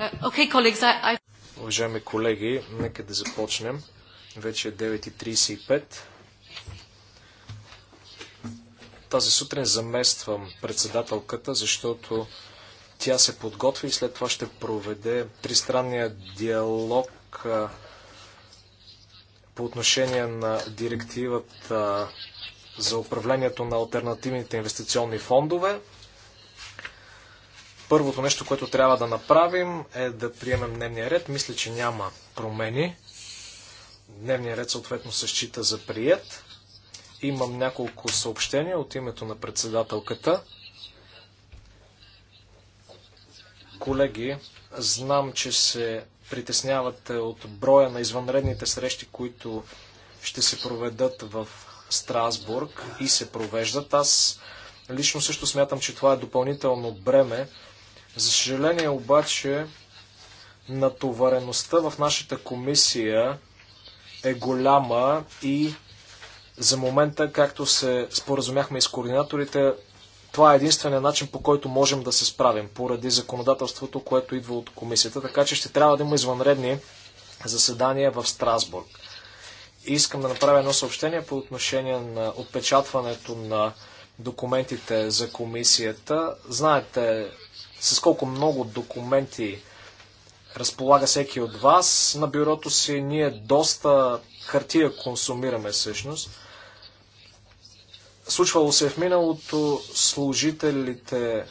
Uh, okay, colleagues, I... Уважаеми колеги, нека да започнем. Вече е 9.35. Тази сутрин замествам председателката, защото тя се подготви и след това ще проведе тристранния диалог по отношение на директивата за управлението на альтернативните инвестиционни фондове. Първото нещо, което трябва да направим е да приемем дневния ред. Мисля, че няма промени. Дневния ред съответно се счита за прият. Имам няколко съобщения от името на председателката. Колеги, знам, че се притеснявате от броя на извънредните срещи, които ще се проведат в Страсбург и се провеждат. Аз лично също смятам, че това е допълнително бреме за съжаление обаче, натовареността в нашата комисия е голяма и за момента, както се споразумяхме и с координаторите, това е единствения начин по който можем да се справим, поради законодателството, което идва от комисията, така че ще трябва да има извънредни заседания в Страсбург. Искам да направя едно съобщение по отношение на отпечатването на документите за комисията. Знаете с колко много документи разполага всеки от вас. На бюрото си ние доста хартия консумираме всъщност. Случвало се е в миналото служителите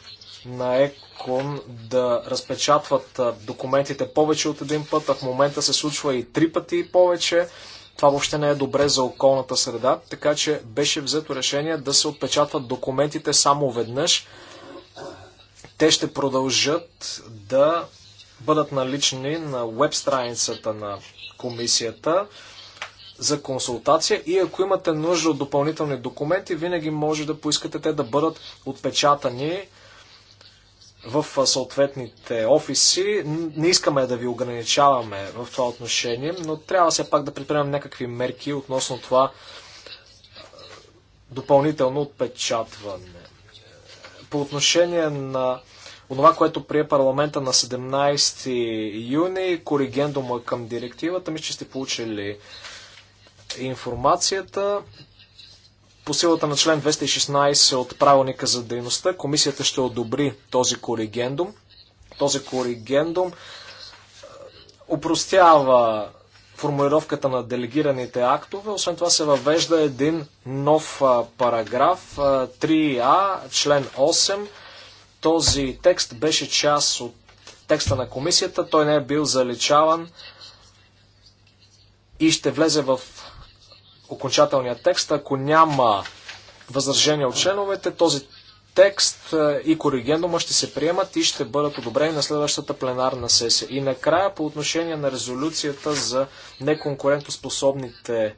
на ЕКОН да разпечатват документите повече от един път, а в момента се случва и три пъти и повече. Това въобще не е добре за околната среда, така че беше взето решение да се отпечатват документите само веднъж – те ще продължат да бъдат налични на веб страницата на комисията за консултация и ако имате нужда от допълнителни документи, винаги може да поискате те да бъдат отпечатани в съответните офиси. Не искаме да ви ограничаваме в това отношение, но трябва все пак да предприемем някакви мерки относно това допълнително отпечатване по отношение на това, което прие парламента на 17 юни, коригендума към директивата, мисля, че сте получили информацията. По силата на член 216 от правилника за дейността, комисията ще одобри този коригендум. Този коригендум упростява формулировката на делегираните актове. Освен това се въвежда един нов параграф 3А, член 8. Този текст беше част от текста на комисията. Той не е бил заличаван и ще влезе в окончателния текст. Ако няма възражения от членовете, този текст и коригендума ще се приемат и ще бъдат одобрени на следващата пленарна сесия. И накрая по отношение на резолюцията за неконкурентоспособните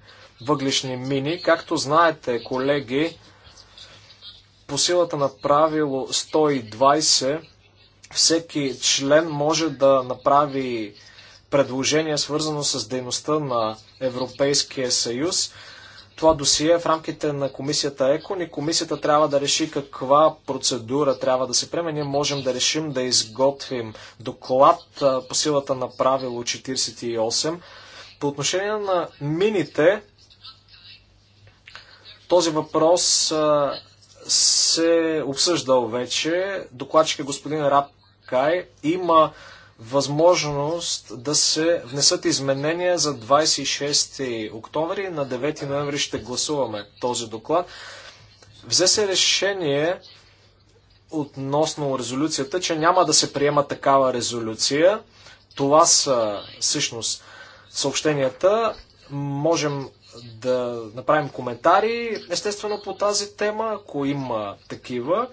въглишни мини, както знаете, колеги, по силата на правило 120 всеки член може да направи предложение свързано с дейността на Европейския съюз това досие в рамките на комисията ЕКОН и комисията трябва да реши каква процедура трябва да се приеме. Ние можем да решим да изготвим доклад по силата на правило 48. По отношение на мините, този въпрос се обсъждал вече. Докладчика е господин Рапкай има възможност да се внесат изменения за 26 октомври. На 9 ноември ще гласуваме този доклад. Взе се решение относно резолюцията, че няма да се приема такава резолюция. Това са всъщност съобщенията. Можем да направим коментари, естествено, по тази тема, ако има такива.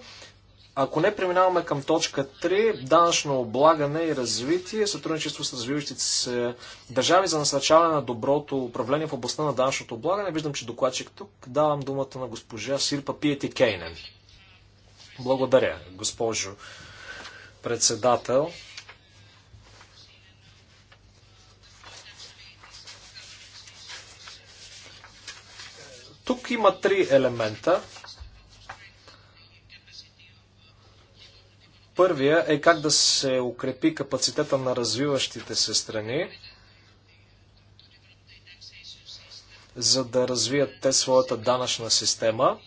Ако не преминаваме към точка 3, данъчно облагане и развитие, сътрудничество с развиващите се държави за насърчаване на доброто управление в областта на данъчното облагане. Виждам, че докладчик тук. Давам думата на госпожа Сирпа Пиети Кейнен. Благодаря, госпожо председател. Тук има три елемента. Първия е как да се укрепи капацитета на развиващите се страни, за да развият те своята данъчна система.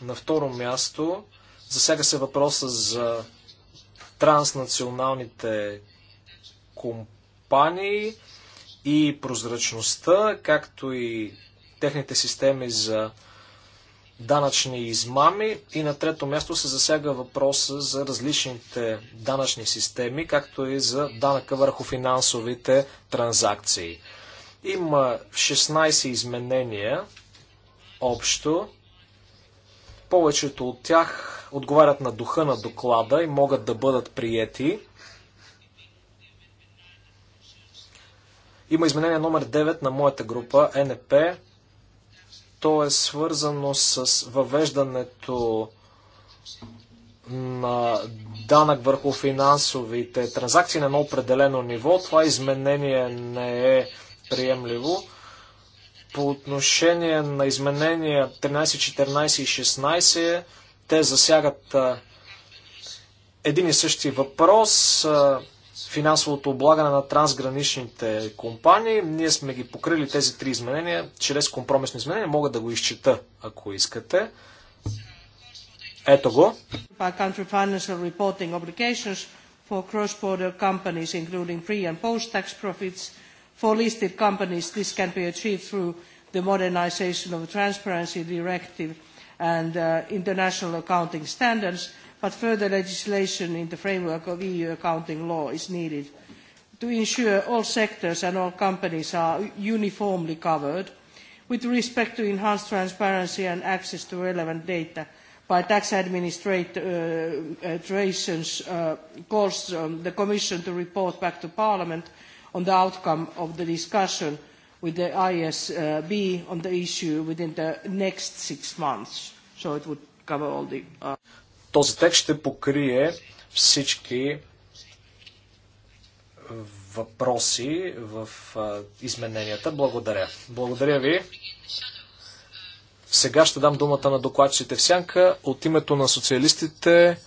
На второ място засяга се въпроса за транснационалните компании и прозрачността, както и техните системи за данъчни измами и на трето място се засяга въпроса за различните данъчни системи, както и за данъка върху финансовите транзакции. Има 16 изменения общо. Повечето от тях отговарят на духа на доклада и могат да бъдат приети. Има изменение номер 9 на моята група НП, то е свързано с въвеждането на данък върху финансовите транзакции на едно определено ниво. Това изменение не е приемливо. По отношение на изменения 13, 14 и 16, те засягат един и същи въпрос финансовото облагане на трансграничните компании. Ние сме ги покрили тези три изменения чрез компромисно изменение. Мога да го изчета, ако искате. Ето го. for cross-border companies, including pre- and post-tax profits. For listed companies, this can be achieved through the modernization of the Transparency Directive and uh, international accounting standards – but further legislation in the framework of EU accounting law is needed to ensure all sectors and all companies are uniformly covered with respect to enhanced transparency and access to relevant data by tax administrations calls the Commission to report back to Parliament on the outcome of the discussion with the ISB on the issue within the next six months. So it would cover all the... Този текст ще покрие всички въпроси в измененията. Благодаря. Благодаря ви. Сега ще дам думата на докладчите в сянка. От името на социалистите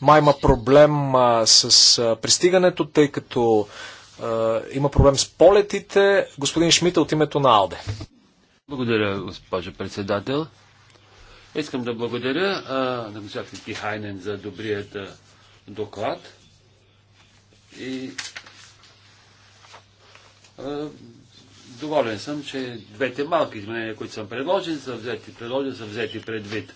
май има проблем с пристигането, тъй като има проблем с полетите. Господин Шмита от името на Алде. Благодаря, госпожо председател. Искам да благодаря на господин Хайнен за добрият доклад. И а, доволен съм, че двете малки изменения, които съм предложен, са взети, предложен, са взети предвид.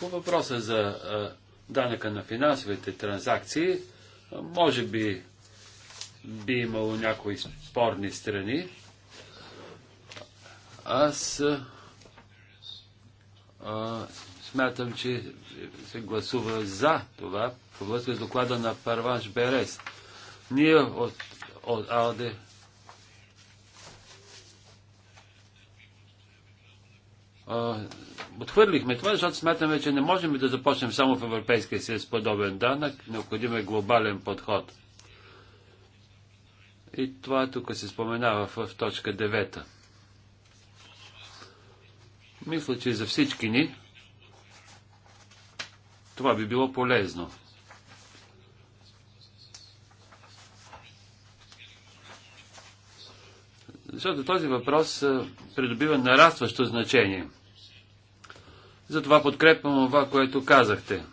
По въпроса за а, данъка на финансовите транзакции, а, може би би имало някои спорни страни. Аз а, смятам, че се гласува за това, във връзка с доклада на Парванш Берес. Ние от, от АЛДЕ отхвърлихме това, защото смятаме, че не можем да започнем само в Европейския съюз подобен данък. Необходим е глобален подход. И това тук се споменава в, в точка 9. Мисля, че за всички ни това би било полезно. Защото този въпрос е, придобива нарастващо значение. Затова подкрепям това, което казахте.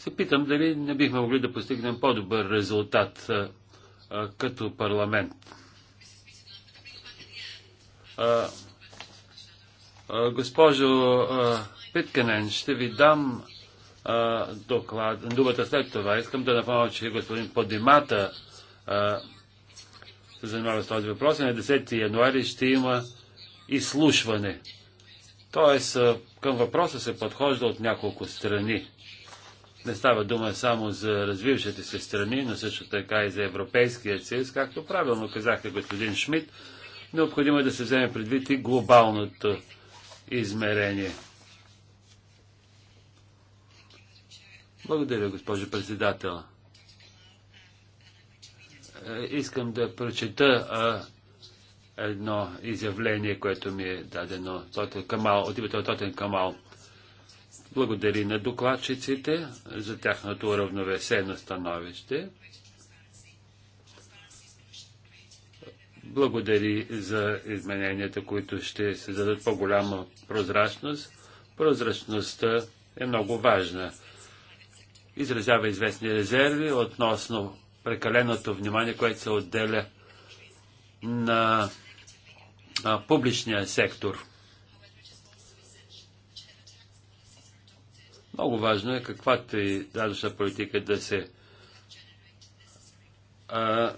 се питам дали не бихме могли да постигнем по-добър резултат като парламент. Госпожо Питканен, ще ви дам доклад, думата след това. Искам да напомня, че господин Подимата се занимава с този въпрос на 10 януари ще има изслушване. Тоест, към въпроса се подхожда от няколко страни не става дума само за развиващите се страни, но също така и за Европейския съюз. Както правилно казахте, господин Шмидт, необходимо е да се вземе предвид и глобалното измерение. Благодаря, госпожо председател. Е, искам да прочета а, едно изявление, което ми е дадено от Камал, от името Тотен Камал. Благодари на докладчиците за тяхното уравновесено становище. Благодари за измененията, които ще се дадат по-голяма прозрачност. Прозрачността е много важна. Изразява известни резерви относно прекаленото внимание, което се отделя на публичния сектор – Много важно е каквато и данъчна политика да се а,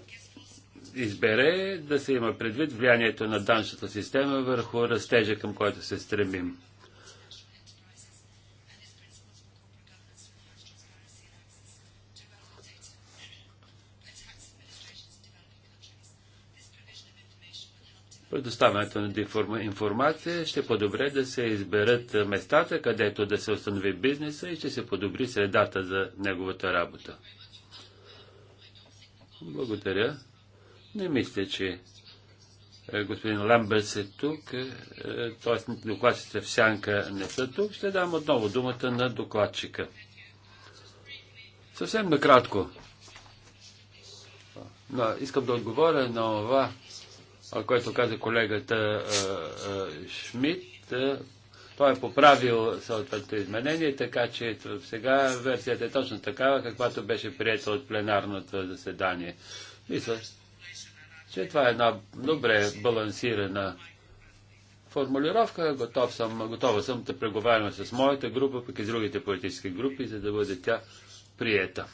избере, да се има предвид влиянието на данъчната система върху растежа, към който се стремим. предоставянето на информация ще подобре да се изберат местата, където да се установи бизнеса и ще се подобри средата за неговата работа. Благодаря. Не мисля, че е, господин Ламберс е тук, е, т.е. докладчите в сянка не са тук. Ще дам отново думата на докладчика. Съвсем накратко. Но искам да отговоря на това, което каза колегата Шмидт. Той е поправил съответното изменение, така че сега версията е точно такава, каквато беше приета от пленарното заседание. Мисля, че това е една добре балансирана формулировка. Готов съм, готова съм да преговарям с моята група, пък и с другите политически групи, за да бъде тя приета.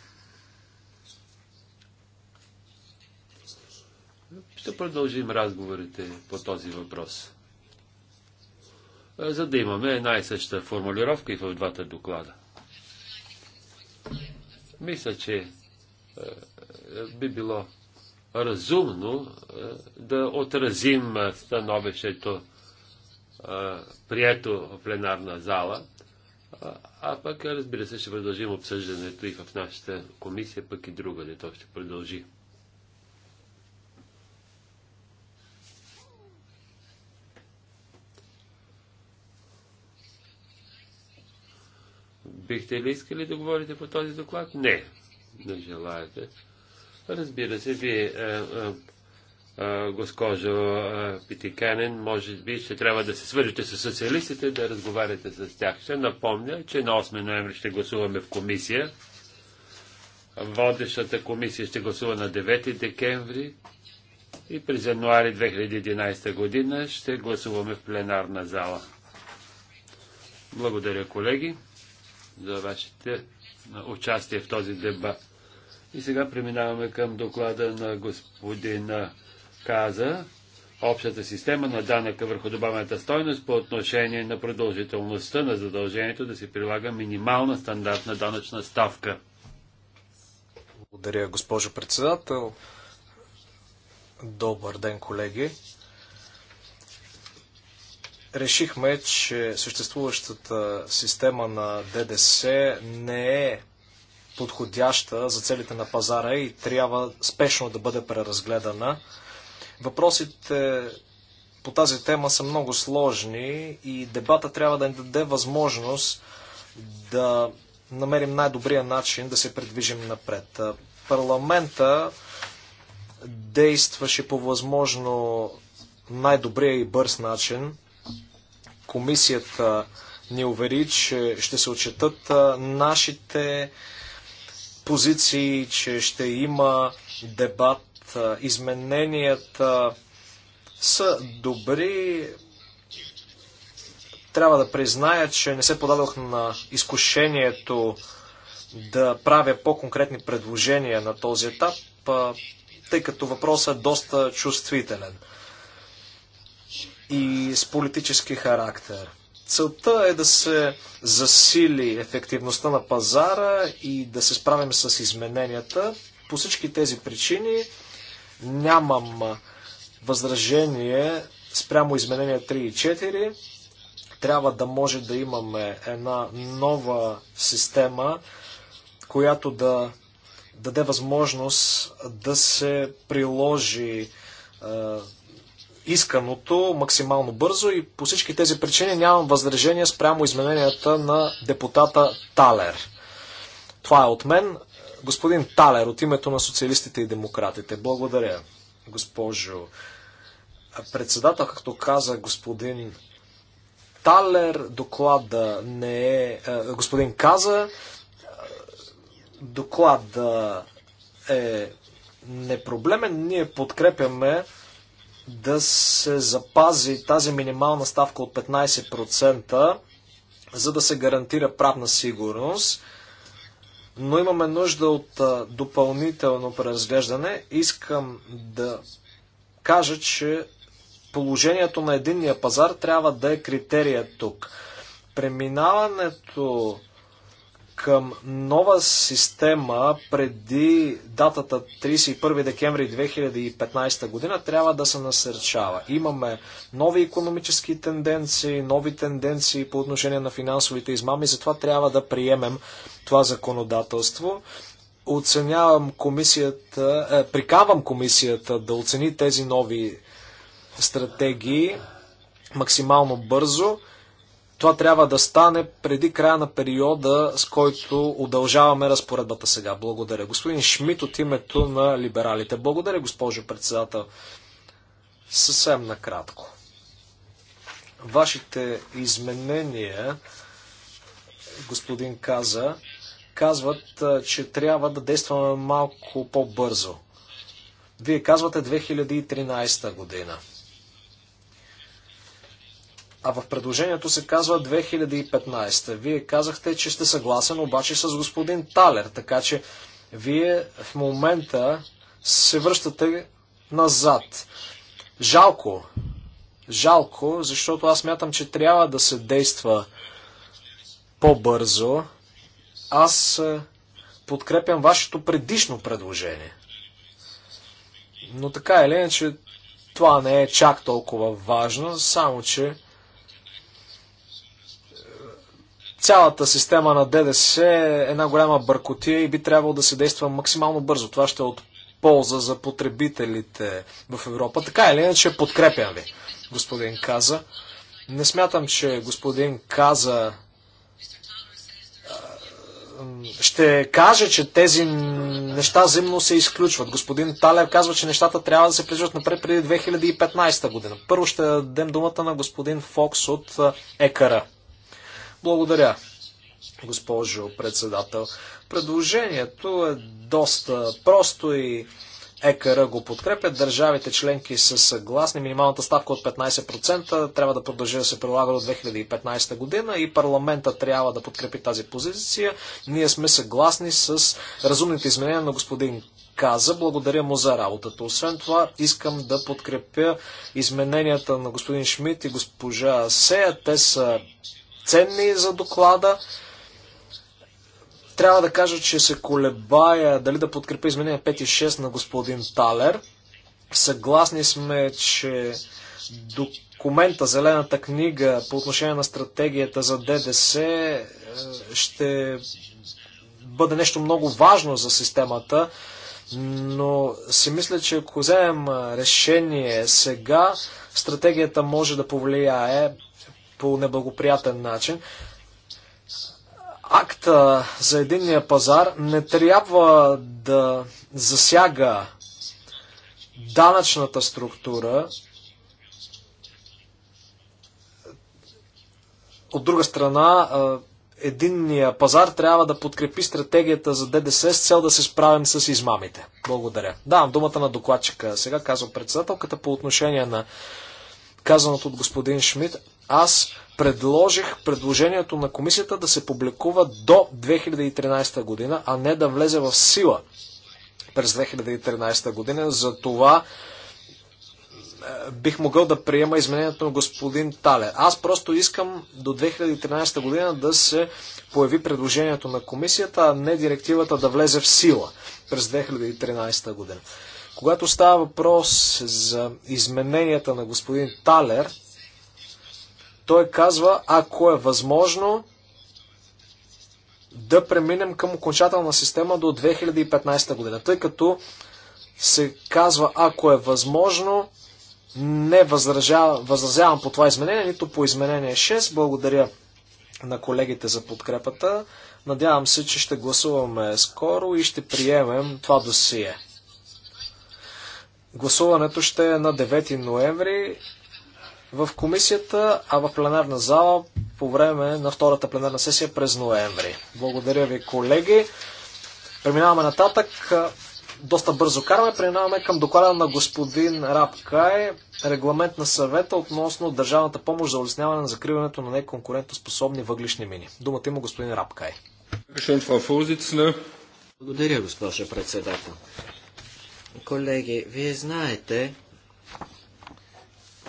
ще продължим разговорите по този въпрос, за да имаме една и съща формулировка и в двата доклада. Мисля, че би било разумно да отразим становището, прието в пленарна зала, а пък, разбира се, ще продължим обсъждането и в нашата комисия, пък и друга, де то ще продължи. Бихте ли искали да говорите по този доклад? Не, не желаете. Разбира се, вие, е, е, е, госпожо Питиканен, може би ще трябва да се свържете с социалистите, да разговаряте с тях. Ще напомня, че на 8 ноември ще гласуваме в комисия. Водещата комисия ще гласува на 9 декември и през януари 2011 година ще гласуваме в пленарна зала. Благодаря, колеги за вашите участие в този дебат. И сега преминаваме към доклада на господина Каза, общата система на данъка върху добавената стойност по отношение на продължителността на задължението да се прилага минимална стандартна данъчна ставка. Благодаря, госпожо председател. Добър ден, колеги решихме, че съществуващата система на ДДС не е подходяща за целите на пазара и трябва спешно да бъде преразгледана. Въпросите по тази тема са много сложни и дебата трябва да ни даде възможност да намерим най-добрия начин да се придвижим напред. Парламента действаше по възможно най-добрия и бърз начин. Комисията ни увери, че ще се отчетат нашите позиции, че ще има дебат. Измененията са добри. Трябва да призная, че не се подадох на изкушението да правя по-конкретни предложения на този етап, тъй като въпросът е доста чувствителен и с политически характер. Целта е да се засили ефективността на пазара и да се справим с измененията. По всички тези причини нямам възражение спрямо изменения 3 и 4. Трябва да може да имаме една нова система, която да даде възможност да се приложи е, исканото максимално бързо и по всички тези причини нямам възражение спрямо измененията на депутата Талер. Това е от мен. Господин Талер, от името на социалистите и демократите. Благодаря, госпожо председател, както каза господин Талер, доклада не е... е господин Каза, доклада е непроблемен. Ние подкрепяме да се запази тази минимална ставка от 15%, за да се гарантира правна сигурност, но имаме нужда от допълнително преразглеждане. Искам да кажа, че положението на единния пазар трябва да е критерия тук. Преминаването към нова система преди датата 31 декември 2015 година трябва да се насърчава. Имаме нови економически тенденции, нови тенденции по отношение на финансовите измами, затова трябва да приемем това законодателство. Оценявам комисията, е, прикавам комисията да оцени тези нови стратегии максимално бързо. Това трябва да стане преди края на периода, с който удължаваме разпоредбата сега. Благодаря. Господин Шмидт от името на либералите. Благодаря, госпожо председател. Съвсем накратко. Вашите изменения, господин Каза, казват, че трябва да действаме малко по-бързо. Вие казвате 2013 година. А в предложението се казва 2015. Вие казахте, че сте съгласен обаче с господин Талер, така че вие в момента се връщате назад. Жалко. Жалко, защото аз мятам, че трябва да се действа по-бързо. Аз е, подкрепям вашето предишно предложение. Но така или иначе, това не е чак толкова важно, само че Цялата система на ДДС е една голяма бъркотия и би трябвало да се действа максимално бързо. Това ще е от полза за потребителите в Европа. Така или иначе, подкрепям ви, господин Каза. Не смятам, че господин Каза ще каже, че тези неща зимно се изключват. Господин Талер казва, че нещата трябва да се придвижат напред преди 2015 година. Първо ще дадем думата на господин Фокс от екара. Благодаря, госпожо председател. Предложението е доста просто и ЕКР го подкрепят. Държавите членки са съгласни. Минималната ставка от 15% трябва да продължи да се прилага до 2015 година и парламента трябва да подкрепи тази позиция. Ние сме съгласни с разумните изменения на господин каза. Благодаря му за работата. Освен това, искам да подкрепя измененията на господин Шмидт и госпожа Сея. Те са ценни за доклада. Трябва да кажа, че се колебая дали да подкрепя изменения 5 и 6 на господин Талер. Съгласни сме, че документа, зелената книга по отношение на стратегията за ДДС е, ще бъде нещо много важно за системата, но си мисля, че ако вземем решение сега, стратегията може да повлияе по неблагоприятен начин. Акта за единния пазар не трябва да засяга данъчната структура. От друга страна, е, единния пазар трябва да подкрепи стратегията за ДДС с цел да се справим с измамите. Благодаря. Давам думата на докладчика. Сега казва председателката по отношение на казаното от господин Шмидт. Аз предложих предложението на комисията да се публикува до 2013 година, а не да влезе в сила през 2013 година. За това е, бих могъл да приема изменението на господин Тале. Аз просто искам до 2013 година да се появи предложението на комисията, а не директивата да влезе в сила през 2013 година. Когато става въпрос за измененията на господин Талер, той казва, ако е възможно, да преминем към окончателна система до 2015 година, тъй като се казва, ако е възможно, не възразявам, възразявам по това изменение, нито по изменение 6. Благодаря на колегите за подкрепата. Надявам се, че ще гласуваме скоро и ще приемем това досие. Гласуването ще е на 9 ноември в комисията, а в пленарна зала по време на втората пленарна сесия през ноември. Благодаря ви, колеги. Преминаваме нататък. Доста бързо караме. Преминаваме към доклада на господин Рабкай. Регламент на съвета относно държавната помощ за улесняване на закриването на неконкурентоспособни въглишни мини. Думата има господин Рабкай. Благодаря, госпожа председател. Колеги, вие знаете,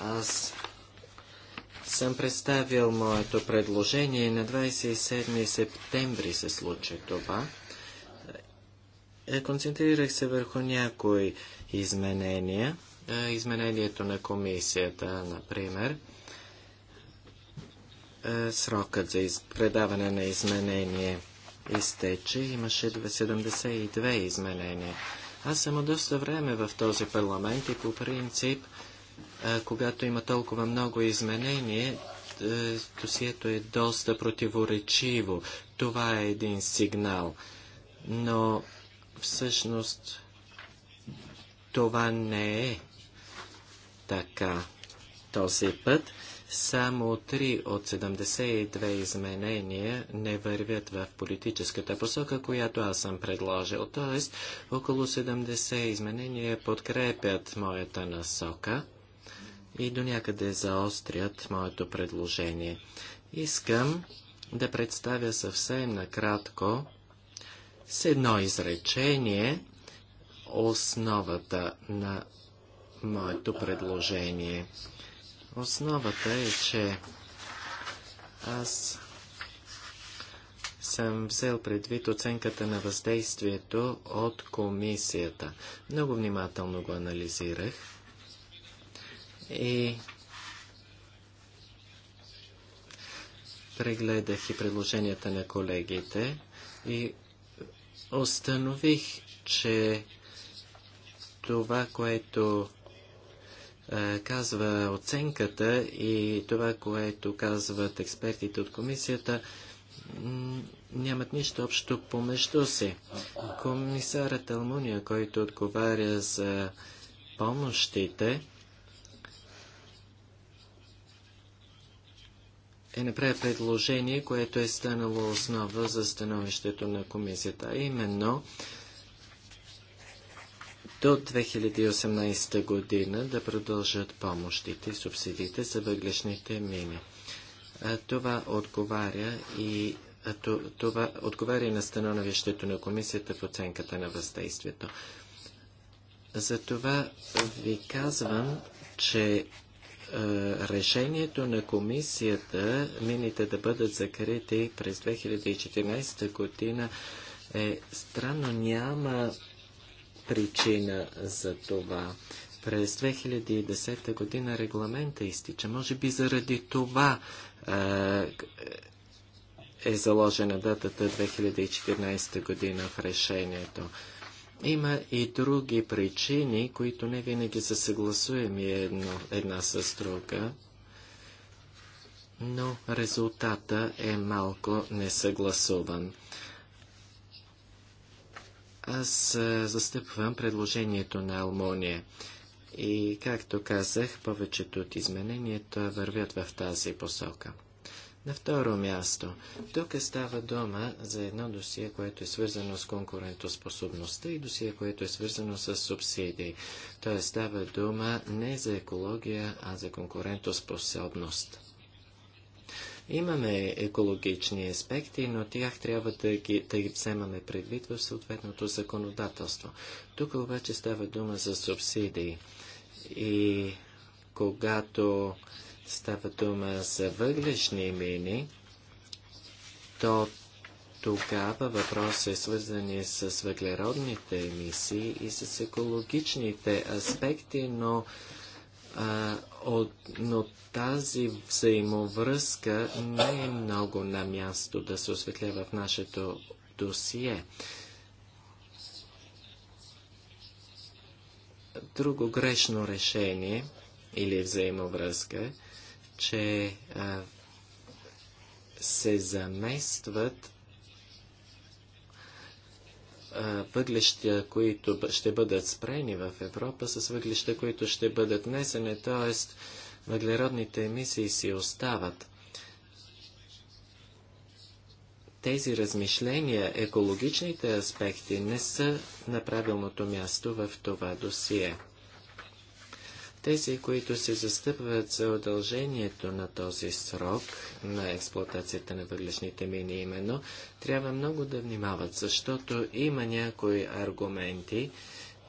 аз съм представил моето предложение на 27 септември се случи това. Е, концентрирах се върху някои изменения. Е, изменението на комисията, например, е, срокът за предаване на изменение изтече. Имаше 72 изменения. Аз съм доста време в този парламент и по принцип когато има толкова много изменение, досието е доста противоречиво. Това е един сигнал. Но всъщност това не е така. Този път само 3 от 72 изменения не вървят в политическата посока, която аз съм предложил. Тоест, около 70 изменения подкрепят моята насока и до някъде заострят моето предложение. Искам да представя съвсем накратко с едно изречение основата на моето предложение. Основата е, че аз съм взел предвид оценката на въздействието от комисията. Много внимателно го анализирах и прегледах и предложенията на колегите и установих, че това, което казва оценката и това, което казват експертите от комисията, нямат нищо общо помежду си. Комисарът Алмуния, който отговаря за помощите, е направил предложение, което е станало основа за становището на комисията, а именно до 2018 година да продължат помощите, субсидиите за въглешните мини. Това отговаря и това отговаря на становището на комисията по оценката на въздействието. Затова ви казвам, че е, решението на комисията мините да бъдат закрити през 2014 година е странно. Няма причина за това. През 2010 година регламента изтича. Може би заради това е, е заложена датата 2014 година в решението. Има и други причини, които не винаги са съгласуеми едно, една с друга, но резултата е малко несъгласуван. Аз застъпвам предложението на Алмония. И, както казах, повечето от измененията вървят в тази посока. На второ място, тук става дума за едно досие, което е свързано с конкурентоспособността и досие, което е свързано с субсидии. Тоест става дума не за екология, а за конкурентоспособност. Имаме екологични аспекти, но тях трябва да ги, да ги вземаме предвид в съответното законодателство. Тук обаче става дума за субсидии. И когато става дума за въглешни мини, то тогава въпросът е свързан с въглеродните емисии и с екологичните аспекти, но, а, от, но тази взаимовръзка не е много на място да се осветлява в нашето досие. Друго грешно решение или взаимовръзка е че а, се заместват въглища, които ще бъдат спрени в Европа, с въглища, които ще бъдат внесени, т.е. въглеродните емисии си остават. Тези размишления, екологичните аспекти не са на правилното място в това досие. Тези, които се застъпват за удължението на този срок на експлуатацията на въглешните мини именно, трябва много да внимават, защото има някои аргументи,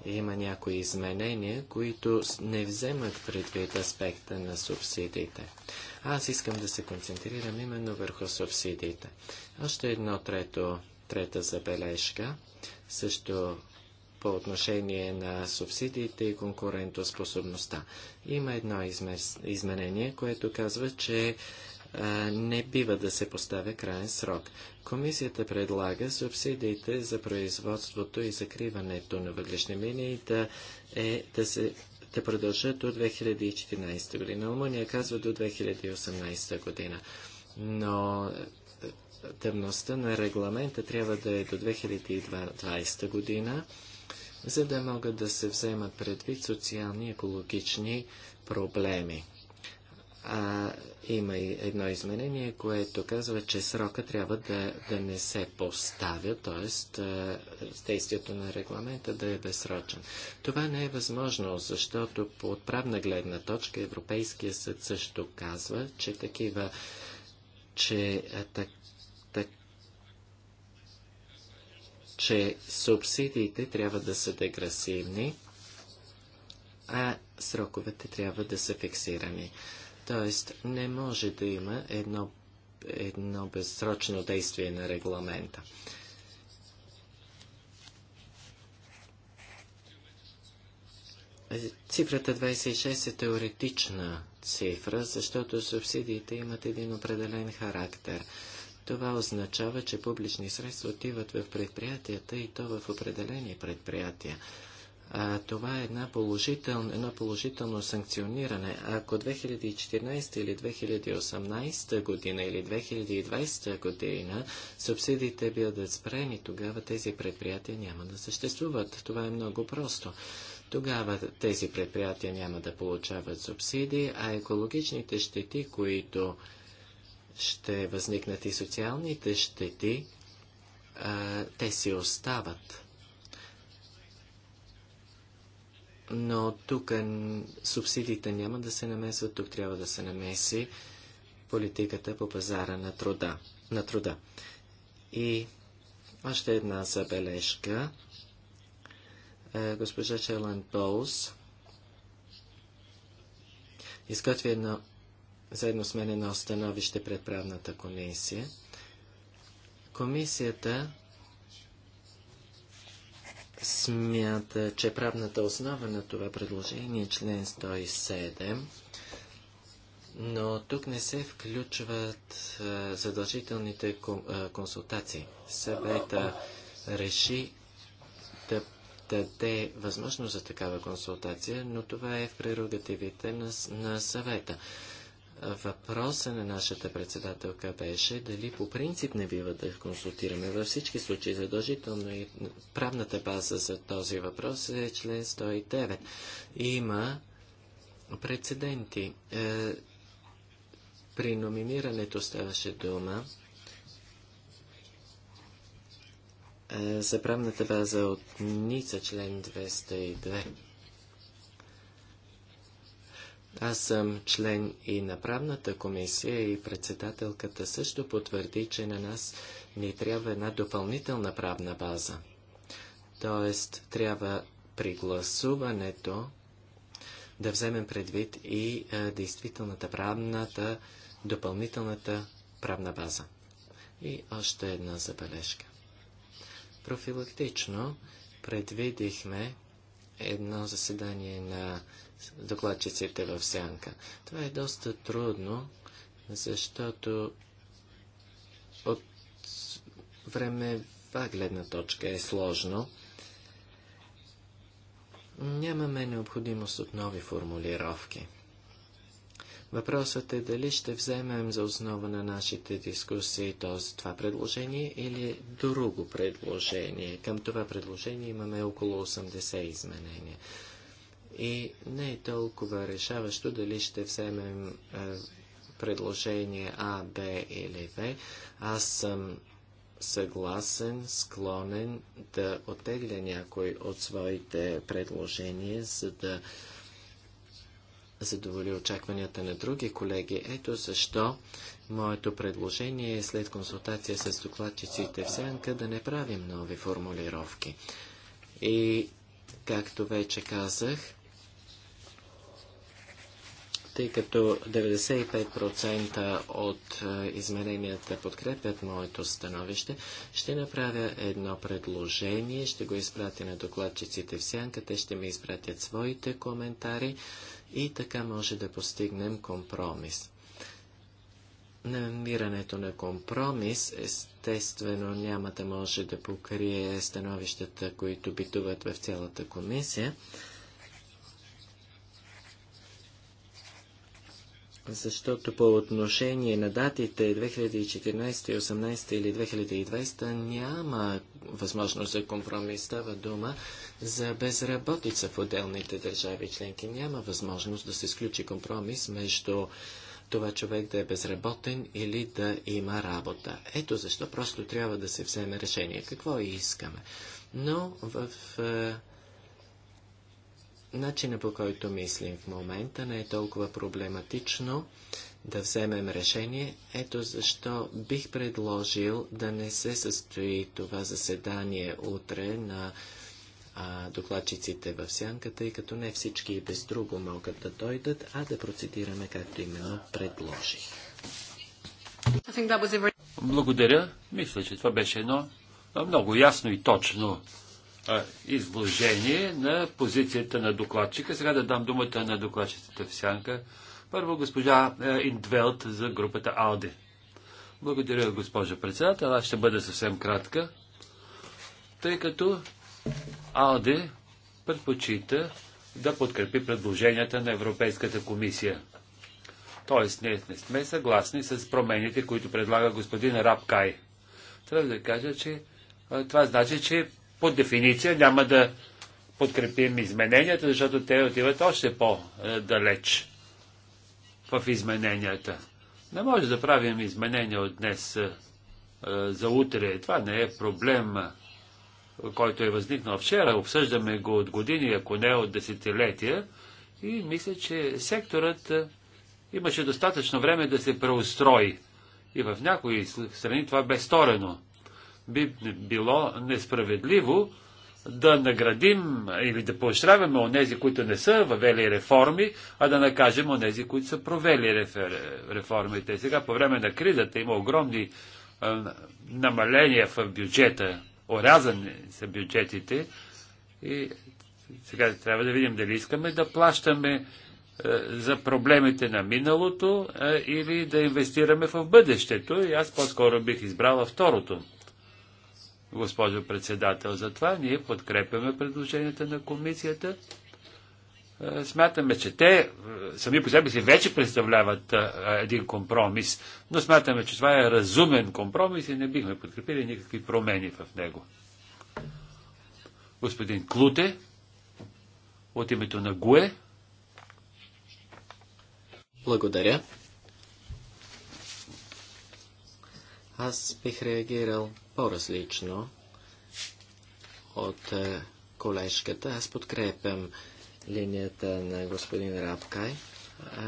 има някои изменения, които не вземат предвид аспекта на субсидиите. Аз искам да се концентрирам именно върху субсидиите. Още едно трето, трета забележка, също по отношение на субсидиите и конкурентоспособността. Има едно изменение, което казва, че не бива да се поставя крайен срок. Комисията предлага субсидиите за производството и закриването на въглешни мини да, е, да се да продължат до 2014 година. Алмуния казва до 2018 година. Но тъмността на регламента трябва да е до 2020 година за да могат да се вземат предвид социални и екологични проблеми. А, има и едно изменение, което казва, че срока трябва да, да не се поставя, т.е. действието на регламента да е безсрочен. Това не е възможно, защото по отправна гледна точка Европейския съд също казва, че такива че так, че субсидиите трябва да са дегресивни, а сроковете трябва да са фиксирани. Тоест, не може да има едно, едно безсрочно действие на регламента. Цифрата 26 е теоретична цифра, защото субсидиите имат един определен характер – това означава, че публични средства отиват в предприятията и то в определени предприятия. А, това е една положител, едно положително санкциониране. Ако 2014 или 2018 година или 2020 година субсидиите бъдат спрени, тогава тези предприятия няма да съществуват. Това е много просто. Тогава тези предприятия няма да получават субсидии, а екологичните щети, които ще възникнат и социалните щети, а, те си остават. Но тук субсидиите няма да се намесват, тук трябва да се намеси политиката по пазара на труда. На труда. И още една забележка. Е, госпожа Челан Боуз изготви едно заедно с мен на становище пред правната комисия. Комисията смята, че правната основа на това предложение е член 107, но тук не се включват задължителните консултации. Съвета реши да даде възможност за такава консултация, но това е в прерогативите на, на съвета. Въпроса на нашата председателка беше дали по принцип не бива да консултираме. Във всички случаи задължително и правната база за този въпрос е член 109. Има прецеденти. Е, при номинирането ставаше дума е, за правната база от НИЦА член 202. Аз съм член и на правната комисия и председателката също потвърди, че на нас ни трябва една допълнителна правна база. Тоест, трябва при гласуването да вземем предвид и а, действителната правната, допълнителната правна база. И още една забележка. Профилактично предвидихме едно заседание на докладчиците в сянка. Това е доста трудно, защото от времева гледна точка е сложно. Нямаме необходимост от нови формулировки. Въпросът е дали ще вземем за основа на нашите дискусии този, това предложение или друго предложение. Към това предложение имаме около 80 изменения и не е толкова решаващо дали ще вземем е, предложение А, Б или В. Аз съм съгласен, склонен да оттегля някой от своите предложения, за да задоволи очакванията на други колеги. Ето защо моето предложение е след консултация с докладчиците в сянка да не правим нови формулировки. И, както вече казах, тъй като 95% от е, измеренията подкрепят моето становище, ще направя едно предложение, ще го изпратя на докладчиците в сянка, те ще ми изпратят своите коментари и така може да постигнем компромис. Намирането на компромис естествено няма да може да покрие становищата, които битуват в цялата комисия, защото по отношение на датите 2014, 2018 или 2020 няма възможност за компромис. Става дума за безработица в отделните държави членки. Няма възможност да се изключи компромис между това човек да е безработен или да има работа. Ето защо просто трябва да се вземе решение какво искаме. Но в е, начина по който мислим в момента не е толкова проблематично да вземем решение. Ето защо бих предложил да не се състои това заседание утре на а, докладчиците в сянката, тъй като не всички без друго могат да дойдат, а да процедираме както именно предложих. Благодаря. Мисля, че това беше едно много ясно и точно изложение на позицията на докладчика. Сега да дам думата на докладчицата в сянка. Първо госпожа е, Индвелт за групата Ауди. Благодаря, госпожа председател. Аз ще бъда съвсем кратка, тъй като Ауди предпочита да подкрепи предложенията на Европейската комисия. Тоест, ние не сме съгласни с промените, които предлага господин Рабкай. Трябва да кажа, че е, това значи, че по дефиниция няма да подкрепим измененията, защото те отиват още по-далеч в измененията. Не може да правим изменения от днес за утре. Това не е проблем, който е възникнал вчера. Обсъждаме го от години, ако не от десетилетия. И мисля, че секторът имаше достатъчно време да се преустрои. И в някои страни това бе сторено би било несправедливо да наградим или да поощряваме онези, които не са въвели реформи, а да накажем онези, които са провели реформите. Сега по време на кризата има огромни а, е, намаления в бюджета, орязани са бюджетите и сега трябва да видим дали искаме да плащаме е, за проблемите на миналото а, е, или да инвестираме в бъдещето. И аз по-скоро бих избрала второто госпожо председател. Затова ние подкрепяме предложенията на комисията. Е, смятаме, че те е, сами по себе си вече представляват е, един компромис, но смятаме, че това е разумен компромис и не бихме подкрепили никакви промени в него. Господин Клуте, от името на ГУЕ. Благодаря. Аз бих реагирал по-различно от е, колежката. Аз подкрепям линията на господин Рабкай.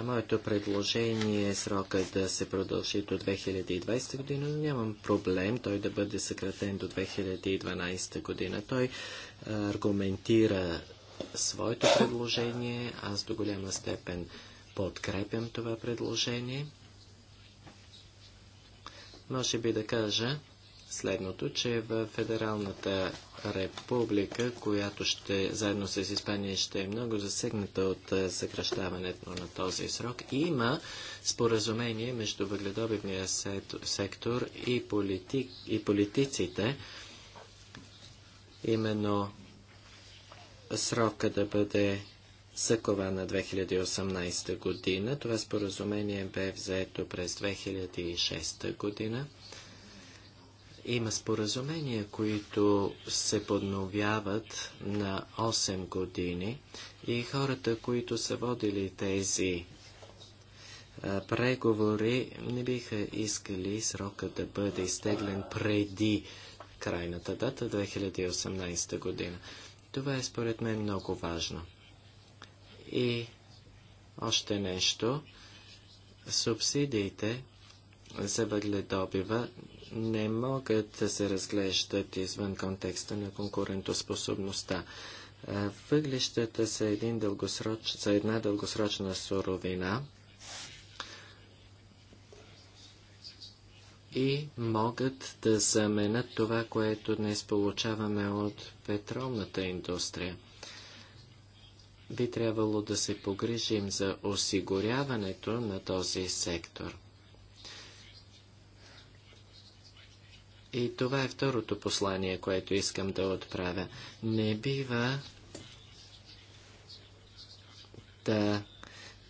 Моето предложение е срока да се продължи до 2020 година, но нямам проблем той да бъде съкратен до 2012 година. Той е, аргументира своето предложение. Аз до голяма степен подкрепям това предложение. Може би да кажа, следното, че в Федералната република, която ще заедно с Испания ще е много засегната от съкръщаването на този срок, има споразумение между въгледобивния сектор и, политик, и политиците, именно срока да бъде Съкова на 2018 година. Това споразумение бе взето през 2006 година. Има споразумения, които се подновяват на 8 години и хората, които са водили тези преговори, не биха искали срока да бъде изтеглен преди крайната дата 2018 година. Това е според мен много важно. И още нещо. Субсидиите за въгледобива не могат да се разглеждат извън контекста на конкурентоспособността. Въглищата са, един дългосроч, са една дългосрочна суровина и могат да заменят това, което днес получаваме от петролната индустрия. Би трябвало да се погрижим за осигуряването на този сектор. И това е второто послание, което искам да отправя. Не бива да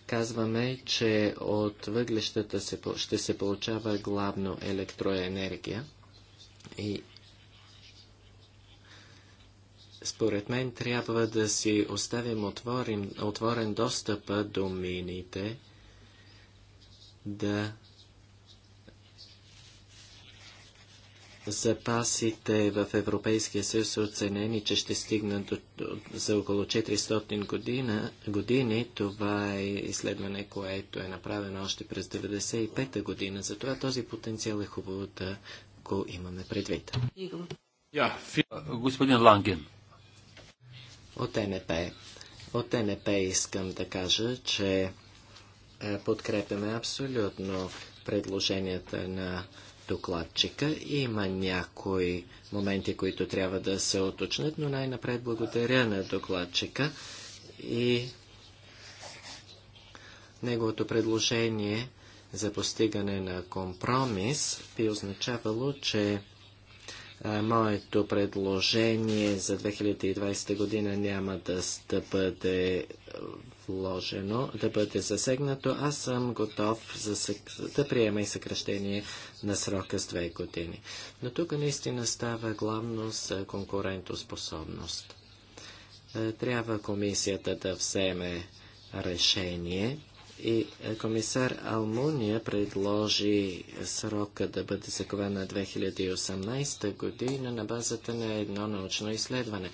казваме, че от въглещата се, ще се получава главно електроенергия. И според мен трябва да си оставим отворен, отворен достъпа до мините, да запасите в Европейския съюз са оценени, че ще стигнат до, до, за около 400 година, години. Това е изследване, което е направено още през 1995-та година. Затова този потенциал е хубаво да го имаме предвид. Yeah, господин Ланген. От НП. От НП искам да кажа, че е, подкрепяме абсолютно предложенията на докладчика. Има някои моменти, които трябва да се оточнят, но най-напред благодаря на докладчика и неговото предложение за постигане на компромис би означавало, че моето предложение за 2020 година няма да, да бъде предложено да бъде засегнато, аз съм готов за, да приема и съкръщение на срока с две години. Но тук наистина става главно с конкурентоспособност. Е, трябва комисията да вземе решение и е, комисар Алмуния предложи срока да бъде закована 2018 година на базата на едно научно изследване.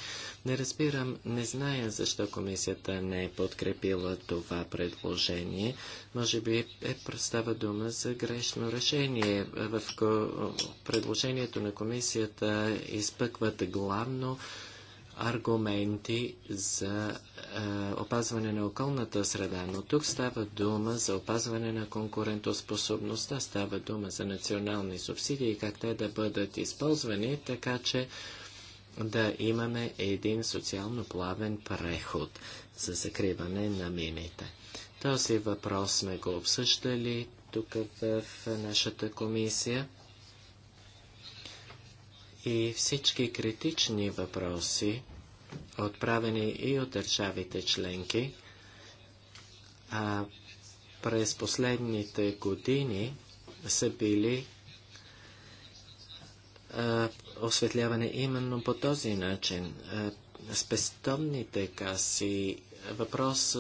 Не разбирам, не зная защо комисията не е подкрепила това предложение. Може би е представа дума за грешно решение. В предложението на комисията изпъкват главно аргументи за е, опазване на околната среда, но тук става дума за опазване на конкурентоспособността, става дума за национални субсидии, как те да бъдат използвани, така че да имаме един социално плавен преход за закриване на мините. Този въпрос сме го обсъждали тук в нашата комисия и всички критични въпроси отправени и от държавите членки. А през последните години са били а, осветляване именно по този начин. А, спестовните каси, въпрос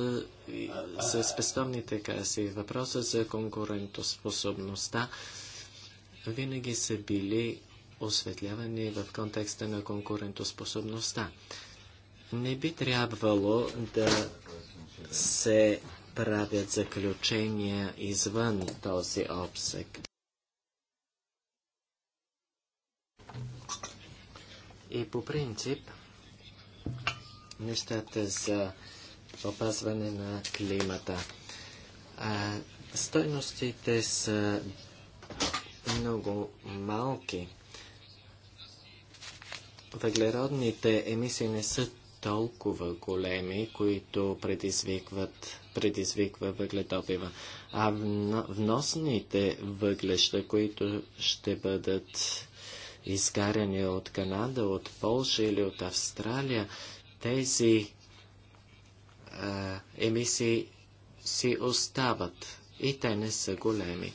за спестовните каси, въпроса за конкурентоспособността винаги са били осветлявани в контекста на конкурентоспособността. Не би трябвало да се правят заключения извън този обсек. И по принцип, нещата за опазване на климата. А, стойностите са много малки. Въглеродните емисии не са толкова големи, които предизвикват, предизвиква въгледобива. А вносните въглеща, които ще бъдат изгаряни от Канада, от Полша или от Австралия, тези а, емисии си остават и те не са големи.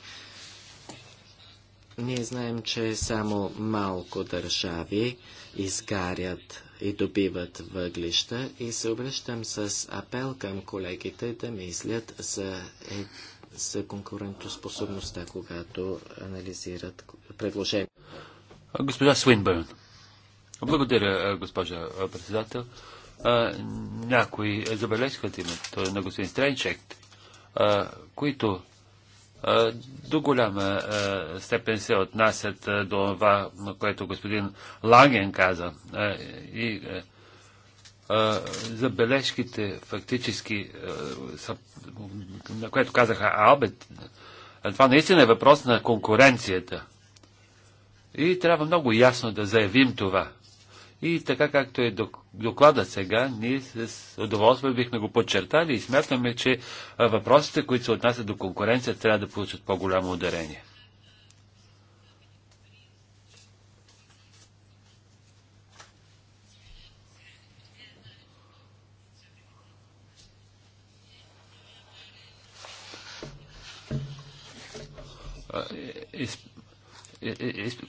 Ние знаем, че само малко държави изгарят и добиват въглища и се обръщам с апел към колегите да мислят за, е, за конкурентоспособността, когато анализират предложение. Госпожа Свинбърн. Благодаря, госпожа председател. Някои забележката името на господин Стренчек, които до голяма степен се отнасят до това, което господин Ланген каза. И забележките фактически, на което казаха Албет, това наистина е въпрос на конкуренцията. И трябва много ясно да заявим това. И така както е доклада сега, ние с удоволствие бихме го подчертали и смятаме, че въпросите, които се отнасят до конкуренция, трябва да получат по-голямо ударение.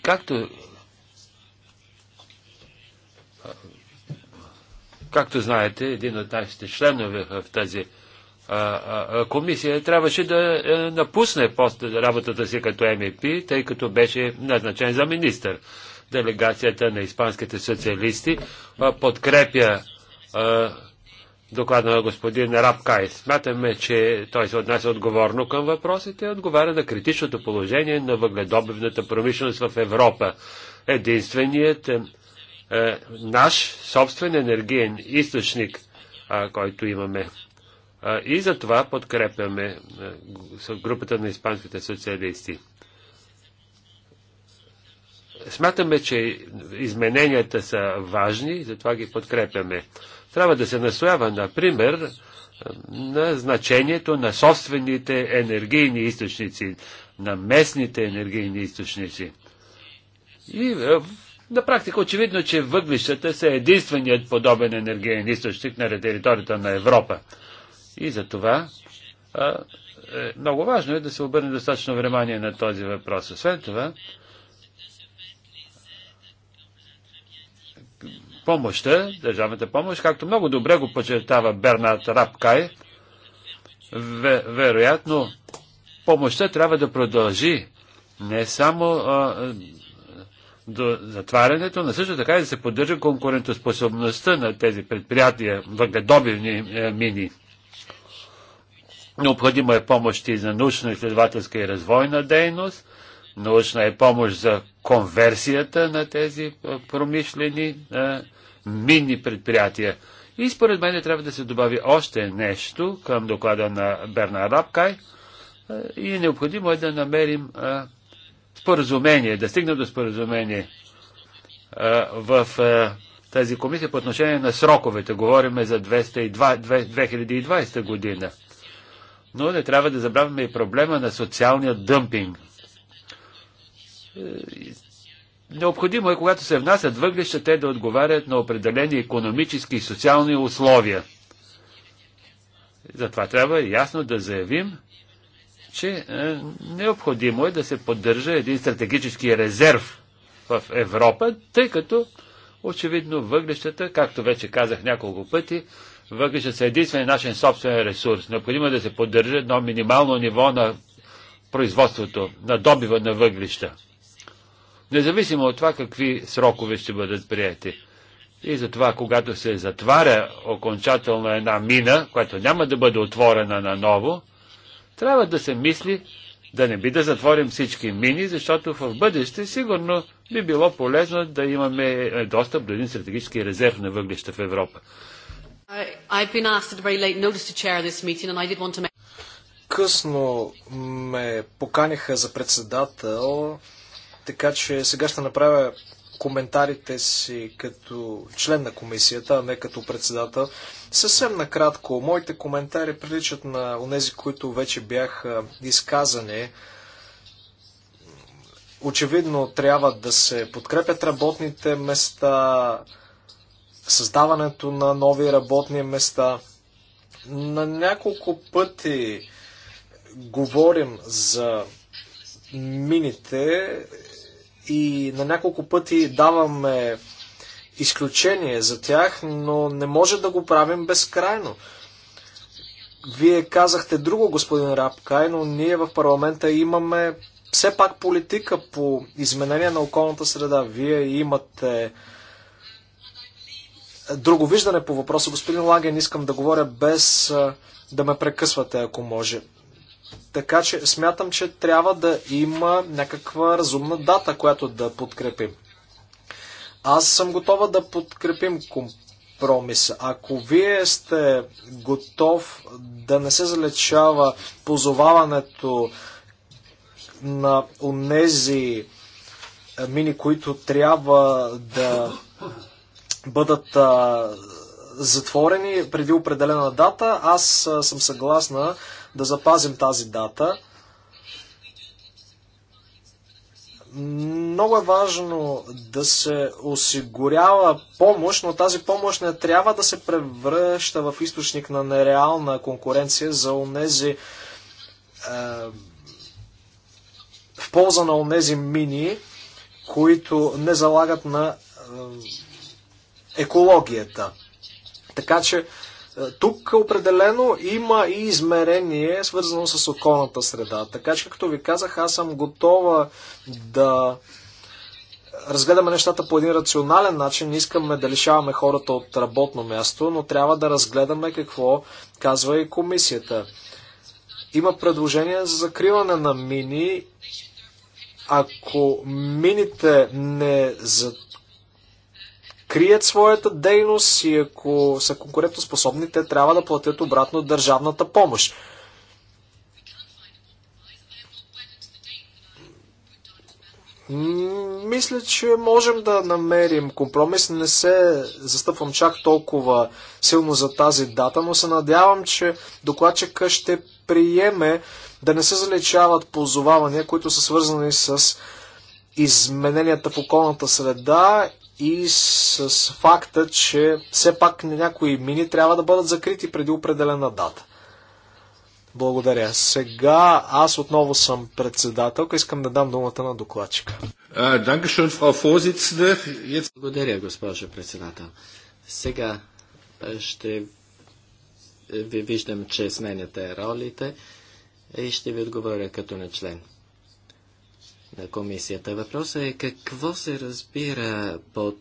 Както Както знаете, един от нашите членове в тази а, а, комисия трябваше да е, напусне пост, работата си като МЕП, тъй като беше назначен за министър. Делегацията на испанските социалисти а, подкрепя доклада на господин Рапкай. Смятаме, че той се отнася отговорно към въпросите и отговаря на критичното положение на въгледобивната промишленост в Европа. Единственият е, е наш собствен енергиен източник, а, който имаме. А, и за това подкрепяме а, е, групата на испанските социалисти. Смятаме, че измененията са важни, затова ги подкрепяме. Трябва да се настоява, например, е, на значението на собствените енергийни източници, на местните енергийни източници. И е, на практика очевидно, че въглищата са единственият подобен енергиен източник на територията на Европа. И за това а, е, много важно е да се обърне достатъчно внимание на този въпрос. Освен това, помощта, държавната помощ, както много добре го подчертава Бернард Рапкай, вероятно помощта трябва да продължи не само а, до затварянето, но също така и да се поддържа конкурентоспособността на тези предприятия, въгледобивни е, мини. Необходима е помощ и за научно-изследователска и развойна дейност, научна е помощ за конверсията на тези е, промишлени е, мини предприятия. И според мен трябва да се добави още нещо към доклада на Бернар Рапкай и необходимо е да намерим а, споразумение, да стигнем до споразумение в тази комисия по отношение на сроковете. Говориме за 202, 2020 година. Но не трябва да забравяме и проблема на социалния дъмпинг. Е, необходимо е, когато се внасят въглища, те да отговарят на определени економически и социални условия. Затова трябва ясно да заявим, че е, необходимо е да се поддържа един стратегически резерв в Европа, тъй като очевидно въглищата, както вече казах няколко пъти, въглищата са единствен нашен собствен ресурс. Необходимо е да се поддържа едно минимално ниво на производството, на добива на въглища. Независимо от това какви срокове ще бъдат прияти. И затова, когато се затваря окончателно една мина, която няма да бъде отворена наново, трябва да се мисли да не би да затворим всички мини, защото в бъдеще сигурно би било полезно да имаме е, достъп до един стратегически резерв на въглища в Европа. Късно ме поканиха за председател, така че сега ще направя коментарите си като член на комисията, а не като председател. Съвсем накратко, моите коментари приличат на онези, които вече бяха изказани. Очевидно трябва да се подкрепят работните места, създаването на нови работни места. На няколко пъти говорим за мините и на няколко пъти даваме изключение за тях, но не може да го правим безкрайно. Вие казахте друго, господин Рапкай, но ние в парламента имаме все пак политика по изменение на околната среда. Вие имате друго виждане по въпроса. Господин Лаген, искам да говоря без да ме прекъсвате, ако може. Така че смятам, че трябва да има някаква разумна дата, която да подкрепим. Аз съм готова да подкрепим компромиса. Ако вие сте готов да не се залечава позоваването на онези мини, които трябва да бъдат а, затворени преди определена дата, аз а, съм съгласна да запазим тази дата. Много е важно да се осигурява помощ, но тази помощ не трябва да се превръща в източник на нереална конкуренция за унези, е, в полза на онези мини, които не залагат на е, екологията. Така че тук определено има и измерение, свързано с околната среда. Така че, както ви казах, аз съм готова да разгледаме нещата по един рационален начин. Не искаме да лишаваме хората от работно място, но трябва да разгледаме какво казва и комисията. Има предложение за закриване на мини. Ако мините не за крият своята дейност и ако са конкурентоспособни, те трябва да платят обратно държавната помощ. Мисля, че можем да намерим компромис. Не се застъпвам чак толкова силно за тази дата, но се надявам, че докладчика ще приеме да не се заличават позовавания, които са свързани с измененията в околната среда и с факта, че все пак някои мини трябва да бъдат закрити преди определена дата. Благодаря. Сега аз отново съм председателка. Искам да дам думата на докладчика. Е, Благодаря, госпожо председател. Сега е, ще ви виждам, че сменяте ролите и ще ви отговоря като на член на комисията. Въпросът е какво се разбира под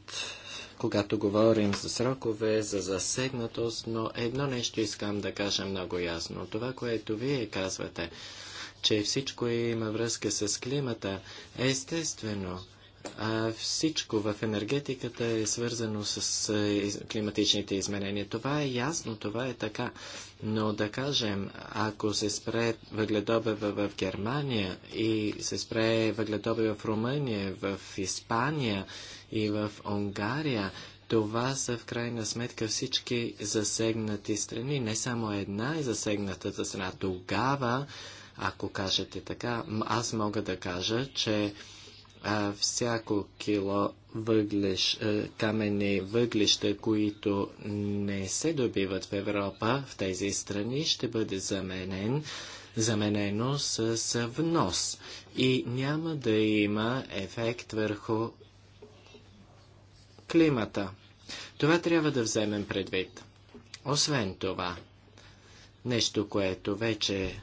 когато говорим за срокове, за засегнатост, но едно нещо искам да кажа много ясно. Това, което вие казвате, че всичко има връзка с климата, естествено, всичко в енергетиката е свързано с е, климатичните изменения. Това е ясно, това е така. Но да кажем, ако се спре въгледобива в Германия и се спре въгледобива в Румъния, в Испания и в Унгария, това са в крайна сметка всички засегнати страни, не само една е засегнатата страна. Тогава, ако кажете така, аз мога да кажа, че а, всяко кило въглеш, а, каменни въглища, които не се добиват в Европа, в тези страни, ще бъде заменен, заменено с, с внос и няма да има ефект върху климата. Това трябва да вземем предвид. Освен това, нещо, което вече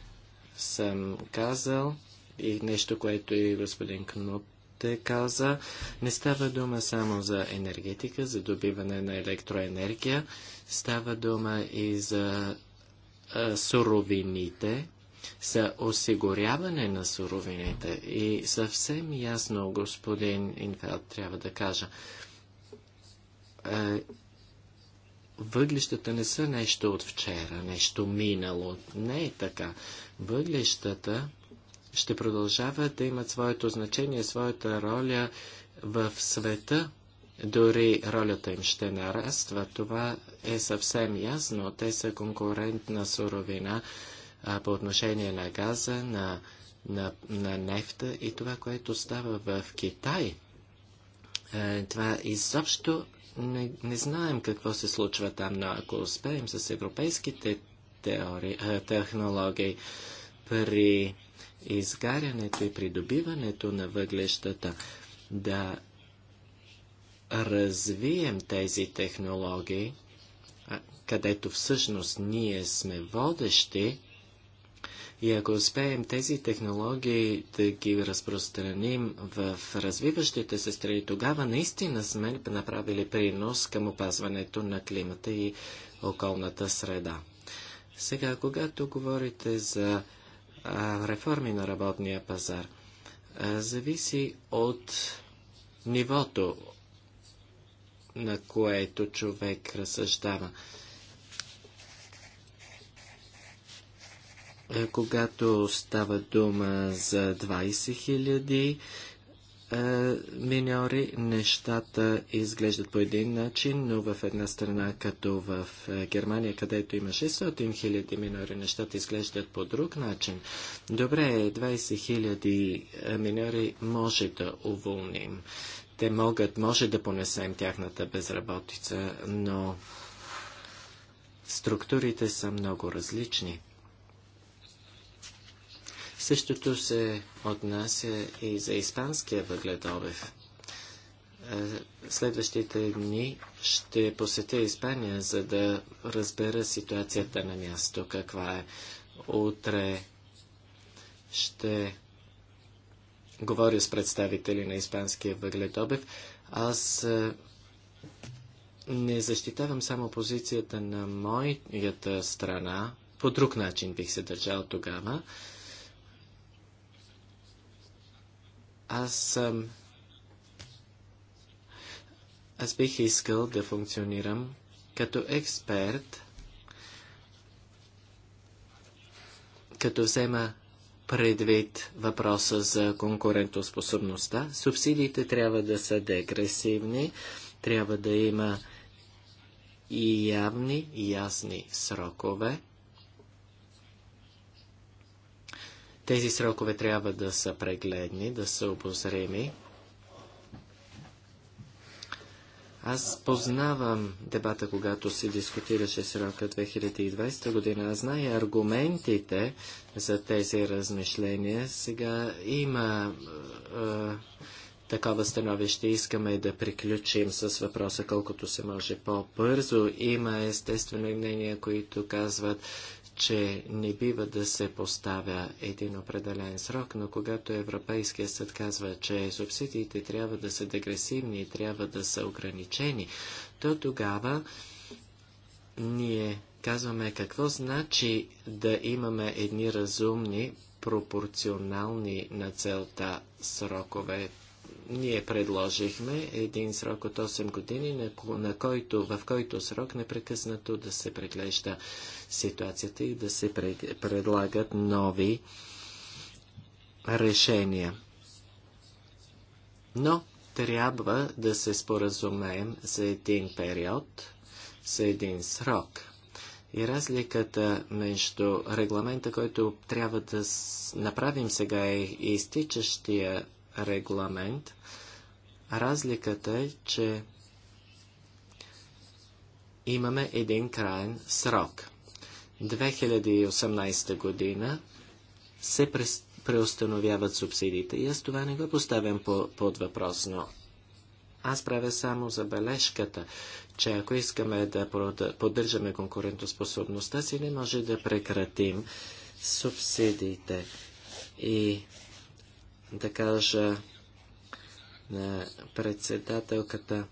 съм казал и нещо, което и господин Кноп те каза, не става дума само за енергетика, за добиване на електроенергия, става дума и за а, суровините, за осигуряване на суровините. И съвсем ясно, господин Инфелд, трябва да кажа, а, въглищата не са нещо от вчера, нещо минало. Не е така. Въглищата ще продължават да имат своето значение, своята роля в света, дори ролята им ще нараства. Това е съвсем ясно. Те са конкурентна суровина а, по отношение на газа, на, на, на нефта и това, което става в Китай. А, това изобщо не, не знаем какво се случва там, но ако успеем с европейските теории, а, технологии при изгарянето и придобиването на въглещата, да развием тези технологии, където всъщност ние сме водещи, и ако успеем тези технологии да ги разпространим в развиващите се страни, тогава наистина сме направили принос към опазването на климата и околната среда. Сега, когато говорите за реформи на работния пазар зависи от нивото, на което човек разсъждава. Когато става дума за 20 000 е, миньори нещата изглеждат по един начин, но в една страна, като в е, Германия, където има 600 хиляди миньори, нещата изглеждат по друг начин. Добре, 20 хиляди е, миньори може да уволним. Те могат, може да понесем тяхната безработица, но структурите са много различни. Същото се отнася и за испанския въгледобив. Е, следващите дни ще посетя Испания, за да разбера ситуацията на място, каква е. Утре ще говоря с представители на испанския въгледобив. Аз е, не защитавам само позицията на моята страна, по друг начин бих се държал тогава. Аз съм... Аз бих искал да функционирам като експерт, като взема предвид въпроса за конкурентоспособността. Субсидиите трябва да са дегресивни, трябва да има и явни, и ясни срокове. Тези срокове трябва да са прегледни, да са обозреми. Аз познавам дебата, когато се дискутираше срока 2020 година. Аз знае аргументите за тези размишления. Сега има е, е, такова становище. Искаме да приключим с въпроса колкото се може по-бързо. Има естествено мнения, които казват, че не бива да се поставя един определен срок, но когато Европейския съд казва, че субсидиите трябва да са дегресивни и трябва да са ограничени, то тогава ние казваме какво значи да имаме едни разумни, пропорционални на целта срокове ние предложихме един срок от 8 години, на, на който, в който срок непрекъснато да се преглежда ситуацията и да се предлагат нови решения. Но трябва да се споразумеем за един период, за един срок. И разликата между регламента, който трябва да направим сега и е изтичащия регламент. Разликата е, че имаме един крайен срок. 2018 година се преустановяват субсидиите и аз това не го поставям по, под въпрос, но аз правя само забележката, че ако искаме да поддържаме конкурентоспособността си, не може да прекратим субсидиите. И да кажа на председателката.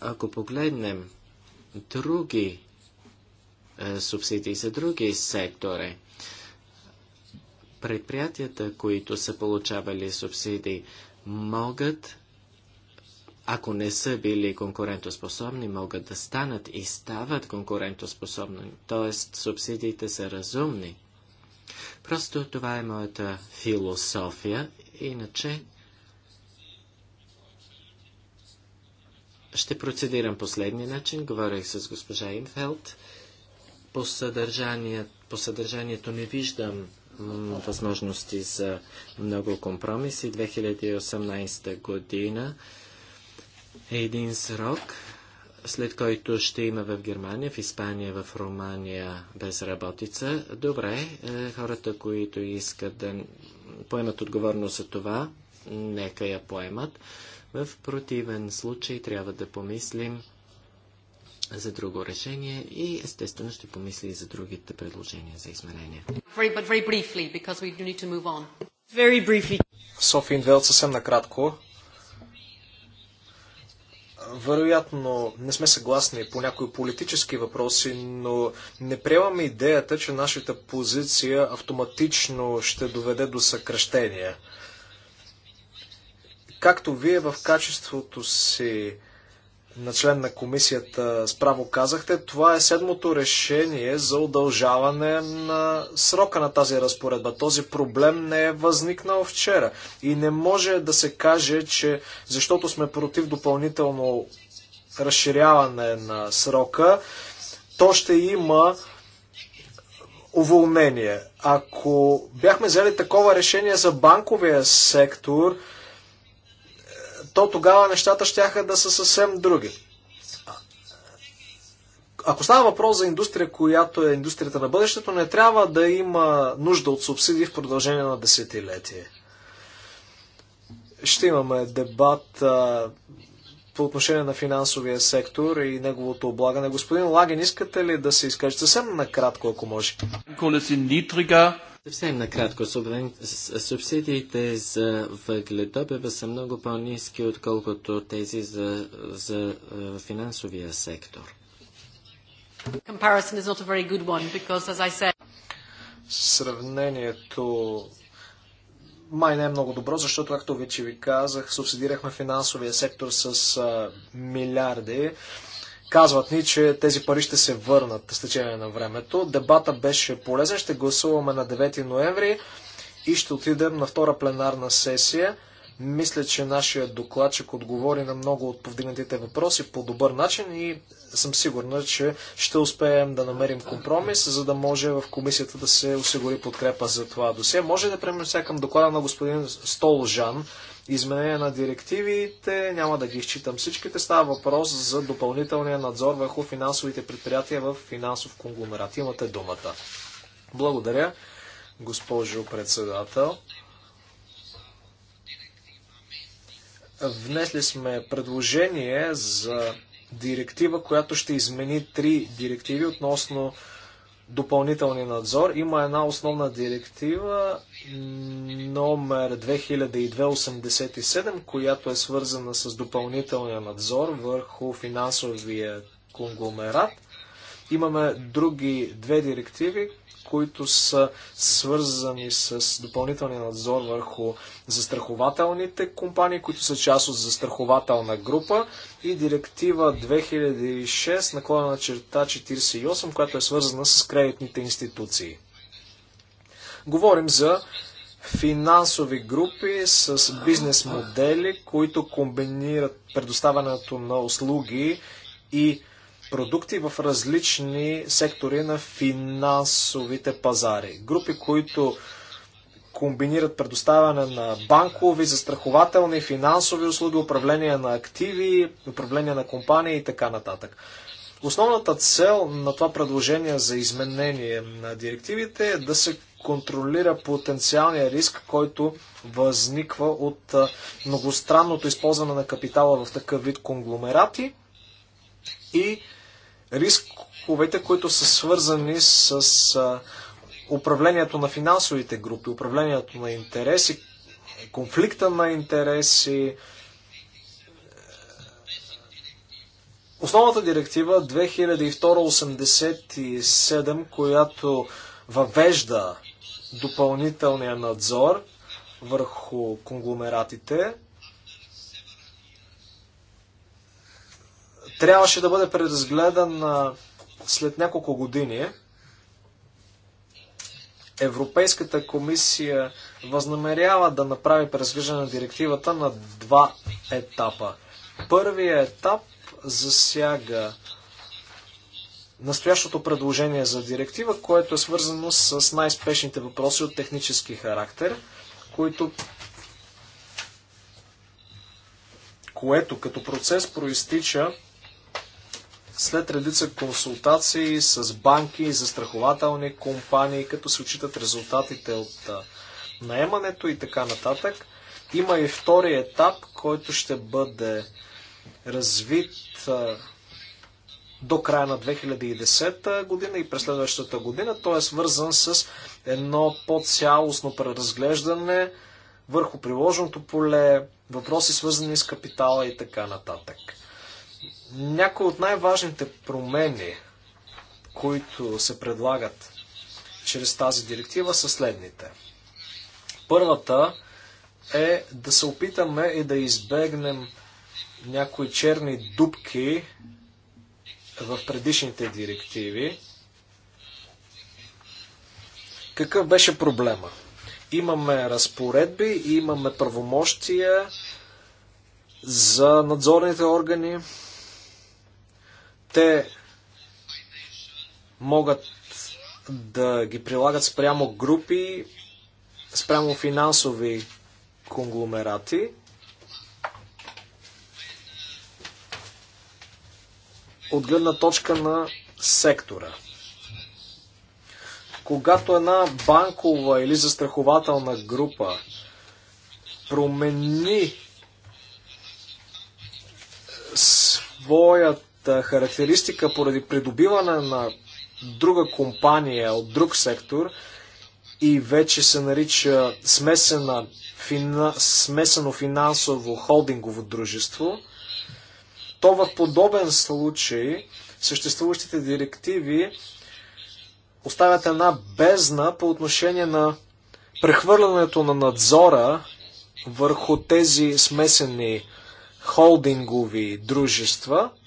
Ако погледнем други е, субсидии за други сектори, предприятията, които са получавали субсидии, могат ако не са били конкурентоспособни, могат да станат и стават конкурентоспособни, т.е. субсидиите са разумни. Просто това е моята философия, иначе ще процедирам последния начин. Говорих с госпожа Инфелд. По, съдържание, по съдържанието не виждам възможности за много компромиси. 2018 година е един срок, след който ще има в Германия, в Испания, в Румания безработица. Добре, е, хората, които искат да поемат отговорност за това, нека я поемат. В противен случай трябва да помислим за друго решение и естествено ще помисли и за другите предложения за изменения. Софин Велт съвсем накратко. Вероятно не сме съгласни по някои политически въпроси, но не приемаме идеята, че нашата позиция автоматично ще доведе до съкръщения. Както вие в качеството си на член на комисията справо казахте, това е седмото решение за удължаване на срока на тази разпоредба. Този проблем не е възникнал вчера и не може да се каже, че защото сме против допълнително разширяване на срока, то ще има уволнение. Ако бяхме взели такова решение за банковия сектор, то тогава нещата ще да са съвсем други. Ако става въпрос за индустрия, която е индустрията на бъдещето, не трябва да има нужда от субсидии в продължение на десетилетие. Ще имаме дебат а, по отношение на финансовия сектор и неговото облагане. Господин Лаген, искате ли да се изкажете съвсем накратко, ако може? Съвсем накратко, субсидиите за въгледобива са много по-низки, отколкото тези за, за е, финансовия сектор. One, because, said... Сравнението май не е много добро, защото, както вече ви казах, субсидирахме финансовия сектор с а, милиарди. Казват ни, че тези пари ще се върнат с течение на времето. Дебата беше полезен. Ще гласуваме на 9 ноември и ще отидем на втора пленарна сесия. Мисля, че нашия докладчик отговори на много от повдигнатите въпроси по добър начин и съм сигурна, че ще успеем да намерим компромис, за да може в комисията да се осигури подкрепа за това досие. Може да преминем сега към доклада на господин Столжан изменение на директивите, няма да ги изчитам всичките, става въпрос за допълнителния надзор върху финансовите предприятия в финансов конгломерат. Имате думата. Благодаря, госпожо председател. Внесли сме предложение за директива, която ще измени три директиви относно допълнителни надзор. Има една основна директива, номер 2287, която е свързана с допълнителния надзор върху финансовия конгломерат. Имаме други две директиви, които са свързани с допълнителния надзор върху застрахователните компании, които са част от застрахователна група и директива 2006 наклона на черта 48, която е свързана с кредитните институции. Говорим за финансови групи с бизнес модели, които комбинират предоставянето на услуги и продукти в различни сектори на финансовите пазари. Групи, които комбинират предоставяне на банкови, застрахователни, финансови услуги, управление на активи, управление на компании и така нататък. Основната цел на това предложение за изменение на директивите е да се контролира потенциалния риск, който възниква от многостранното използване на капитала в такъв вид конгломерати и рисковете, които са свързани с управлението на финансовите групи, управлението на интереси, конфликта на интереси. Основната директива 2002-87, която въвежда допълнителния надзор върху конгломератите, трябваше да бъде преразгледан след няколко години. Европейската комисия възнамерява да направи преразглеждане на директивата на два етапа. Първият етап засяга настоящото предложение за директива, което е свързано с най-спешните въпроси от технически характер, които което като процес проистича след редица консултации с банки и застрахователни компании, като се отчитат резултатите от наемането и така нататък, има и втори етап, който ще бъде развит до края на 2010 година и през следващата година. Той е свързан с едно по-цялостно преразглеждане върху приложеното поле, въпроси свързани с капитала и така нататък. Някои от най-важните промени, които се предлагат чрез тази директива, са следните. Първата е да се опитаме и да избегнем някои черни дубки в предишните директиви. Какъв беше проблема? Имаме разпоредби, имаме правомощия за надзорните органи, те могат да ги прилагат спрямо групи, спрямо финансови конгломерати. От гледна точка на сектора. Когато една банкова или застрахователна група промени своят характеристика поради придобиване на друга компания от друг сектор и вече се нарича смесена, фина, смесено финансово холдингово дружество, то в подобен случай съществуващите директиви оставят една бездна по отношение на прехвърлянето на надзора върху тези смесени холдингови дружества –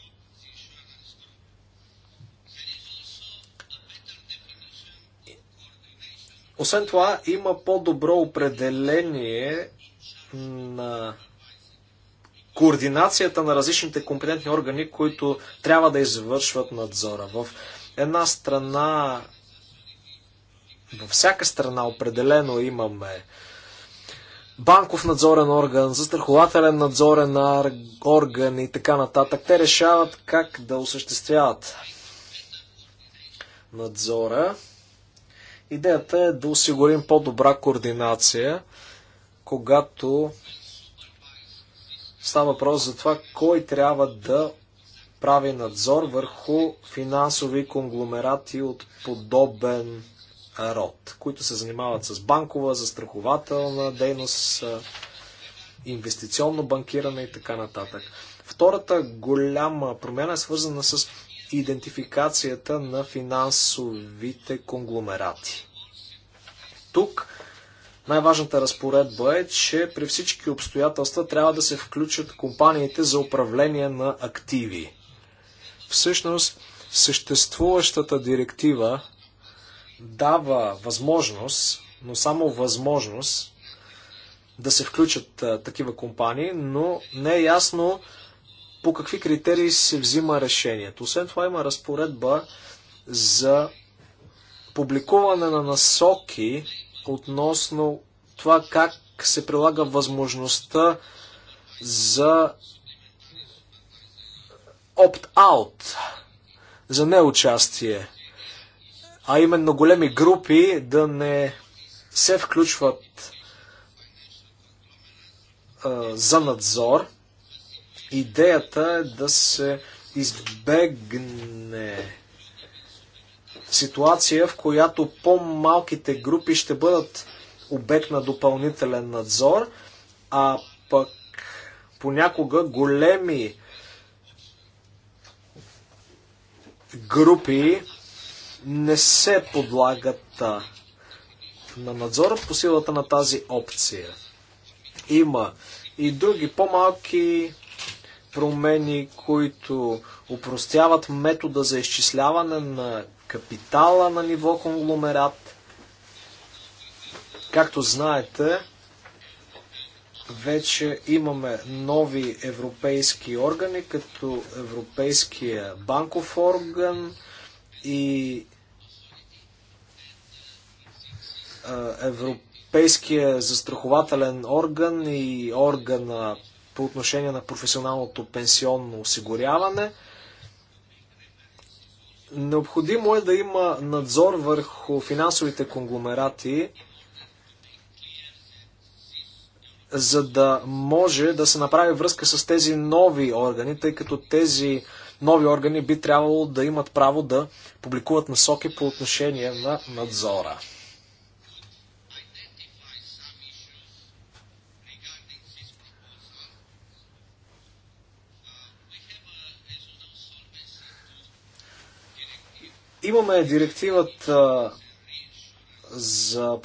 Освен това, има по-добро определение на координацията на различните компетентни органи, които трябва да извършват надзора. В една страна, във всяка страна определено имаме банков надзорен орган, застрахователен надзорен орган и така нататък. Те решават как да осъществяват надзора. Идеята е да осигурим по-добра координация, когато става въпрос за това кой трябва да прави надзор върху финансови конгломерати от подобен род, които се занимават с банкова, застрахователна дейност, инвестиционно банкиране и така нататък. Втората голяма промяна е свързана с идентификацията на финансовите конгломерати. Тук най-важната разпоредба е, че при всички обстоятелства трябва да се включат компаниите за управление на активи. Всъщност, съществуващата директива дава възможност, но само възможност, да се включат а, такива компании, но не е ясно по какви критерии се взима решението. Освен това има разпоредба за публикуване на насоки относно това как се прилага възможността за опт-аут, за неучастие, а именно големи групи да не се включват а, за надзор – Идеята е да се избегне ситуация, в която по-малките групи ще бъдат обект на допълнителен надзор, а пък понякога големи групи не се подлагат на надзор по силата на тази опция. Има и други по-малки промени, които упростяват метода за изчисляване на капитала на ниво конгломерат. Както знаете, вече имаме нови европейски органи, като Европейския банков орган и Европейския застрахователен орган и органа по отношение на професионалното пенсионно осигуряване. Необходимо е да има надзор върху финансовите конгломерати, за да може да се направи връзка с тези нови органи, тъй като тези нови органи би трябвало да имат право да публикуват насоки по отношение на надзора. Имаме директивата за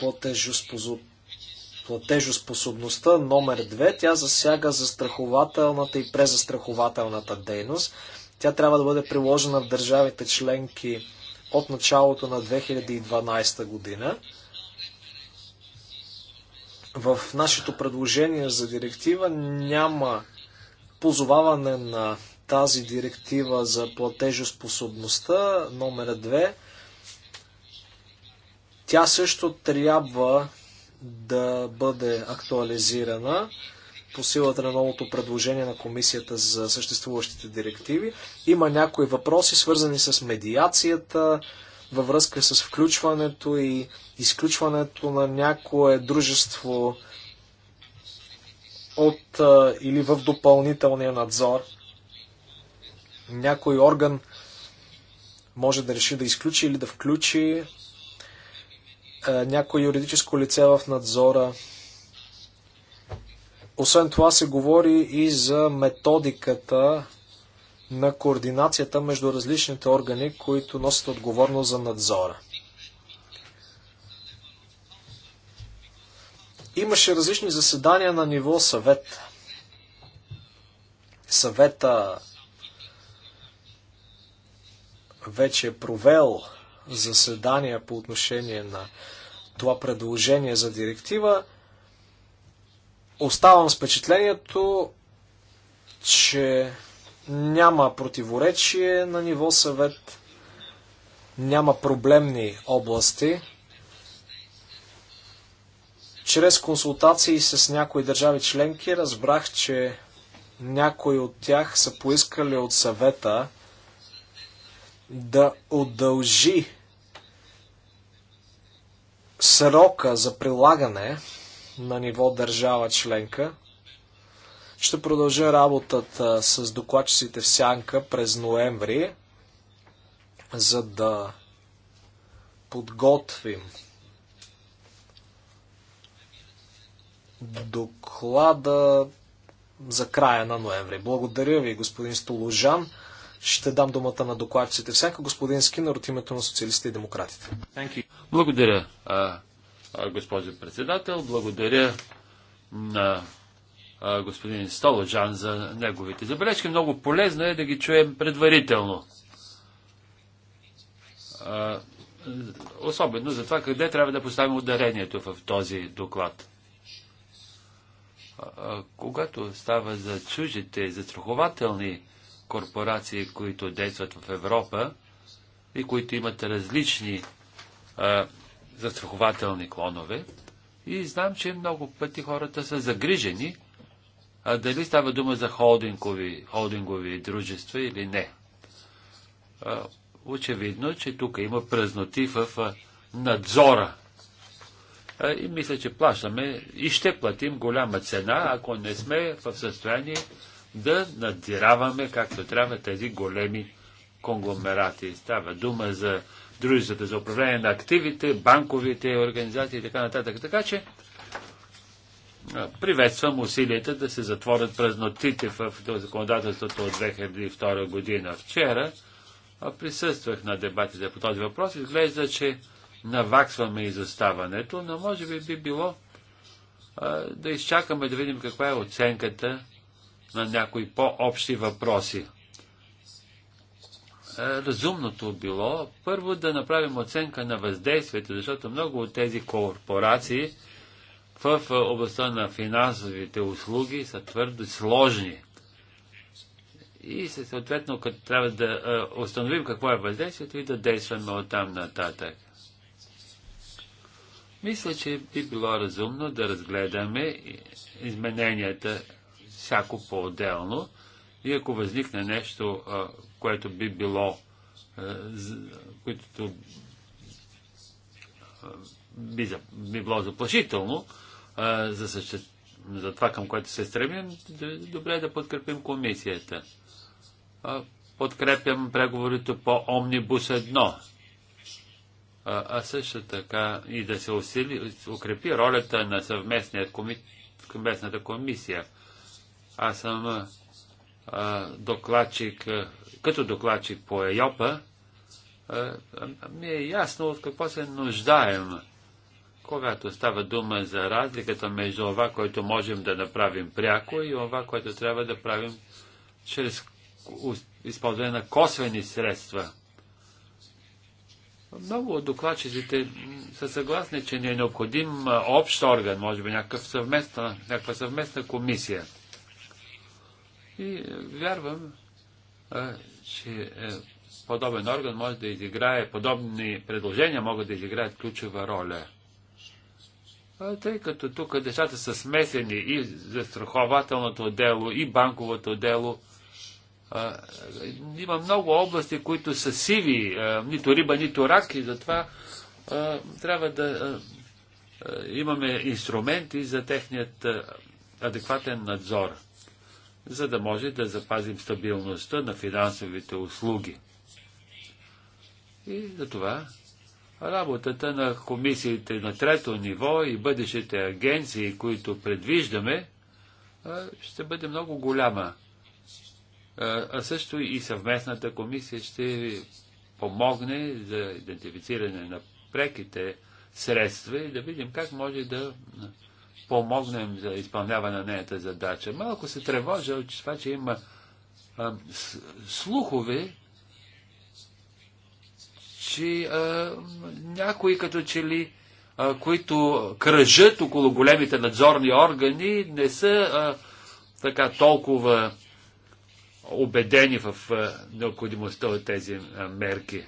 платежоспособността номер 2. Тя засяга застрахователната и презастрахователната дейност. Тя трябва да бъде приложена в държавите членки от началото на 2012 година. В нашето предложение за директива няма позоваване на тази директива за платежоспособността, номер 2, тя също трябва да бъде актуализирана по силата на новото предложение на комисията за съществуващите директиви. Има някои въпроси, свързани с медиацията, във връзка с включването и изключването на някое дружество от или в допълнителния надзор някой орган може да реши да изключи или да включи е, някое юридическо лице в надзора. Освен това се говори и за методиката на координацията между различните органи, които носят отговорност за надзора. Имаше различни заседания на ниво съвет. Съвета вече е провел заседания по отношение на това предложение за директива, оставам с впечатлението, че няма противоречие на ниво съвет, няма проблемни области. Чрез консултации с някои държави членки разбрах, че някои от тях са поискали от съвета да удължи срока за прилагане на ниво държава членка. Ще продължа работата с докладчиците в Сянка през ноември, за да подготвим доклада за края на ноември. Благодаря ви, господин Столожан ще дам думата на докладчите. Всяка господин Скинър от името на социалистите и демократите. Благодаря, госпожо председател. Благодаря на господин Столожан за неговите забележки. Много полезно е да ги чуем предварително. Особено за това къде трябва да поставим ударението в този доклад. Когато става за чужите застрахователни корпорации, които действат в Европа и които имат различни а, застрахователни клонове. И знам, че много пъти хората са загрижени а дали става дума за холдингови, холдингови дружества или не. А, очевидно, че тук има празноти в а, надзора. А, и мисля, че плащаме и ще платим голяма цена, ако не сме в състояние да надзираваме както трябва тези големи конгломерати. Става дума за дружествата за управление на активите, банковите организации и така нататък. Така че приветствам усилията да се затворят празнотите в законодателството от 2002 година. Вчера присъствах на дебатите по този въпрос. Изглежда, че наваксваме изоставането, но може би би било да изчакаме да видим каква е оценката на някои по-общи въпроси. Е, разумното било първо да направим оценка на въздействието, защото много от тези корпорации в е, областта на финансовите услуги са твърдо сложни. И съответно, като трябва да е, установим какво е въздействието и да действаме от там нататък. Мисля, че би било разумно да разгледаме измененията всяко по-отделно и ако възникне нещо, което би било, което би, би било заплашително за, съще... за това, към което се стремим, добре е да подкрепим комисията. Подкрепям преговорите по Омнибус 1 а също така и да се усили, укрепи ролята на съвместният съвместната комисия. Аз съм а, докладчик, а, като докладчик по ЕЙОПА, ми е ясно от какво се нуждаем, когато става дума за разликата между това, което можем да направим пряко и това, което трябва да правим чрез използване на косвени средства. Много от докладчиците са съгласни, че не е необходим общ орган, може би някакъв съвместна, някаква съвместна комисия. И е, вярвам, че е, подобен орган може да изиграе, подобни предложения могат да изиграят ключова роля. тъй като тук децата са смесени и застрахователното дело, и банковото дело, има много области, които са сиви, нито риба, нито рак и затова трябва да имаме инструменти за техният адекватен надзор за да може да запазим стабилността на финансовите услуги. И за това работата на комисиите на трето ниво и бъдещите агенции, които предвиждаме, ще бъде много голяма. А също и съвместната комисия ще помогне за идентифициране на преките средства и да видим как може да помогнем за изпълняване на нейната задача. Малко се тревожа от това, че има а, слухове, че а, някои като че ли, а, които кръжат около големите надзорни органи, не са а, така толкова убедени в а, необходимостта от тези а, мерки.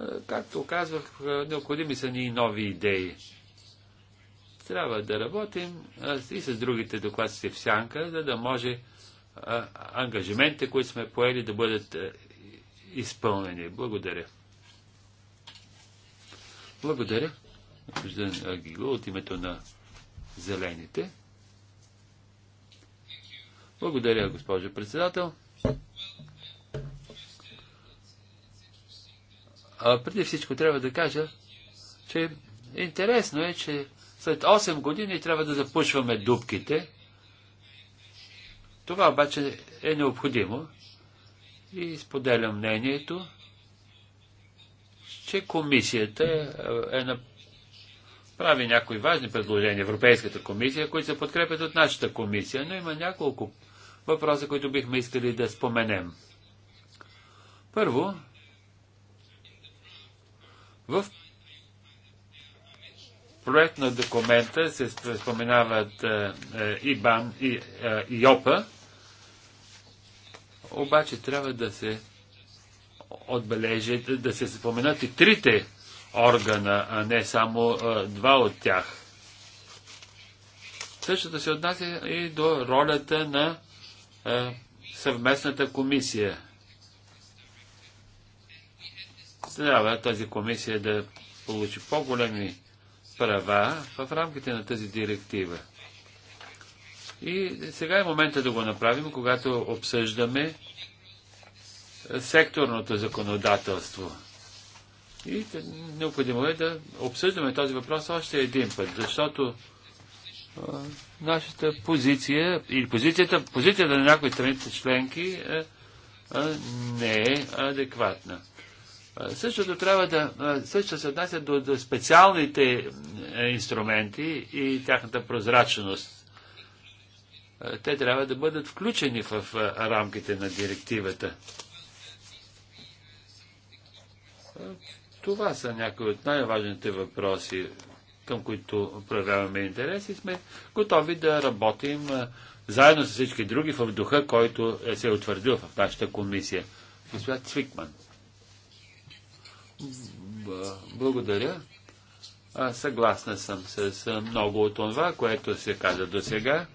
А, както казвах, необходими са ни и нови идеи. Трябва да работим и с другите докладци в сянка, за да може ангажиментите, които сме поели, да бъдат изпълнени. Благодаря. Благодаря. Господин Агило, от името на Зелените. Благодаря, госпожо председател. А преди всичко трябва да кажа, че интересно е, че след 8 години трябва да запушваме дубките. Това обаче е необходимо и споделям мнението, че комисията е на... Е, е, прави някои важни предложения, Европейската комисия, които се подкрепят от нашата комисия, но има няколко въпроса, които бихме искали да споменем. Първо, в проект на документа се споменават е, е, ИБАН и е, ИОПА, обаче трябва да се отбележи, да се споменат и трите органа, а не само два от тях. Същото се отнася и до ролята на съвместната комисия. Трябва тази комисия да получи по-големи права в рамките на тази директива. И сега е момента да го направим, когато обсъждаме секторното законодателство. И необходимо е да обсъждаме този въпрос още един път, защото а, нашата позиция или позицията, позицията на някои страните членки а, а, не е адекватна. Същото трябва да, също се отнася до, до специалните е, инструменти и тяхната прозрачност. Те трябва да бъдат включени в рамките на директивата. Това са някои от най-важните въпроси, към които проявяваме интерес и сме готови да работим заедно с всички други в духа, който е се е утвърдил в нашата комисия. Господин Цвикман. Благодаря. А, съгласна съм с много от това, което се каза до сега.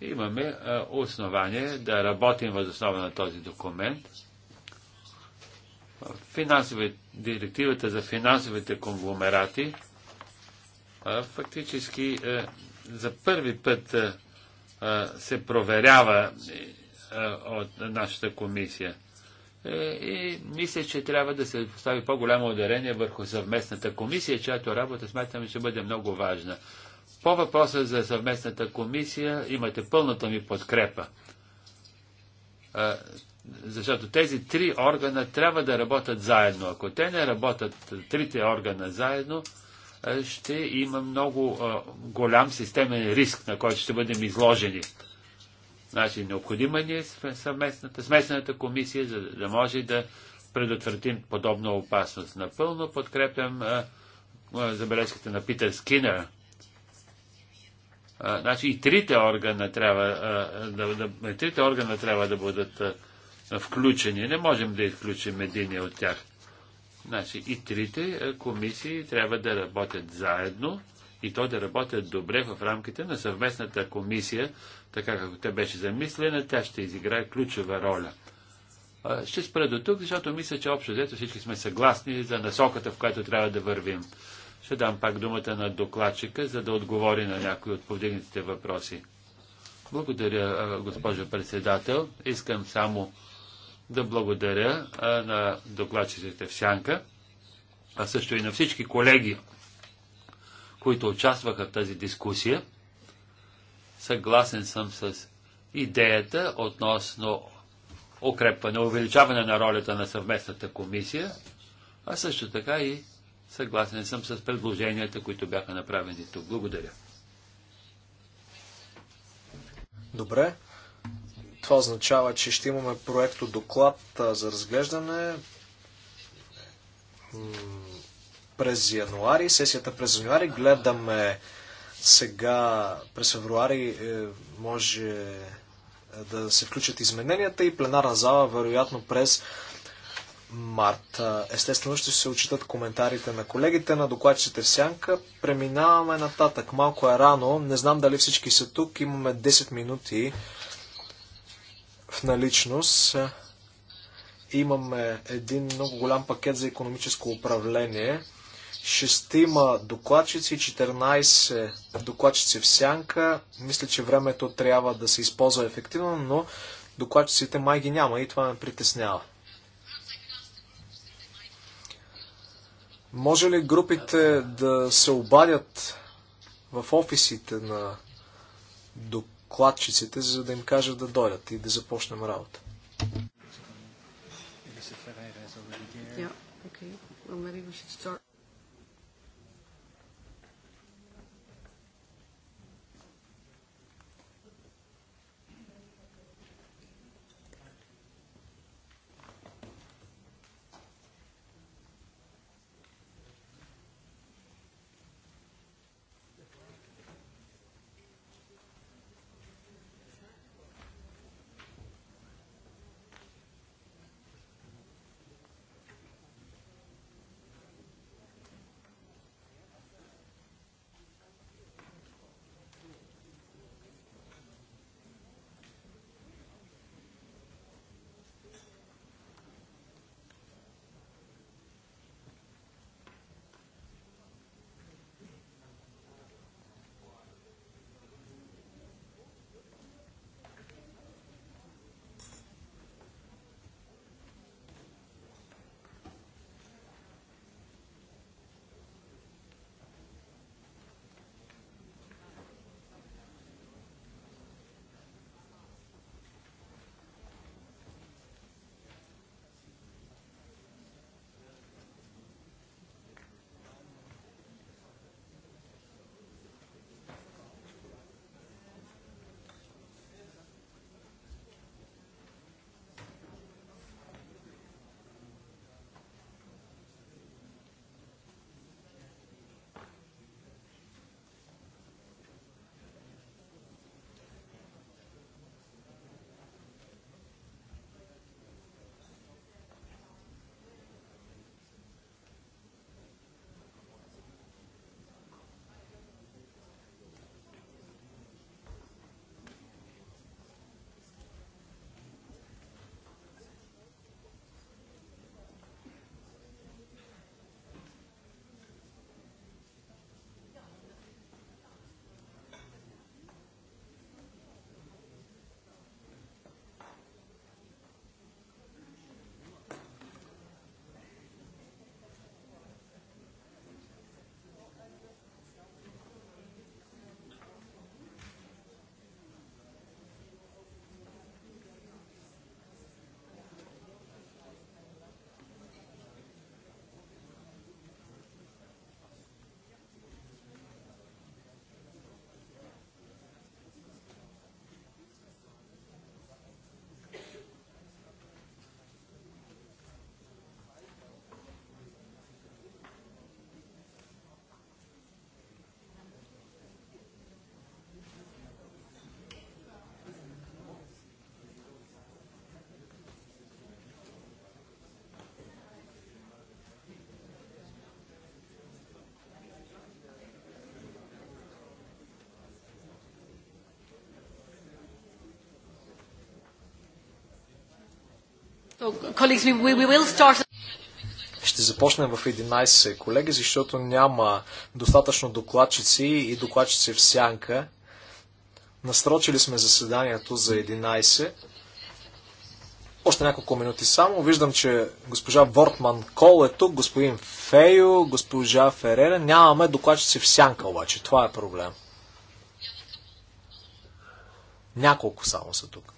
Имаме а, основание да работим въз основа на този документ. Финансови, директивата за финансовите конгломерати а, фактически а, е, за първи път а, е, е, се проверява а, от нашата комисия. Е, и мисля, че трябва да се постави по-голямо ударение върху съвместната комисия, чиято работа смятаме, че бъде много важна. По въпроса за съвместната комисия имате пълната ми подкрепа. Е, защото тези три органа трябва да работят заедно. Ако те не работят трите органа заедно, е, ще има много голям системен риск, на който ще бъдем изложени. Значи, необходима ни е съвместната, смесената комисия, за да може да предотвратим подобна опасност. Напълно подкрепям забележката на Питер Скинър. значи и трите органа трябва а, да, да, трите органа трябва да бъдат а, включени. Не можем да изключим един от тях. Значи и трите комисии трябва да работят заедно и то да работят добре в рамките на съвместната комисия, така както тя беше замислена, тя ще изиграе ключова роля. Ще спра до тук, защото мисля, че общо взето всички сме съгласни за насоката, в която трябва да вървим. Ще дам пак думата на докладчика, за да отговори на някои от повдигнатите въпроси. Благодаря, госпожо председател. Искам само да благодаря на докладчиците в Сянка, а също и на всички колеги които участваха в тази дискусия. Съгласен съм с идеята относно укрепване, увеличаване на ролята на съвместната комисия, а също така и съгласен съм с предложенията, които бяха направени тук. Благодаря. Добре. Това означава, че ще имаме проекто доклад за разглеждане през януари, сесията през януари. Гледаме сега през февруари е, може е, да се включат измененията и пленарна зала, вероятно през март. Е, естествено ще се очитат коментарите на колегите, на докладчите в сянка. Преминаваме нататък. Малко е рано. Не знам дали всички са тук. Имаме 10 минути в наличност. Имаме един много голям пакет за економическо управление шестима докладчици, 14 докладчици в сянка. Мисля, че времето трябва да се използва ефективно, но докладчиците май ги няма и това ме притеснява. Може ли групите да се обадят в офисите на докладчиците, за да им кажат да дойдат и да започнем работа? Yeah, okay. Well, maybe we should start Ще започнем в 11, колеги, защото няма достатъчно докладчици и докладчици в сянка. Насрочили сме заседанието за 11. Още няколко минути само. Виждам, че госпожа Вортман Кол е тук, господин Фейо, госпожа Ферера. Нямаме докладчици в сянка обаче. Това е проблем. Няколко само са тук.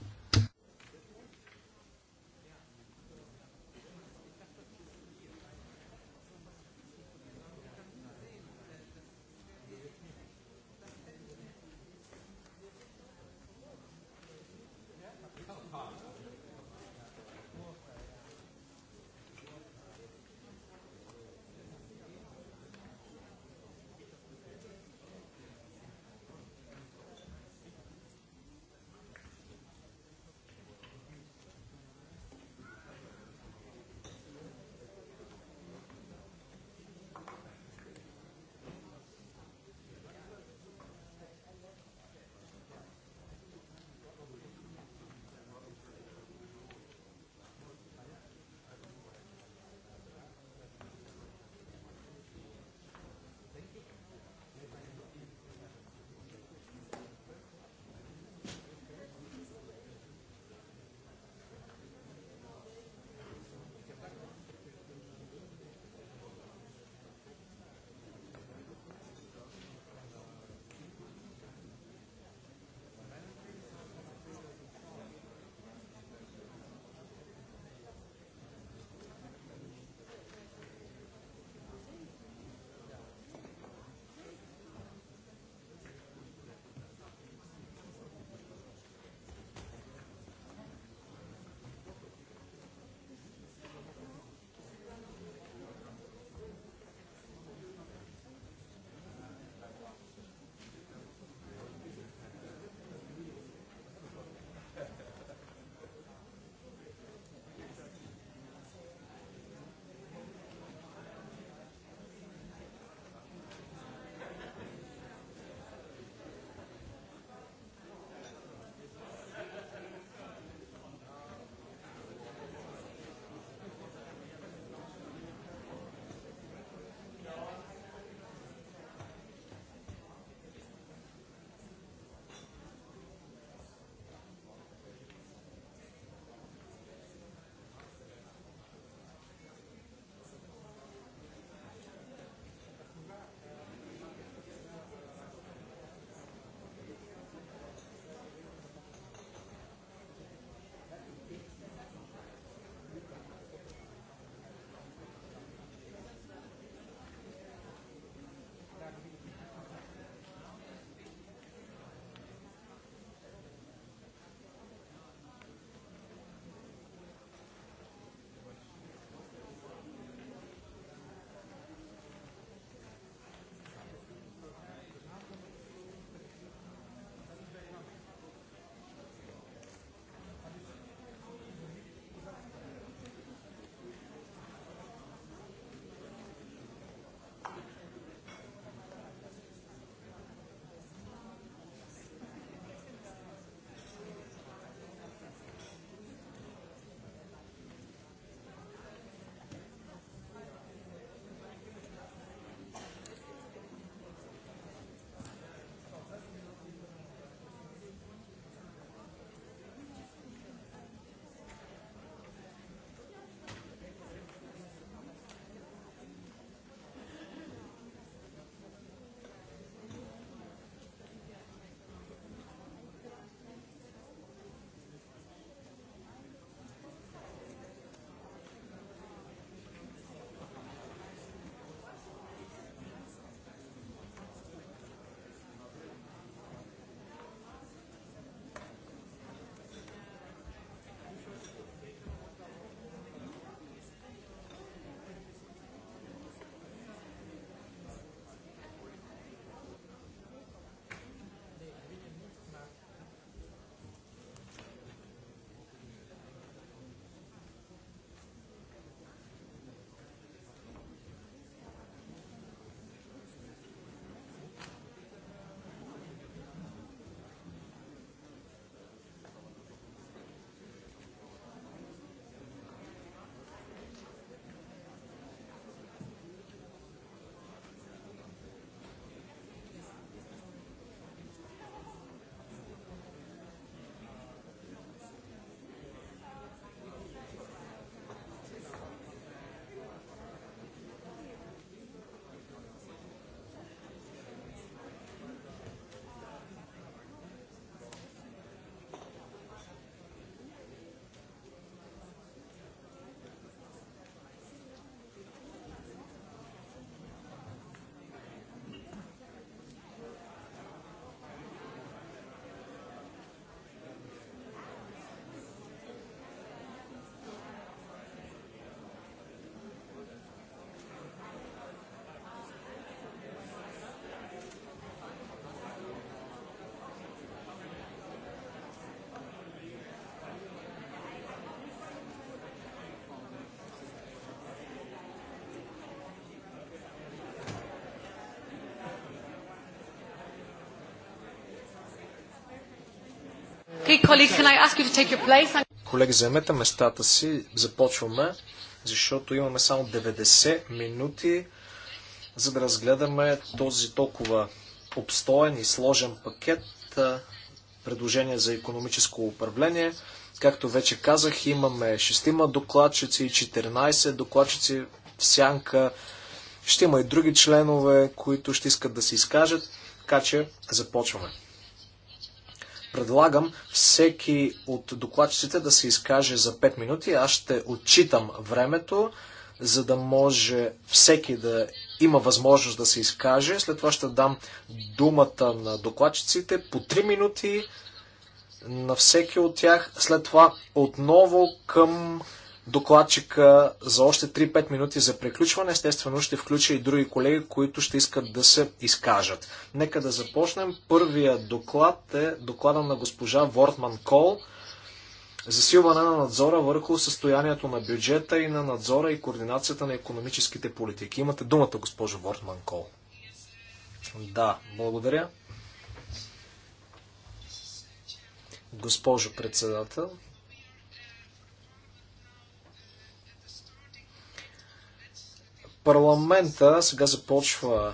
Колеги, заемете местата си, започваме, защото имаме само 90 минути, за да разгледаме този толкова обстоен и сложен пакет Предложения за економическо управление. Както вече казах, имаме 6 докладчици и 14 докладчици в сянка. Ще има и други членове, които ще искат да се изкажат, така че започваме предлагам всеки от докладчиците да се изкаже за 5 минути. Аз ще отчитам времето, за да може всеки да има възможност да се изкаже. След това ще дам думата на докладчиците по 3 минути на всеки от тях. След това отново към докладчика за още 3-5 минути за приключване. Естествено ще включа и други колеги, които ще искат да се изкажат. Нека да започнем. Първия доклад е доклада на госпожа Вортман Кол. Засилване на надзора върху състоянието на бюджета и на надзора и координацията на економическите политики. Имате думата, госпожо Вортман Кол. Да, благодаря. Госпожо председател, Парламента сега започва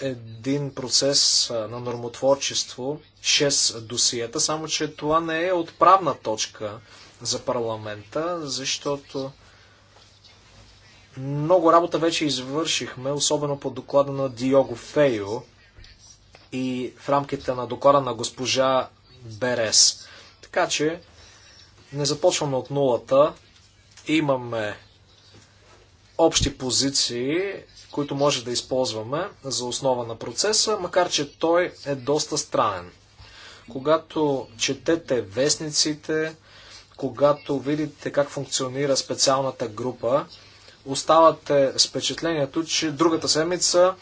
един процес на нормотворчество, 6 досиета, само че това не е отправна точка за парламента, защото много работа вече извършихме, особено по доклада на Диого Фейо и в рамките на доклада на госпожа Берес. Така че не започваме от нулата, имаме общи позиции, които може да използваме за основа на процеса, макар че той е доста странен. Когато четете вестниците, когато видите как функционира специалната група, оставате с впечатлението, че другата седмица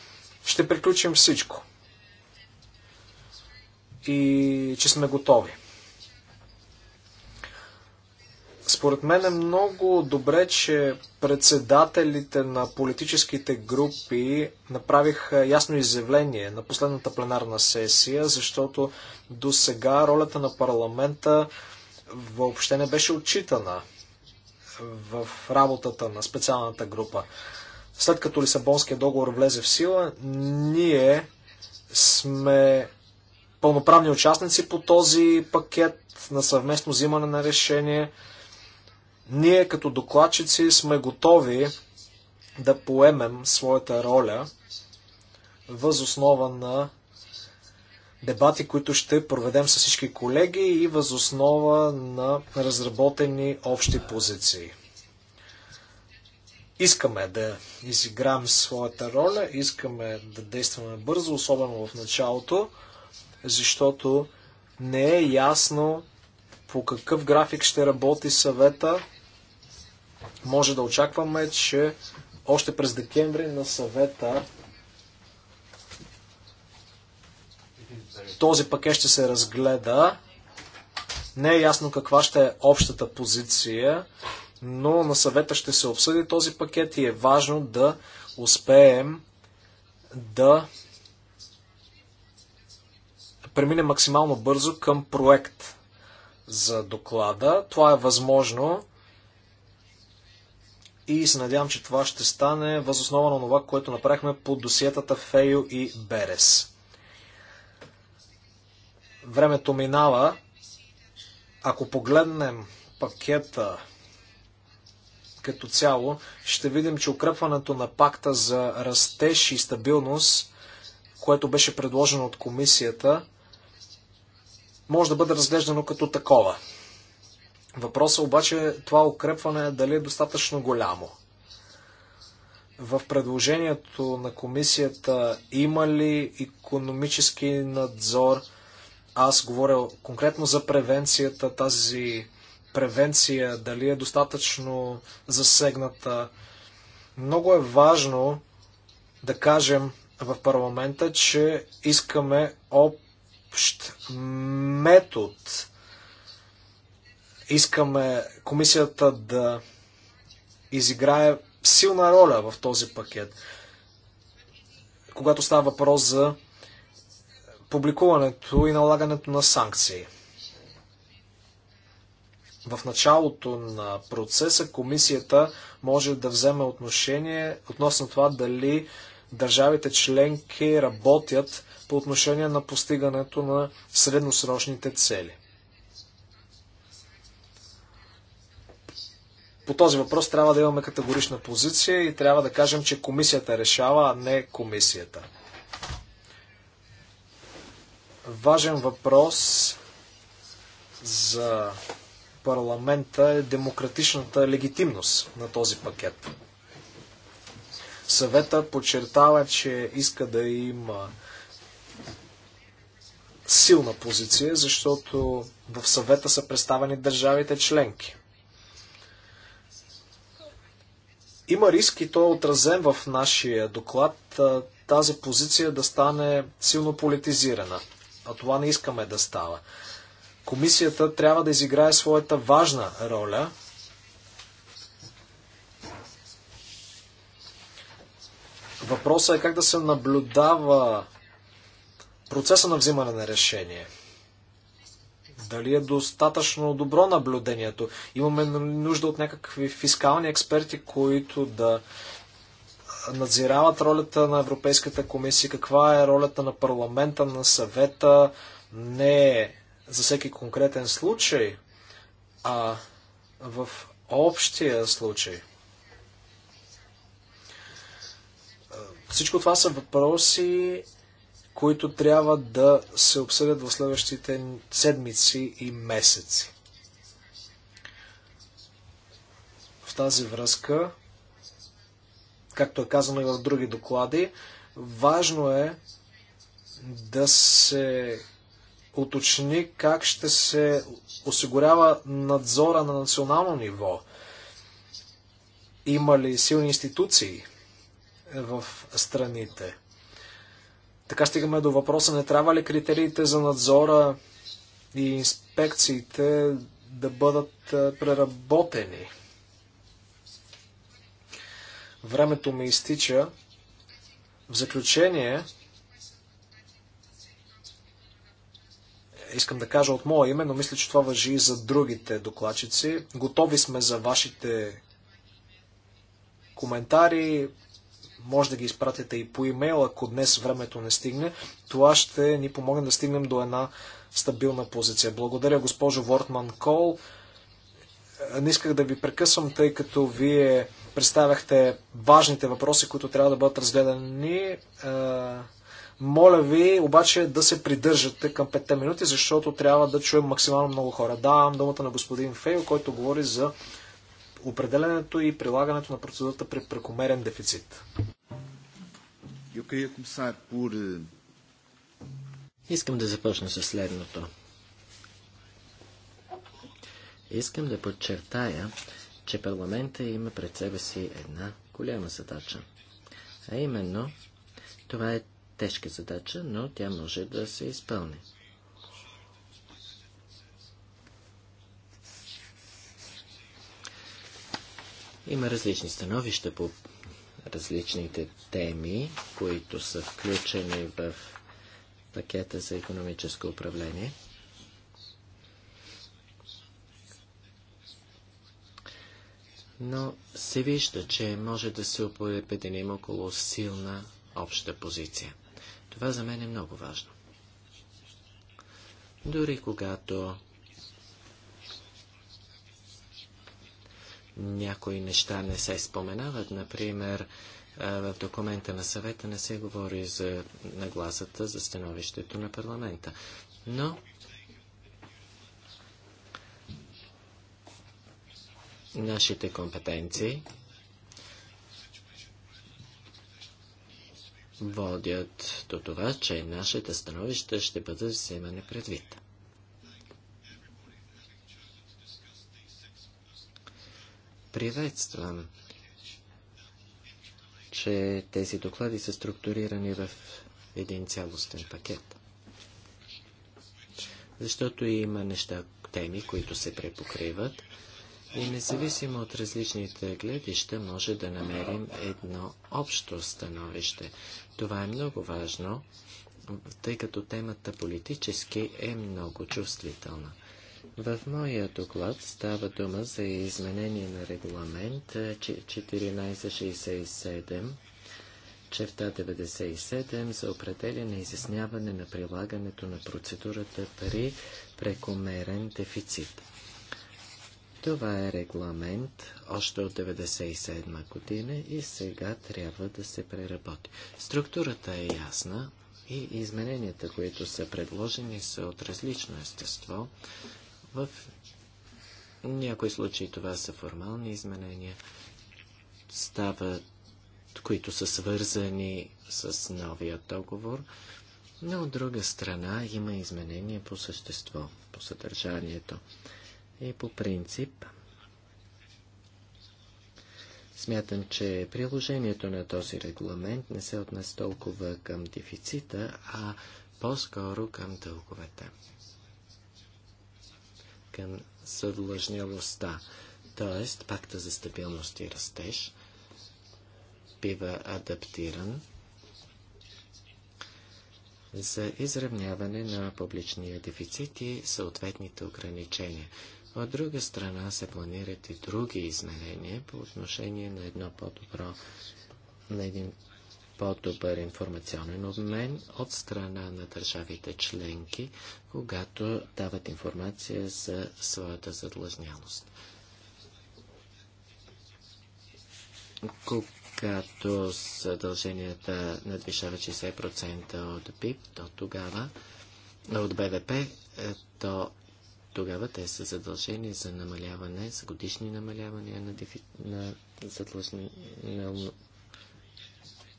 ще приключим всичко и че сме готови. Според мен е много добре, че председателите на политическите групи направиха ясно изявление на последната пленарна сесия, защото до сега ролята на парламента въобще не беше отчитана в работата на специалната група. След като Лисабонския договор влезе в сила, ние сме пълноправни участници по този пакет на съвместно взимане на решение. Ние като докладчици сме готови да поемем своята роля въз основа на дебати, които ще проведем с всички колеги и въз основа на разработени общи позиции. Искаме да изиграем своята роля, искаме да действаме бързо, особено в началото, защото не е ясно по какъв график ще работи съвета, може да очакваме, че още през декември на съвета този пакет ще се разгледа. Не е ясно каква ще е общата позиция, но на съвета ще се обсъди този пакет и е важно да успеем да премине максимално бързо към проект за доклада. Това е възможно и се надявам, че това ще стане възоснова на това, което направихме по досиетата Фейо и Берес. Времето минава. Ако погледнем пакета като цяло, ще видим, че укрепването на пакта за растеж и стабилност, което беше предложено от комисията, може да бъде разглеждано като такова. Въпросът обаче е това укрепване дали е достатъчно голямо. В предложението на комисията има ли економически надзор? Аз говоря конкретно за превенцията, тази превенция, дали е достатъчно засегната. Много е важно да кажем в парламента, че искаме общ метод Искаме комисията да изиграе силна роля в този пакет, когато става въпрос за публикуването и налагането на санкции. В началото на процеса комисията може да вземе отношение относно това дали държавите членки работят по отношение на постигането на средносрочните цели. По този въпрос трябва да имаме категорична позиция и трябва да кажем, че комисията решава, а не комисията. Важен въпрос за парламента е демократичната легитимност на този пакет. Съвета подчертава, че иска да има силна позиция, защото в съвета са представени държавите членки. Има риск и той е отразен в нашия доклад тази позиция да стане силно политизирана. А това не искаме да става. Комисията трябва да изиграе своята важна роля. Въпросът е как да се наблюдава процеса на взимане на решение – дали е достатъчно добро наблюдението? Имаме нужда от някакви фискални експерти, които да надзирават ролята на Европейската комисия, каква е ролята на парламента, на съвета, не е за всеки конкретен случай, а в общия случай. Всичко това са въпроси, които трябва да се обсъдят в следващите седмици и месеци. В тази връзка, както е казано и в други доклади, важно е да се уточни как ще се осигурява надзора на национално ниво. Има ли силни институции в страните? Така стигаме до въпроса, не трябва ли критериите за надзора и инспекциите да бъдат е, преработени? Времето ми изтича. В заключение, искам да кажа от мое име, но мисля, че това въжи и за другите докладчици. Готови сме за вашите коментари, може да ги изпратите и по имейл, ако днес времето не стигне. Това ще ни помогне да стигнем до една стабилна позиция. Благодаря, госпожо Вортман Кол. Не исках да ви прекъсвам, тъй като вие представяхте важните въпроси, които трябва да бъдат разгледани. Моля ви обаче да се придържате към 5 минути, защото трябва да чуем максимално много хора. Давам думата на господин Фейл, който говори за определенето и прилагането на процедурата при прекомерен дефицит. Е, Искам да започна с следното. Искам да подчертая, че парламента има пред себе си една голяма задача. А именно, това е тежка задача, но тя може да се изпълни. Има различни становища по различните теми, които са включени в пакета за економическо управление. Но се вижда, че може да се обединим около силна обща позиция. Това за мен е много важно. Дори когато някои неща не се споменават. Например, в документа на съвета не се говори за нагласата, за становището на парламента. Но нашите компетенции водят до това, че нашите становища ще бъдат вземани предвид. Приветствам, че тези доклади са структурирани в един цялостен пакет. Защото има неща, теми, които се препокриват и независимо от различните гледища може да намерим едно общо становище. Това е много важно, тъй като темата политически е много чувствителна. В моя доклад става дума за изменение на регламент 1467 черта 97 за определяне и изясняване на прилагането на процедурата при прекомерен дефицит. Това е регламент още от 1997 година и сега трябва да се преработи. Структурата е ясна и измененията, които са предложени, са от различно естество, в някои случаи това са формални изменения, стават, които са свързани с новия договор, но от друга страна има изменения по същество, по съдържанието и по принцип. Смятам, че приложението на този регламент не се отнес толкова към дефицита, а по-скоро към дълговете към съдлъжнялостта, т.е. пакта за стабилност и растеж бива адаптиран за изравняване на публичния дефицит и съответните ограничения. От друга страна се планират и други изменения по отношение на едно по-добро, на един по-добър информационен обмен от страна на държавите членки, когато дават информация за своята задлъжнялост. Когато задълженията надвишават 60% от БИП, то тогава от БВП, е, то тогава те са задължени за намаляване, за годишни намалявания на, дефи... на, задлъжни... на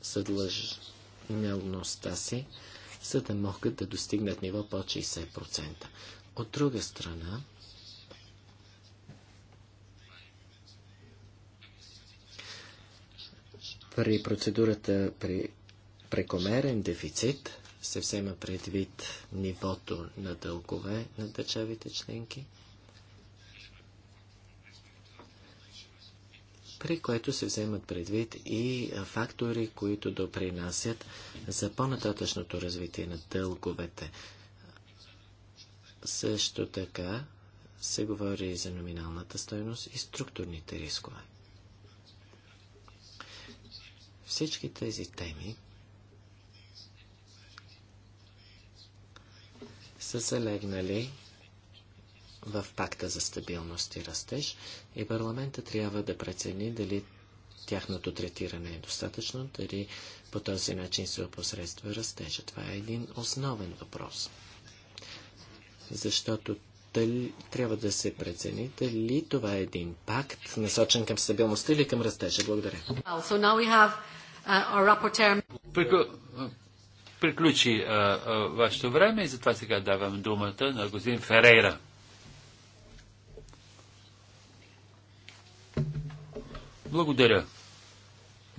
съдлъжнялността си, за да могат да достигнат ниво по 60%. От друга страна, при процедурата при прекомерен дефицит се взема предвид нивото на дългове на държавите членки – при което се вземат предвид и фактори, които допринасят за по-нататъчното развитие на дълговете. Също така се говори и за номиналната стойност и структурните рискове. Всички тези теми са залегнали в пакта за стабилност и растеж и парламента трябва да прецени дали тяхното третиране е достатъчно, дали по този начин се опосредства растежа. Това е един основен въпрос. Защото дали, трябва да се прецени дали това е един пакт, насочен към стабилността или към растежа. Благодаря. Приключи вашето време и затова сега давам думата на господин Ферейра. Благодаря,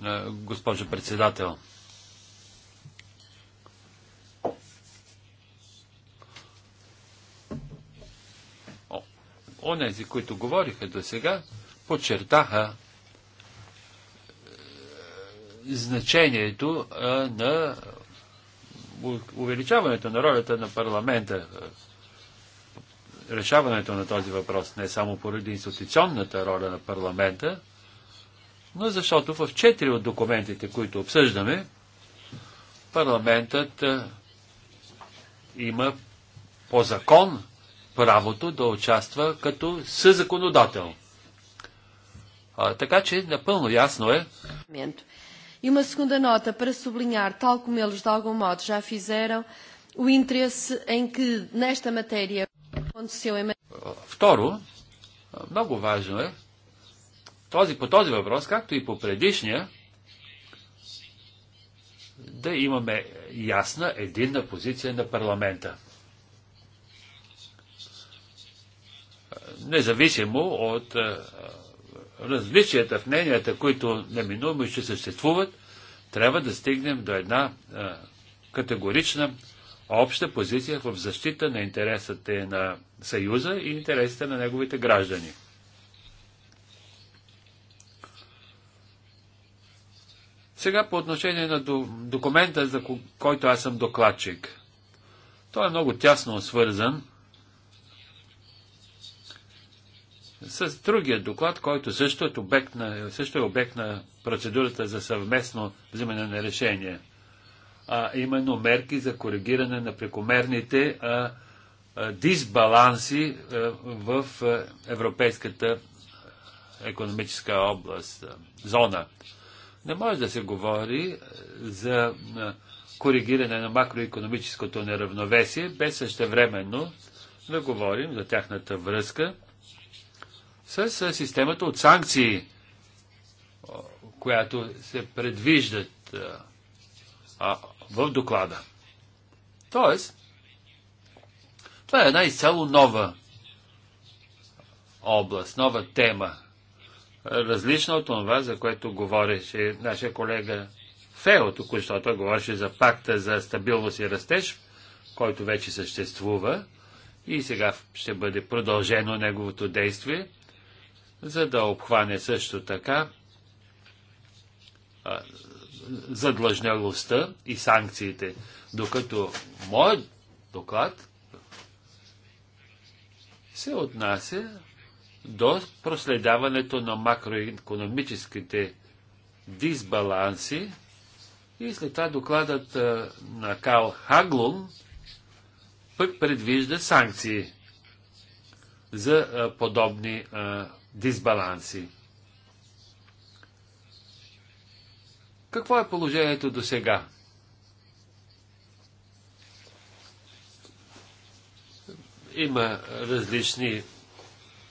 е, госпожо председател. онези, които говориха до сега, подчертаха е, значението е, на увеличаването на ролята на парламента, решаването на този въпрос, не само поради институционната роля на парламента, но защото в четири от документите, които обсъждаме, парламентът има по закон правото да участва като съзаконодател. А, така че напълно ясно е. И uma segunda nota para sublinhar, tal como eles de algum modo já fizeram, o interesse em que nesta matéria aconteceu em. Второ, много важно е този, по този въпрос, както и по предишния, да имаме ясна, единна позиция на парламента. Независимо от различията в мненията, които неминуемо ще съществуват, трябва да стигнем до една категорична обща позиция в защита на интересите на Съюза и интересите на неговите граждани. Сега по отношение на документа, за който аз съм докладчик. Той е много тясно свързан с другия доклад, който също е обект на, също е обект на процедурата за съвместно взимане на решение. А именно мерки за коригиране на прекомерните а, а, дисбаланси а, в а, европейската економическа област, а, зона. Не може да се говори е, за е, коригиране на макроекономическото неравновесие, без същевременно да говорим за тяхната връзка с е, системата от санкции, която се предвиждат в доклада. Тоест, това е една изцяло нова област, нова тема, Различно от това, за което говореше нашия колега Фео, току-що той говореше за пакта за стабилност и растеж, който вече съществува и сега ще бъде продължено неговото действие, за да обхване също така задлъжнялостта и санкциите. Докато моят доклад се отнася до проследяването на макроекономическите дисбаланси и след това докладът на Кал Хаглун пък предвижда санкции за подобни дисбаланси. Какво е положението до сега? Има различни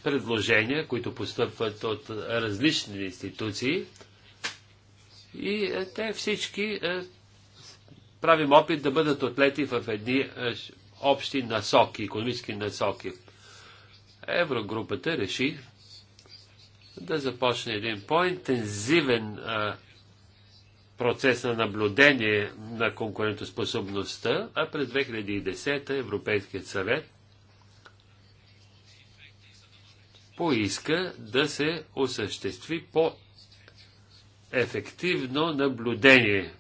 предложения, които постъпват от различни институции и е, те всички е, правим опит да бъдат отлети в едни е, общи насоки, економически насоки. Еврогрупата реши да започне един по-интензивен процес на наблюдение на конкурентоспособността, а през 2010 Европейският съвет поиска да се осъществи по-ефективно наблюдение.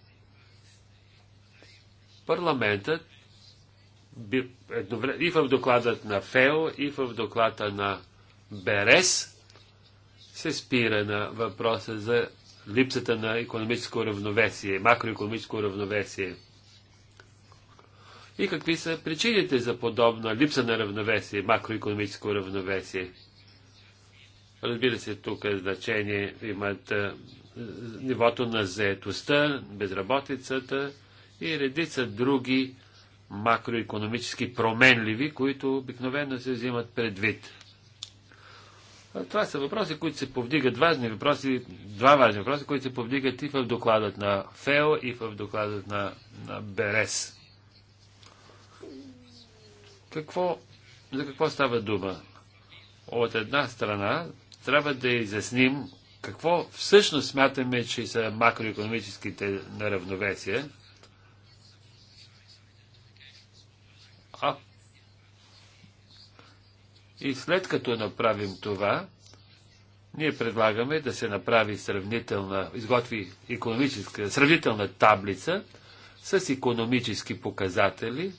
Парламентът и в докладът на ФЕО, и в доклада на БЕРЕС се спира на въпроса за липсата на економическо равновесие, макроекономическо равновесие. И какви са причините за подобна липса на равновесие, макроекономическо равновесие? Разбира се, тук е значение имат нивото на заетостта, безработицата и редица други макроекономически променливи, които обикновено се взимат предвид. това са въпроси, които се повдигат, важни въпроси, два важни въпроса, които се повдигат и в докладът на ФЕО, и в докладът на, на БЕРЕС. Какво, за какво става дума? От една страна трябва да изясним какво всъщност смятаме, че са макроекономическите неравновесия. А и след като направим това, ние предлагаме да се направи сравнителна, изготви економическа, сравнителна таблица с економически показатели,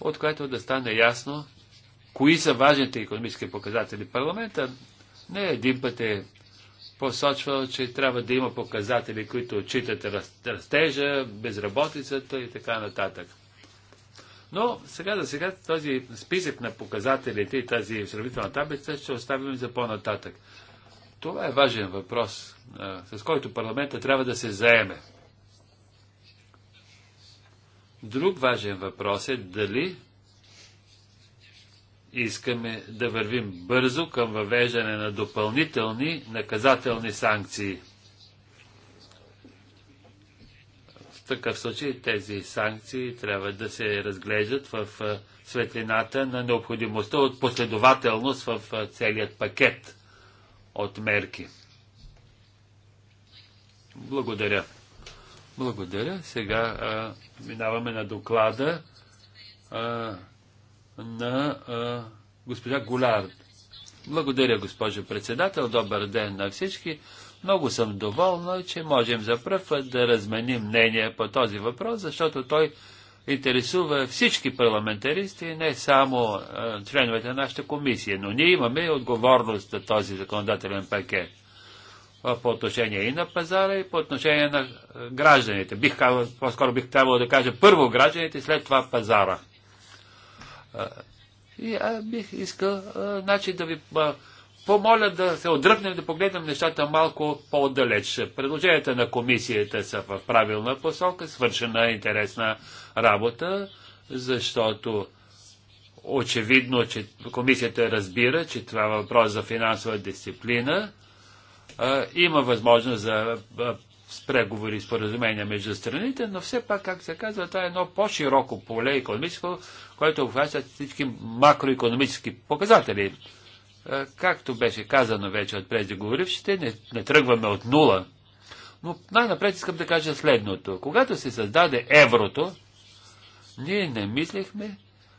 от която да стане ясно кои са важните економически показатели. Парламента не един път е посочвал, че трябва да има показатели, които отчитат растежа, безработицата и така нататък. Но сега за сега този списък на показателите и тази сравнителна таблица ще оставим за по-нататък. Това е важен въпрос, с който парламента трябва да се заеме. Друг важен въпрос е дали Искаме да вървим бързо към въвеждане на допълнителни наказателни санкции. В такъв случай тези санкции трябва да се разглеждат в светлината на необходимостта от последователност в целият пакет от мерки. Благодаря. Благодаря. Сега а, минаваме на доклада а, на а, госпожа Голярд. Благодаря, госпожо председател. Добър ден на всички. Много съм доволна, че можем за пръв път да разменим мнение по този въпрос, защото той интересува всички парламентаристи, не само а, членовете на нашата комисия, но ние имаме отговорност за този законодателен пакет по отношение и на пазара, и по отношение на гражданите. Бих, по-скоро бих трябвало да кажа първо гражданите, след това пазара. И а, бих искал а, значи, да ви а, помоля да се отдръпнем, да погледнем нещата малко по-далеч. Предложенията на комисията са в правилна посока, свършена интересна работа, защото очевидно, че комисията разбира, че това е въпрос за финансова дисциплина. А, има възможност за с преговори и споразумения между страните, но все пак, как се казва, това е едно по-широко поле економическо, което обхваща всички макроекономически показатели. Е, както беше казано вече от преждеговорившите, не, не тръгваме от нула. Но най-напред искам да кажа следното. Когато се създаде еврото, ние не мислихме,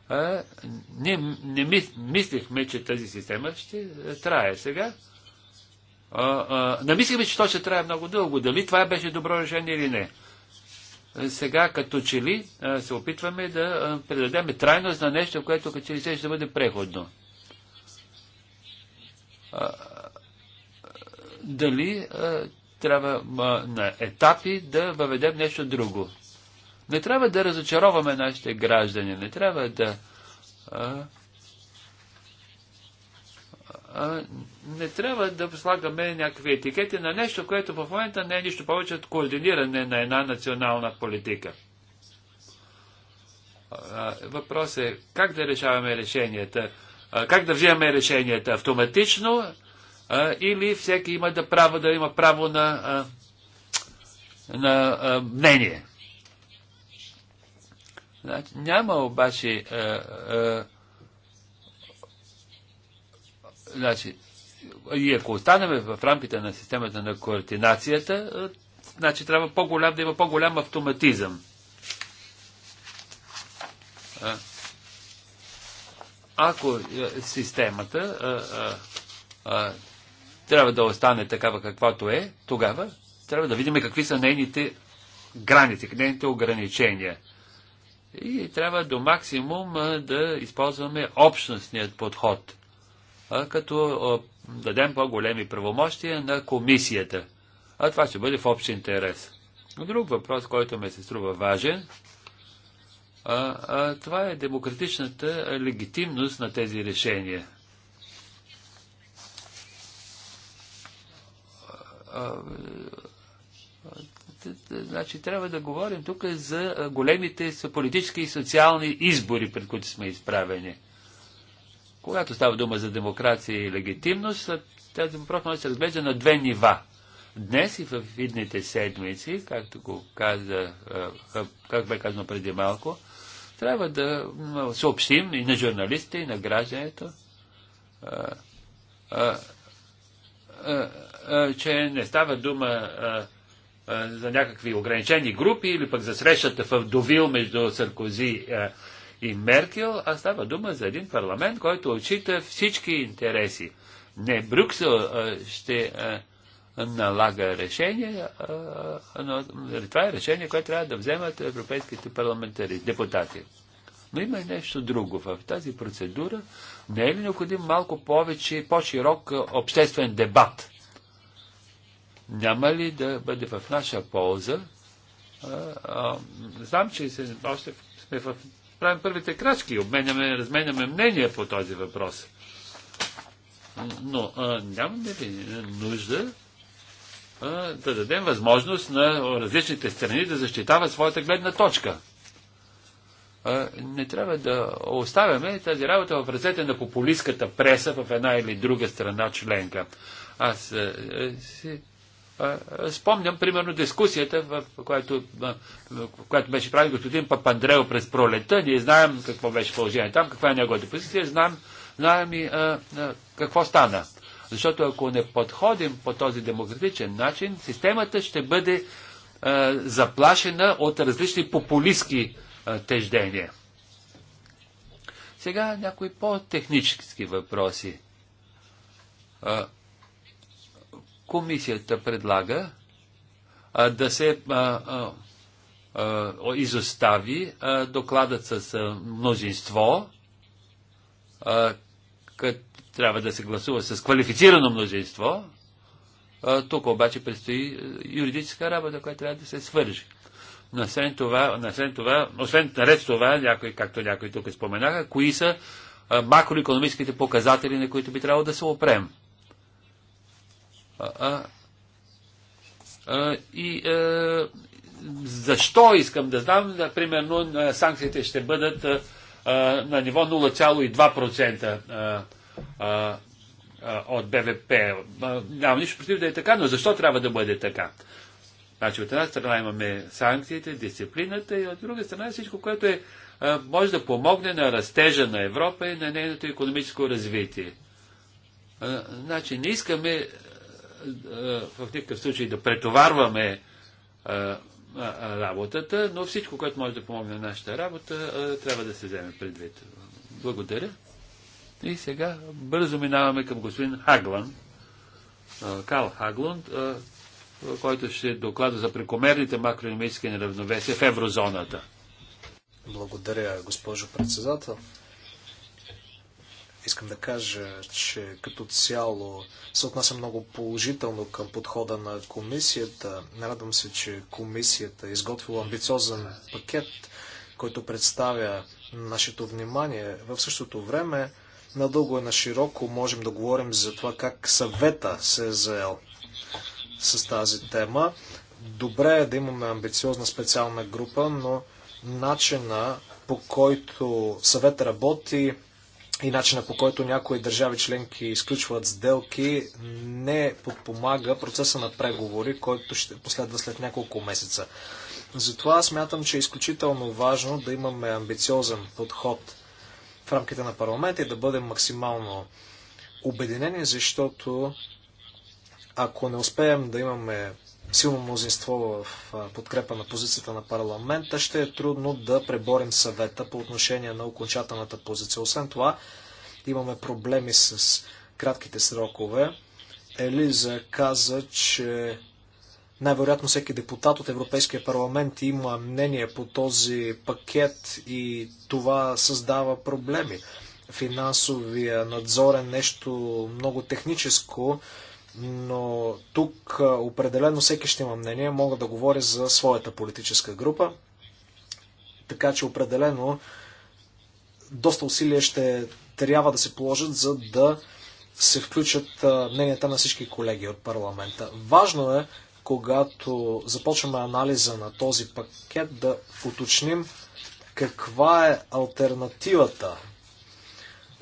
а, е, ние не мислихме, че тази система ще е, трае. Сега а, намислихме, че то ще трябва много дълго. Дали това беше добро решение или не? Сега, като че ли, се опитваме да предадем трайност на нещо, което като че ли ще бъде преходно. А, дали а, трябва а, на етапи да въведем нещо друго? Не трябва да разочароваме нашите граждани, не трябва да. А, не трябва да слагаме някакви етикети на нещо, което в момента не е нищо повече от координиране на една национална политика. Въпрос е как да решаваме решенията, как да вземаме решенията автоматично или всеки има да, право, да има право на, на мнение. Значи, няма обаче Значи, и ако останем в рамките на системата на координацията, значи трябва по-голям, да има по-голям автоматизъм. Ако е, системата а, а, а, трябва да остане такава каквато е, тогава трябва да видим какви са нейните граници, нейните ограничения. И трябва до максимум да използваме общностният подход като дадем по-големи правомощия на комисията. А това ще бъде в общ интерес. Друг въпрос, който ме се струва важен, а, а, това е демократичната легитимност на тези решения. значи трябва да говорим тук за големите политически и социални избори, пред които сме изправени. Когато става дума за демокрация и легитимност, тази въпрос може да се разглежда на две нива. Днес и в идните седмици, както го каза, как бе казано преди малко, трябва да съобщим и на журналистите, и на гражданите, че не става дума за някакви ограничени групи или пък за срещата в Довил между Саркози и Меркел, а става дума за един парламент, който отчита всички интереси. Не Брюксел а, ще а, налага решение, а, но това е решение, което трябва да вземат европейските парламентари, депутати. Но има и нещо друго. В тази процедура не е ли необходим малко повече, по-широк обществен дебат? Няма ли да бъде в наша полза? А, а, знам, че се, още сме в правим първите крачки, обменяме, разменяме мнение по този въпрос. Но а, нямаме ли нужда а, да дадем възможност на различните страни да защитават своята гледна точка? А, не трябва да оставяме тази работа в ръцете на популистската преса в една или друга страна членка. Аз а, си Спомням, примерно, дискусията, в която, в която беше правил господин Папандрео през пролета. Ние знаем какво беше положение там, каква е неговата позиция, знаем, знаем и а, а, какво стана. Защото ако не подходим по този демократичен начин, системата ще бъде а, заплашена от различни популистски теждения. Сега някои по-технически въпроси. А, Комисията предлага а, да се а, а, а, изостави а, докладът с а, мнозинство, а, кът, трябва да се гласува с квалифицирано мнозинство. А, тук обаче предстои юридическа работа, която трябва да се свържи. Насен това, насен това, освен наред това, някой, както някои тук споменаха, кои са макроекономическите показатели, на които би трябвало да се опрем. А, а, и а, защо искам да знам, да, примерно, санкциите ще бъдат а, на ниво 0,2% от БВП. Нямам нищо против да е така, но защо трябва да бъде така? Значи от една страна имаме санкциите, дисциплината и от друга страна всичко, което е, може да помогне на растежа на Европа и на нейното економическо развитие. Значи не искаме е, в никакъв случай да претоварваме е, е, работата, но всичко, което може да помогне на нашата работа, трябва да се вземе предвид. Благодаря. И сега бързо минаваме към господин Хаглан, Карл Хаглан, който ще доклада за прекомерните макроекономически неравновесия в еврозоната. Благодаря, госпожо председател. Искам да кажа, че като цяло се отнася много положително към подхода на комисията. Радвам се, че комисията е изготвила амбициозен пакет, който представя нашето внимание. В същото време, надълго и на широко можем да говорим за това как съвета се е заел с тази тема. Добре е да имаме амбициозна специална група, но начина по който съвет работи и начина по който някои държави членки изключват сделки не подпомага процеса на преговори, който ще последва след няколко месеца. Затова смятам, че е изключително важно да имаме амбициозен подход в рамките на парламента и да бъдем максимално обединени, защото ако не успеем да имаме силно мнозинство в подкрепа на позицията на парламента, ще е трудно да преборим съвета по отношение на окончателната позиция. Освен това, имаме проблеми с кратките срокове. Елиза каза, че най-вероятно всеки депутат от Европейския парламент има мнение по този пакет и това създава проблеми. Финансовия надзор е нещо много техническо но тук определено всеки ще има мнение, мога да говоря за своята политическа група, така че определено доста усилия ще трябва да се положат, за да се включат мненията на всички колеги от парламента. Важно е, когато започваме анализа на този пакет, да уточним каква е альтернативата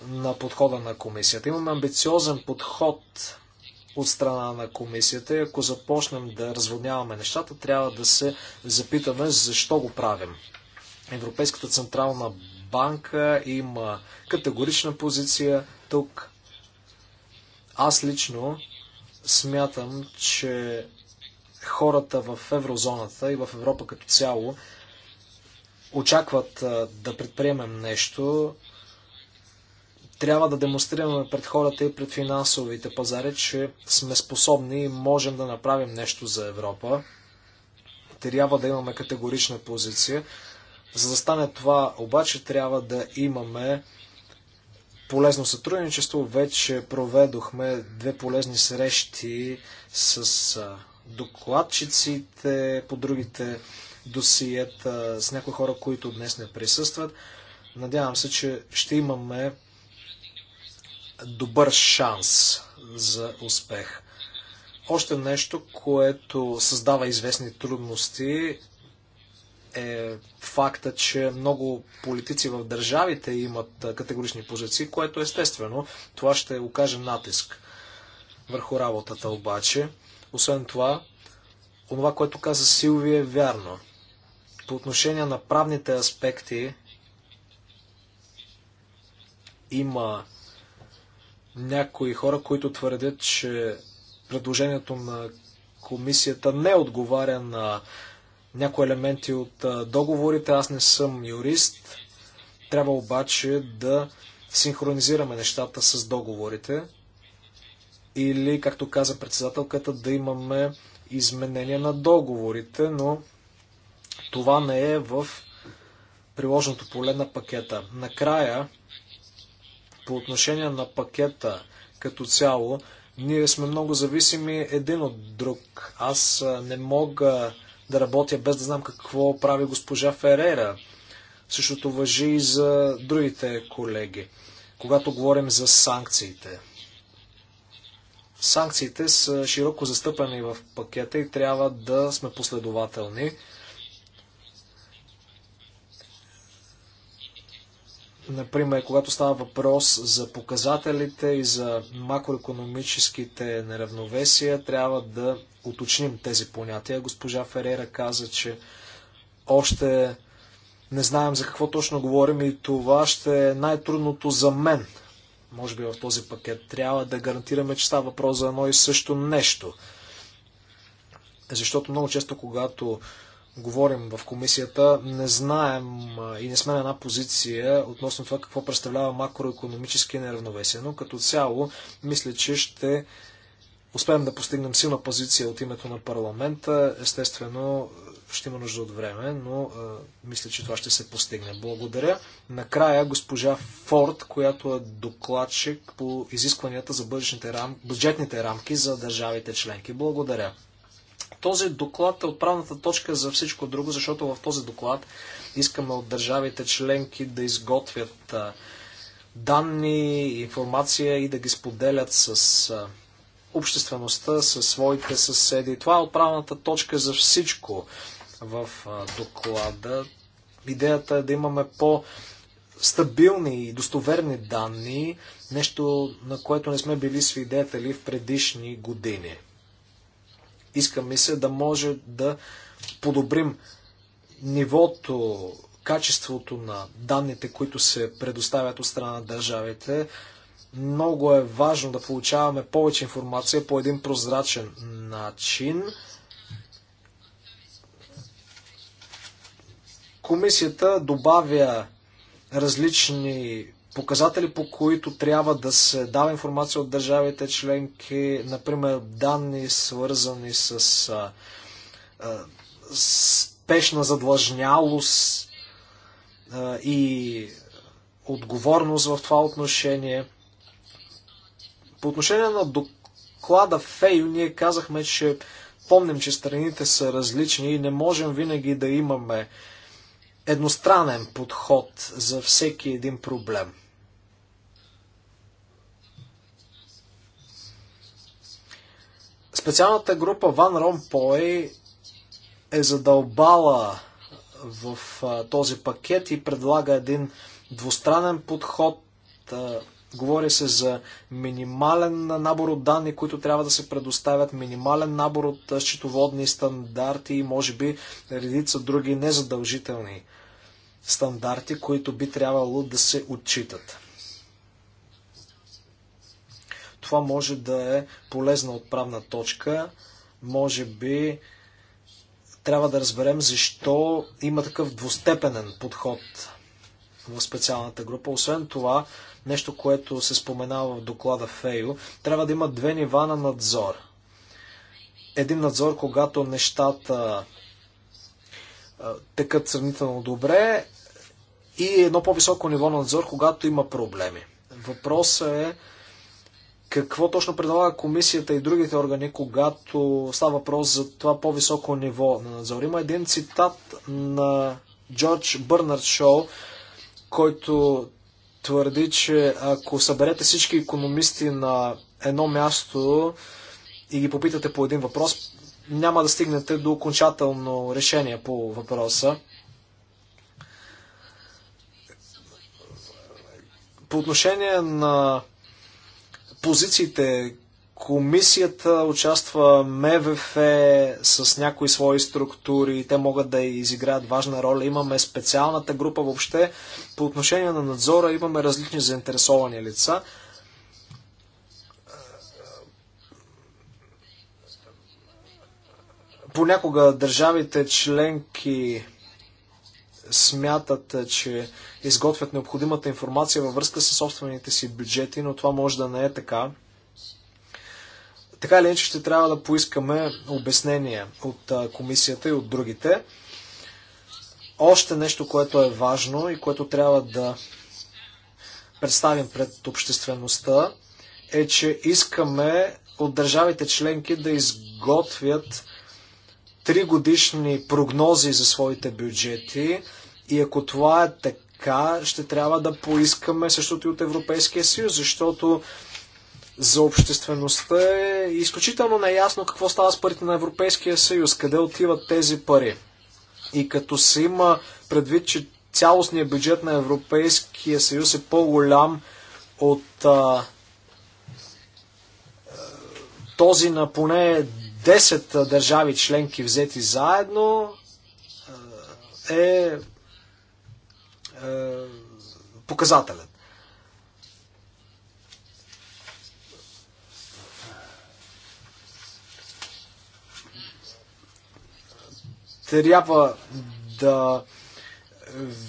на подхода на комисията. Имаме амбициозен подход от страна на комисията и ако започнем да разводняваме нещата, трябва да се запитаме защо го правим. Европейската централна банка има категорична позиция тук. Аз лично смятам, че хората в еврозоната и в Европа като цяло очакват да предприемем нещо, трябва да демонстрираме пред хората и пред финансовите пазари, че сме способни и можем да направим нещо за Европа. Трябва да имаме категорична позиция. За да стане това, обаче, трябва да имаме полезно сътрудничество. Вече проведохме две полезни срещи с докладчиците по другите досиета, с някои хора, които днес не присъстват. Надявам се, че ще имаме добър шанс за успех. Още нещо, което създава известни трудности е факта, че много политици в държавите имат категорични позиции, което естествено това ще окаже натиск върху работата обаче. Освен това, онова, което каза Силви, е вярно. По отношение на правните аспекти има някои хора, които твърдят, че предложението на комисията не отговаря на някои елементи от договорите. Аз не съм юрист. Трябва обаче да синхронизираме нещата с договорите или, както каза председателката, да имаме изменения на договорите, но това не е в приложното поле на пакета. Накрая, по отношение на пакета като цяло, ние сме много зависими един от друг. Аз не мога да работя без да знам какво прави госпожа Ферера. Същото въжи и за другите колеги, когато говорим за санкциите. Санкциите са широко застъпени в пакета и трябва да сме последователни. Например, когато става въпрос за показателите и за макроекономическите неравновесия, трябва да уточним тези понятия. Госпожа Ферера каза, че още не знаем за какво точно говорим и това ще е най-трудното за мен. Може би в този пакет трябва да гарантираме, че става въпрос за едно и също нещо. Защото много често, когато говорим в комисията, не знаем и не сме на една позиция относно това какво представлява макроекономически неравновесие, но като цяло мисля, че ще успеем да постигнем силна позиция от името на парламента. Естествено, ще има нужда от време, но а, мисля, че това ще се постигне. Благодаря. Накрая госпожа Форд, която е докладчик по изискванията за бюджетните рамки за държавите членки. Благодаря. Този доклад е отправната точка за всичко друго, защото в този доклад искаме от държавите членки да изготвят данни, информация и да ги споделят с обществеността, със своите съседи. Това е отправната точка за всичко в доклада. Идеята е да имаме по- стабилни и достоверни данни, нещо на което не сме били свидетели в предишни години. Иска ми се да може да подобрим нивото, качеството на данните, които се предоставят от страна на държавите. Много е важно да получаваме повече информация по един прозрачен начин. Комисията добавя различни показатели, по които трябва да се дава информация от държавите членки, например данни свързани с а, а, спешна задлъжнялост а, и отговорност в това отношение. По отношение на доклада ФЕЙ, ние казахме, че помним, че страните са различни и не можем винаги да имаме едностранен подход за всеки един проблем. Специалната група Ван Ромпой е задълбала в този пакет и предлага един двустранен подход. Говори се за минимален набор от данни, които трябва да се предоставят, минимален набор от счетоводни стандарти и може би редица други незадължителни стандарти, които би трябвало да се отчитат. Това може да е полезна отправна точка. Може би трябва да разберем защо има такъв двустепенен подход в специалната група. Освен това, нещо, което се споменава в доклада ФЕЙО, трябва да има две нива на надзор. Един надзор, когато нещата текат сравнително добре и едно по-високо ниво на надзор, когато има проблеми. Въпросът е какво точно предлага комисията и другите органи, когато става въпрос за това по-високо ниво на надзор. Има един цитат на Джордж Бърнард Шоу, който твърди, че ако съберете всички економисти на едно място и ги попитате по един въпрос, няма да стигнете до окончателно решение по въпроса. По отношение на позициите. Комисията участва МВФ с някои свои структури, те могат да изиграят важна роля. Имаме специалната група въобще. По отношение на надзора имаме различни заинтересовани лица. Понякога държавите членки смятат, е, че изготвят необходимата информация във връзка с собствените си бюджети, но това може да не е така. Така или иначе ще трябва да поискаме обяснение от комисията и от другите. Още нещо, което е важно и което трябва да представим пред обществеността, е, че искаме от държавите членки да изготвят Три годишни прогнози за своите бюджети и ако това е така, ще трябва да поискаме същото и от Европейския съюз, защото за обществеността е изключително неясно какво става с парите на Европейския съюз, къде отиват тези пари. И като се има предвид, че цялостният бюджет на Европейския съюз е по-голям от а, този на поне 10 държави членки взети заедно е, е показателен. Трябва да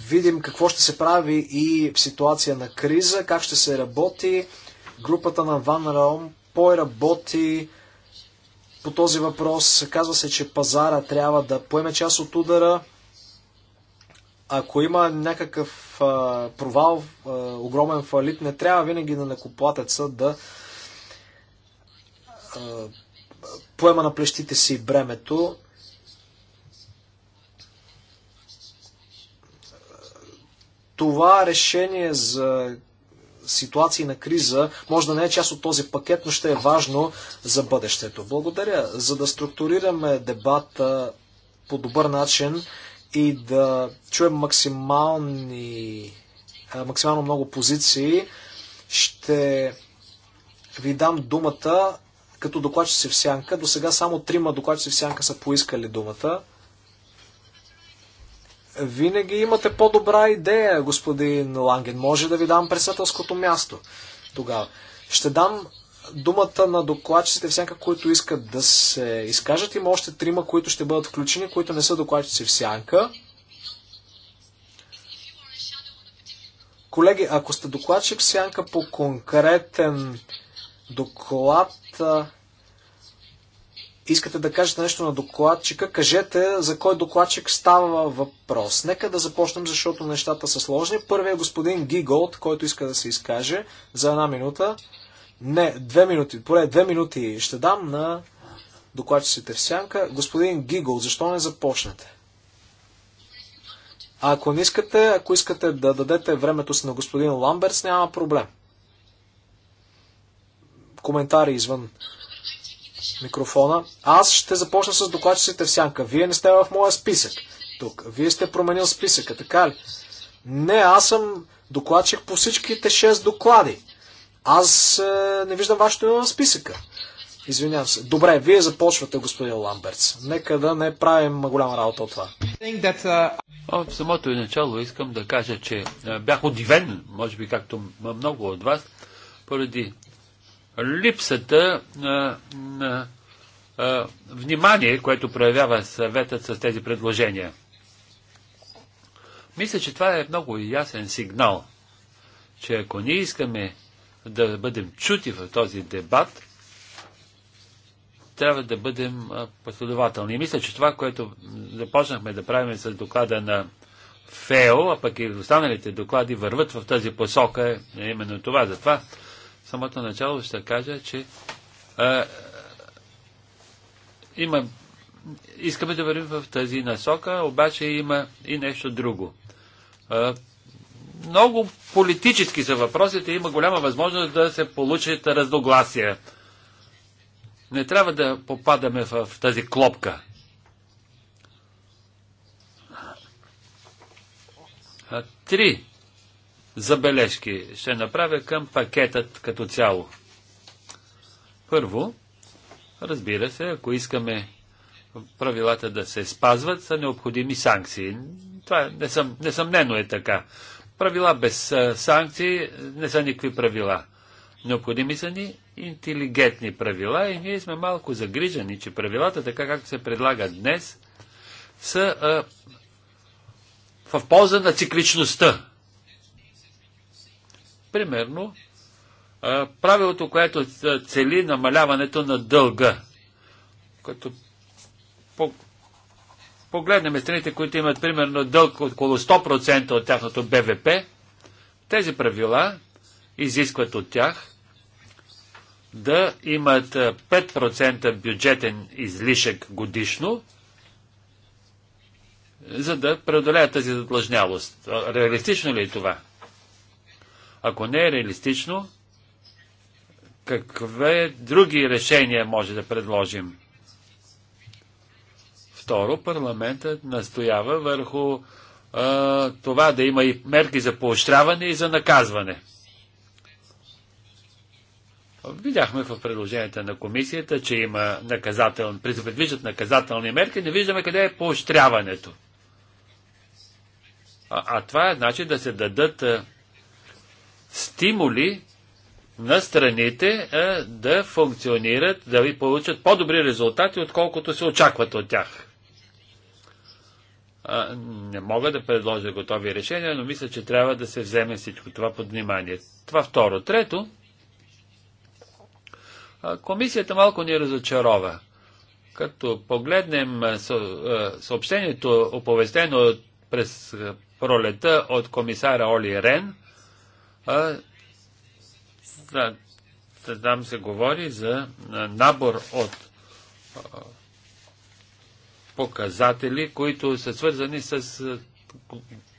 видим какво ще се прави и в ситуация на криза, как ще се работи. Групата на Ван Раом по работи по този въпрос. Казва се, че пазара трябва да поеме част от удара. Ако има някакъв а, провал, а, огромен фалит, не трябва винаги на накоплатеца да а, поема на плещите си бремето. Това решение за ситуации на криза може да не е част от този пакет, но ще е важно за бъдещето. Благодаря. За да структурираме дебата по добър начин и да чуем максимални, максимално много позиции, ще ви дам думата като докладчици в сянка. До сега само трима докладчици в сянка са поискали думата. Винаги имате по-добра идея, господин Ланген. Може да ви дам председателското място тогава. Ще дам думата на докладчиците, всяка, които искат да се изкажат. Има още трима, които ще бъдат включени, които не са докладчици в сянка. Колеги, ако сте докладчик в сянка по конкретен доклад, искате да кажете нещо на докладчика, кажете за кой докладчик става въпрос. Нека да започнем, защото нещата са сложни. Първият е господин Гиголд, който иска да се изкаже за една минута. Не, две минути, поне две минути ще дам на докладчиците в сянка. Господин Гигол, защо не започнете? А ако не искате, ако искате да дадете времето си на господин Ламберс, няма проблем. Коментари извън микрофона. Аз ще започна с докладчиците в сянка. Вие не сте в моя списък тук. Вие сте променил списъка, така ли? Не, аз съм докладчик по всичките 6 доклади. Аз е, не виждам вашето име в списъка. Извинявам се. Добре, вие започвате, господин Ламбертс. Нека да не правим голяма работа от това. В самото и начало искам да кажа, че е, бях удивен, може би както много от вас, поради липсата на, на а, внимание, което проявява съветът с тези предложения. Мисля, че това е много ясен сигнал, че ако ние искаме да бъдем чути в този дебат, трябва да бъдем последователни. И мисля, че това, което започнахме да правим с доклада на ФЕО, а пък и останалите доклади върват в тази посока, е именно това. Затова самото начало ще кажа, че а, има, искаме да вървим в тази насока, обаче има и нещо друго. А, много политически са въпросите, има голяма възможност да се получат разногласия. Не трябва да попадаме в, в тази клопка. А, три забележки ще направя към пакетът като цяло. Първо, разбира се, ако искаме правилата да се спазват, са необходими санкции. Това е несъм, несъмнено е така. Правила без санкции не са никакви правила. Необходими са ни интелигентни правила и ние сме малко загрижени, че правилата, така както се предлагат днес, са а, в полза на цикличността. Примерно, правилото, което цели намаляването на дълга. Като погледнем страните, които имат примерно дълг около 100% от тяхното БВП, тези правила изискват от тях да имат 5% бюджетен излишък годишно, за да преодолеят тази задлъжнялост. Реалистично ли е това? Ако не е реалистично, какви други решения може да предложим? Второ, парламентът настоява върху а, това да има и мерки за поощряване и за наказване. Видяхме в предложенията на комисията, че има наказателни, предвиждат наказателни мерки, не виждаме къде е поощряването. А, а това е значи да се дадат а, стимули на страните а, е, да функционират, да ви получат по-добри резултати, отколкото се очакват от тях. А, не мога да предложа готови решения, но мисля, че трябва да се вземе всичко това под внимание. Това второ. Трето, а, комисията малко ни разочарова. Като погледнем съобщението, оповестено през пролета от комисара Оли Рен, а, да, там се говори за набор от а, показатели, които са свързани с а,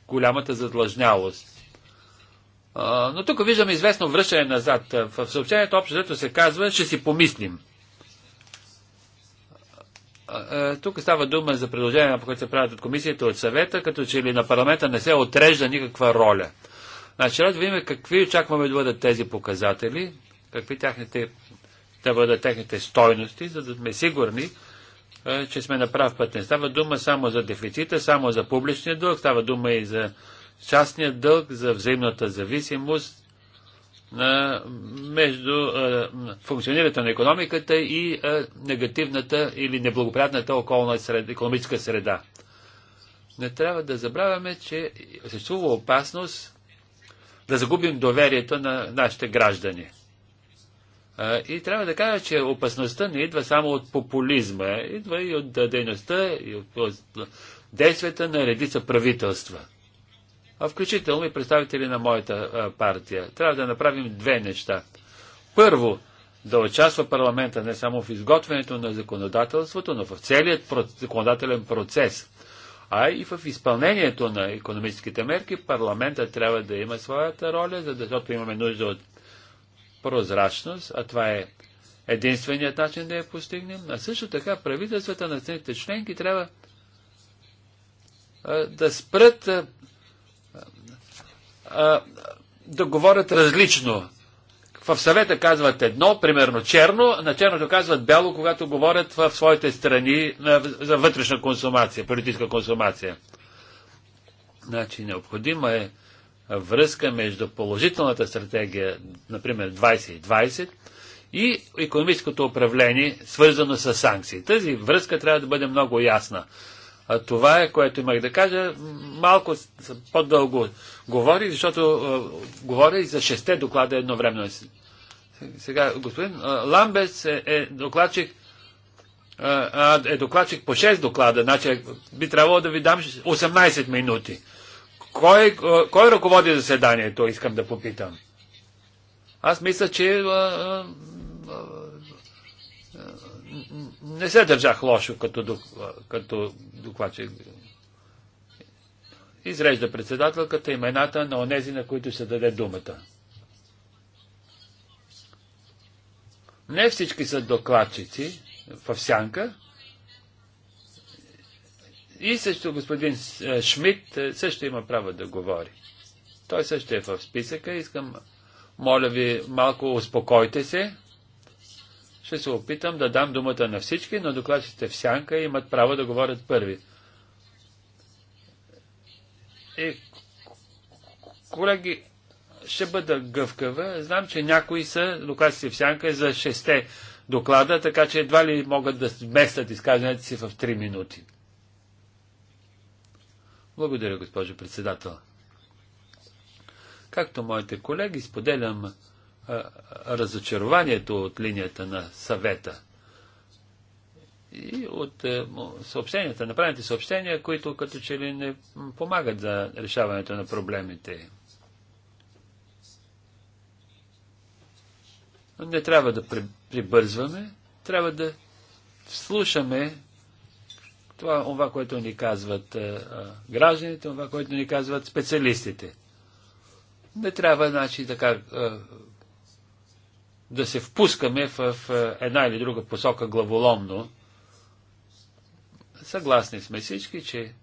голямата задлъжнялост. А, но тук виждаме известно връщане назад. В съобщението общо взето се казва, ще си помислим. Тук става дума за предложение, по които се правят от комисията, от съвета, като че ли на парламента не се отрежда никаква роля. Значи, да видим какви очакваме да бъдат тези показатели, какви тяхните, да бъдат техните стойности, за да сме сигурни, е, че сме на прав път. Не става дума само за дефицита, само за публичния дълг, става дума и за частния дълг, за взаимната зависимост е, между а, е, функционирането на економиката и а, негативната или неблагоприятната околна среда, економическа среда. Не трябва да забравяме, че съществува опасност да загубим доверието на нашите граждани. И трябва да кажа, че опасността не идва само от популизма, идва и от дейността, и от действията на редица правителства. А включително и представители на моята партия. Трябва да направим две неща. Първо, да участва парламента не само в изготвянето на законодателството, но в целият законодателен процес а и в изпълнението на економическите мерки парламента трябва да има своята роля, защото имаме нужда от прозрачност, а това е единственият начин да я постигнем. А също така правителствата на страните членки трябва да спрат да говорят различно в съвета казват едно, примерно черно, на черното казват бяло, когато говорят в своите страни за вътрешна консумация, политическа консумация. Значи необходима е връзка между положителната стратегия, например 2020, и економическото управление, свързано с санкции. Тази връзка трябва да бъде много ясна. А това е, което имах да кажа. Малко по-дълго говори, защото а, говоря и за шесте доклада едновременно. Сега, господин а, Ламбес е, е докладчик а, е докладчик по 6 доклада, значи би трябвало да ви дам 18 минути. Кой, кой ръководи заседанието, искам да попитам. Аз мисля, че а, а, не се държах лошо като, като докладчик. Изрежда председателката имената на онези, на които се даде думата. Не всички са докладчици в сянка. И също господин е, Шмидт е, също има право да говори. Той също е в списъка. Искам, моля ви, малко успокойте се. Ще се опитам да дам думата на всички, но докладчите в сянка имат право да говорят първи. И, е, колеги, ще бъда гъвкава. Знам, че някои са докладчите в сянка за шесте доклада, така че едва ли могат да местят изказването си в три минути. Благодаря, госпожо председател. Както моите колеги, споделям разочарованието от линията на съвета и от е, съобщенията, направените съобщения, които като че ли не помагат за решаването на проблемите. Не трябва да прибързваме, трябва да слушаме това, това което ни казват е, гражданите, това, което ни казват специалистите. Не трябва, значи, така е, да се впускаме в е, една или друга посока главоломно. Съгласни сме всички, че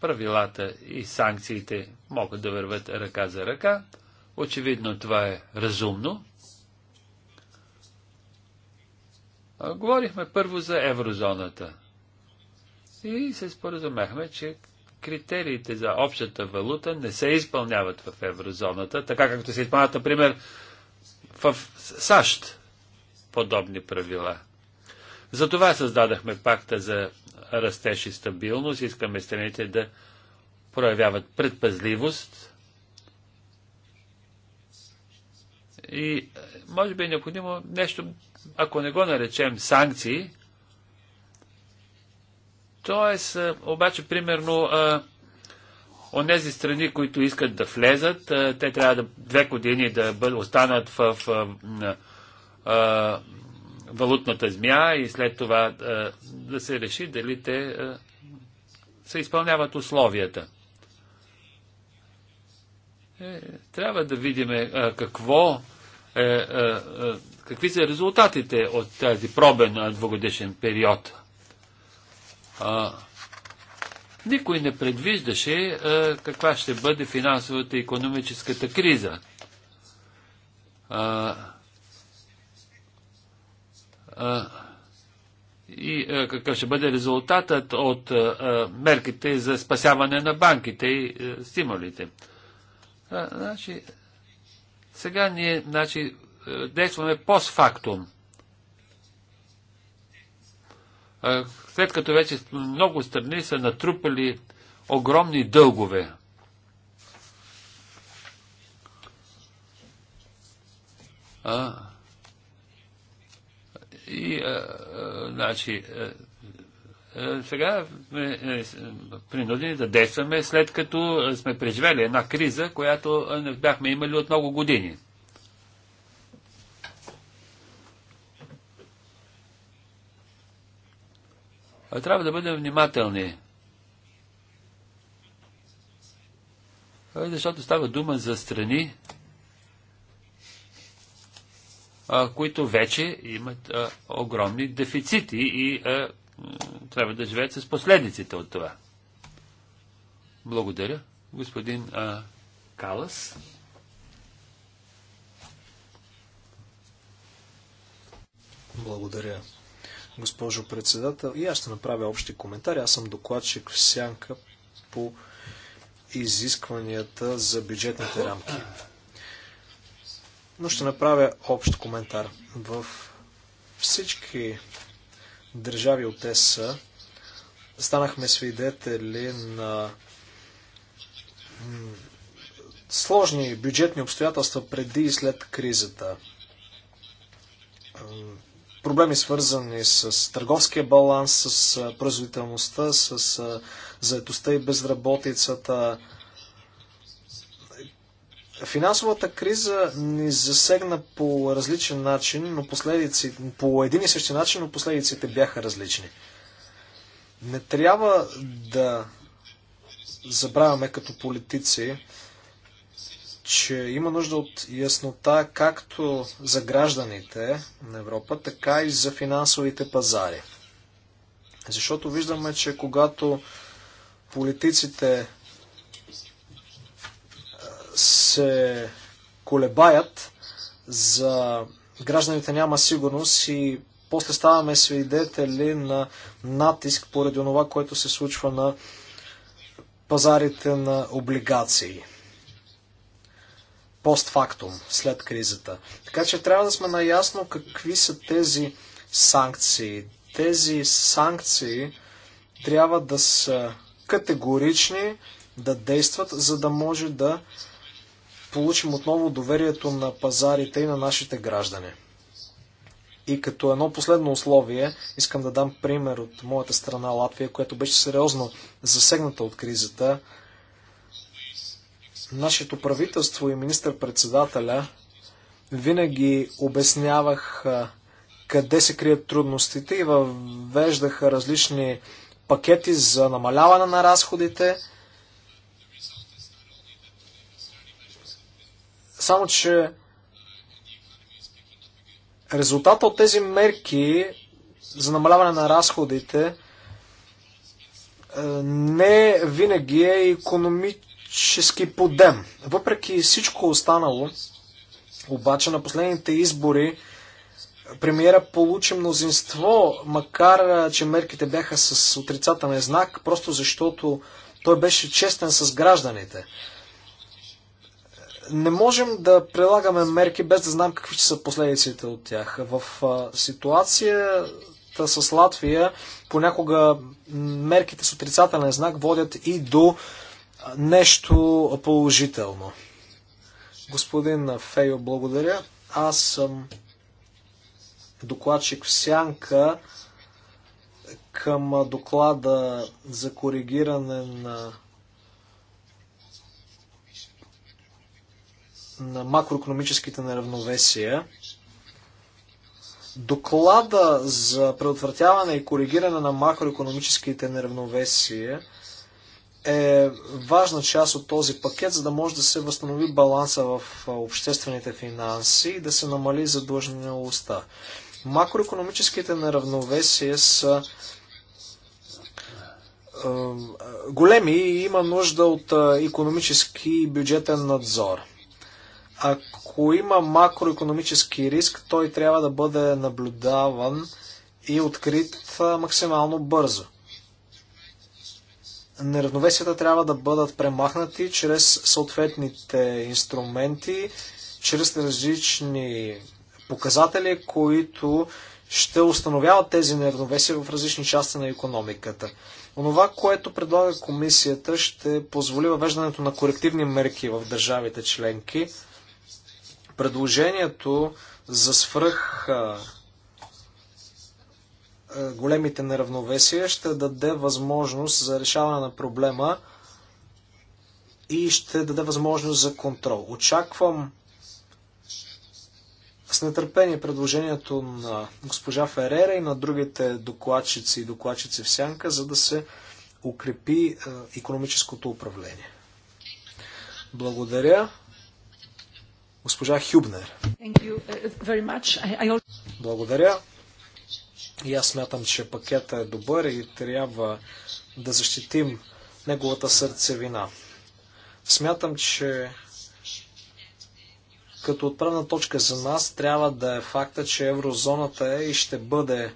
правилата и санкциите могат да върват ръка за ръка. Очевидно това е разумно. Говорихме първо за еврозоната и се споразумяхме, че критериите за общата валута не се изпълняват в еврозоната, така както се изпълняват, например, в САЩ подобни правила. Затова създадахме пакта за растеж и стабилност. Искаме страните да проявяват предпазливост и е, може би е необходимо нещо, ако не го наречем санкции, Тоест, обаче, примерно, е, Онези страни, които искат да влезат, те трябва да две години да останат в, в, в а, валутната змия и след това а, да се реши дали те а, се изпълняват условията. Е, трябва да видим какво е, е, е, какви са резултатите от тази пробен двогодишен период. А, никой не предвиждаше а, е, каква ще бъде финансовата и економическата криза. А, е, а, е, и а, какъв ще бъде резултатът от а, мерките за спасяване на банките и а, стимулите. А, значи, сега ние значи, действаме постфактум след като вече много страни са натрупали огромни дългове. А, и, а, а, значи, а, сега сме е, принудени да действаме, след като сме преживели една криза, която не бяхме имали от много години. Е, трябва да бъдем внимателни. Е, защото става дума за страни, които вече имат а, огромни дефицити и а, трябва да живеят с последниците от това. Благодаря, господин а, Калас. Благодаря, госпожо председател. И аз ще направя общи коментари. Аз съм докладчик в сянка по изискванията за бюджетните рамки. Но ще направя общ коментар. В всички държави от ЕС станахме свидетели на сложни бюджетни обстоятелства преди и след кризата проблеми свързани с търговския баланс, с производителността, с заетостта и безработицата. Финансовата криза ни засегна по различен начин, но последици, по един и същи начин, но последиците бяха различни. Не трябва да забравяме като политици, че има нужда от яснота както за гражданите на Европа, така и за финансовите пазари. Защото виждаме, че когато политиците се колебаят, за гражданите няма сигурност и после ставаме свидетели на натиск поради това, което се случва на пазарите на облигации постфактум, след кризата. Така че трябва да сме наясно какви са тези санкции. Тези санкции трябва да са категорични, да действат, за да може да получим отново доверието на пазарите и на нашите граждани. И като едно последно условие, искам да дам пример от моята страна Латвия, която беше сериозно засегната от кризата. Нашето правителство и министър-председателя винаги обясняваха къде се крият трудностите и въвеждаха различни пакети за намаляване на разходите. Само, че резултата от тези мерки за намаляване на разходите е, не винаги е економич политически подем. Въпреки всичко останало, обаче на последните избори премиера получи мнозинство, макар че мерките бяха с отрицателен знак, просто защото той беше честен с гражданите. Не можем да прилагаме мерки без да знам какви ще са последиците от тях. В ситуацията с Латвия понякога мерките с отрицателен знак водят и до нещо положително. Господин Фейо, благодаря. Аз съм докладчик в Сянка към доклада за коригиране на на макроекономическите неравновесия. Доклада за предотвратяване и коригиране на макроекономическите неравновесия е важна част от този пакет, за да може да се възстанови баланса в обществените финанси и да се намали задлъжнялостта. Макроекономическите неравновесия са е, големи и има нужда от економически и бюджетен надзор. Ако има макроекономически риск, той трябва да бъде наблюдаван и открит максимално бързо неравновесията трябва да бъдат премахнати чрез съответните инструменти, чрез различни показатели, които ще установяват тези неравновесия в различни части на економиката. Онова, което предлага комисията, ще позволи въвеждането на корективни мерки в държавите членки. Предложението за свръх е, големите неравновесия ще даде възможност за решаване на проблема и ще даде възможност за контрол. Очаквам с нетърпение предложението на госпожа Ферера и на другите докладчици и докладчици в сянка, за да се укрепи економическото управление. Благодаря. Госпожа Хюбнер. Uh, Благодаря. И аз смятам, че пакета е добър и трябва да защитим неговата сърцевина. Смятам, че като отправна точка за нас трябва да е факта, че еврозоната е и ще бъде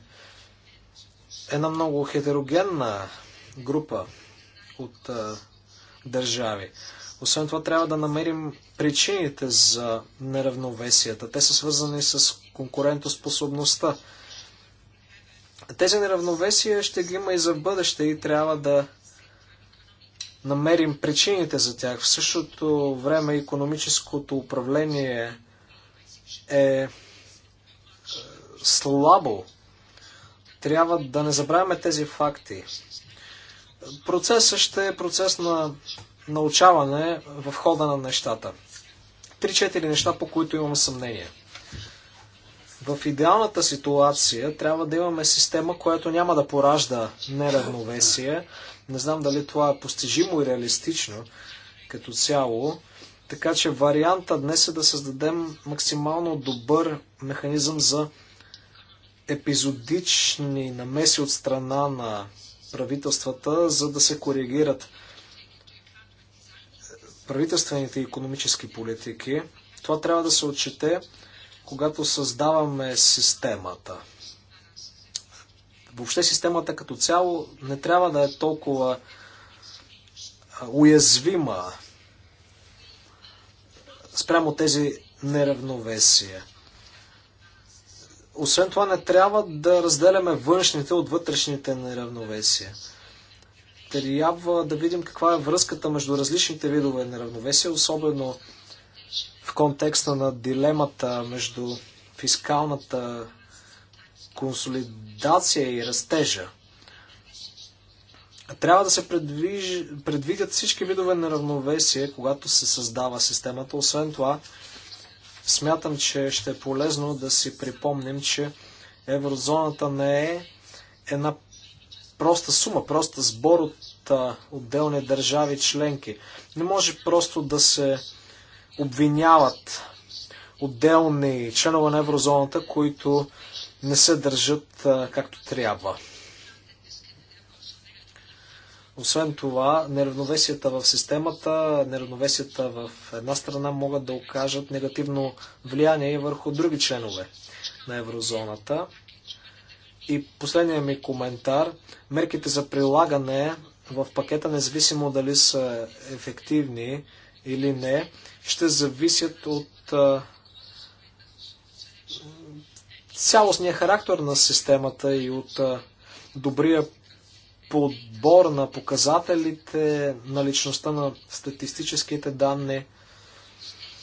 една много хетерогенна група от а, държави. Освен това, трябва да намерим причините за неравновесията. Те са свързани с конкурентоспособността. Тези неравновесия ще ги има и за бъдеще и трябва да намерим причините за тях. В същото време економическото управление е, е слабо. Трябва да не забравяме тези факти. Процесът ще е процес на научаване в хода на нещата. Три-четири неща, по които имам съмнение – в идеалната ситуация трябва да имаме система, която няма да поражда неравновесие. Не знам дали това е постижимо и реалистично като цяло. Така че варианта днес е да създадем максимално добър механизъм за епизодични намеси от страна на правителствата, за да се коригират правителствените и економически политики. Това трябва да се отчете когато създаваме системата. Въобще системата като цяло не трябва да е толкова уязвима спрямо тези неравновесия. Освен това не трябва да разделяме външните от вътрешните неравновесия. Трябва да видим каква е връзката между различните видове неравновесия, особено в контекста на дилемата между фискалната консолидация и растежа. Трябва да се предвиж... предвидят всички видове равновесие, когато се създава системата. Освен това, смятам, че ще е полезно да си припомним, че еврозоната не е една проста сума, проста сбор от отделни държави членки. Не може просто да се обвиняват отделни членове на еврозоната, които не се държат както трябва. Освен това, неравновесията в системата, неравновесията в една страна могат да окажат негативно влияние върху други членове на еврозоната. И последният ми коментар, мерките за прилагане в пакета, независимо дали са ефективни или не, ще зависят от цялостния характер на системата и от добрия подбор на показателите, на личността на статистическите данни.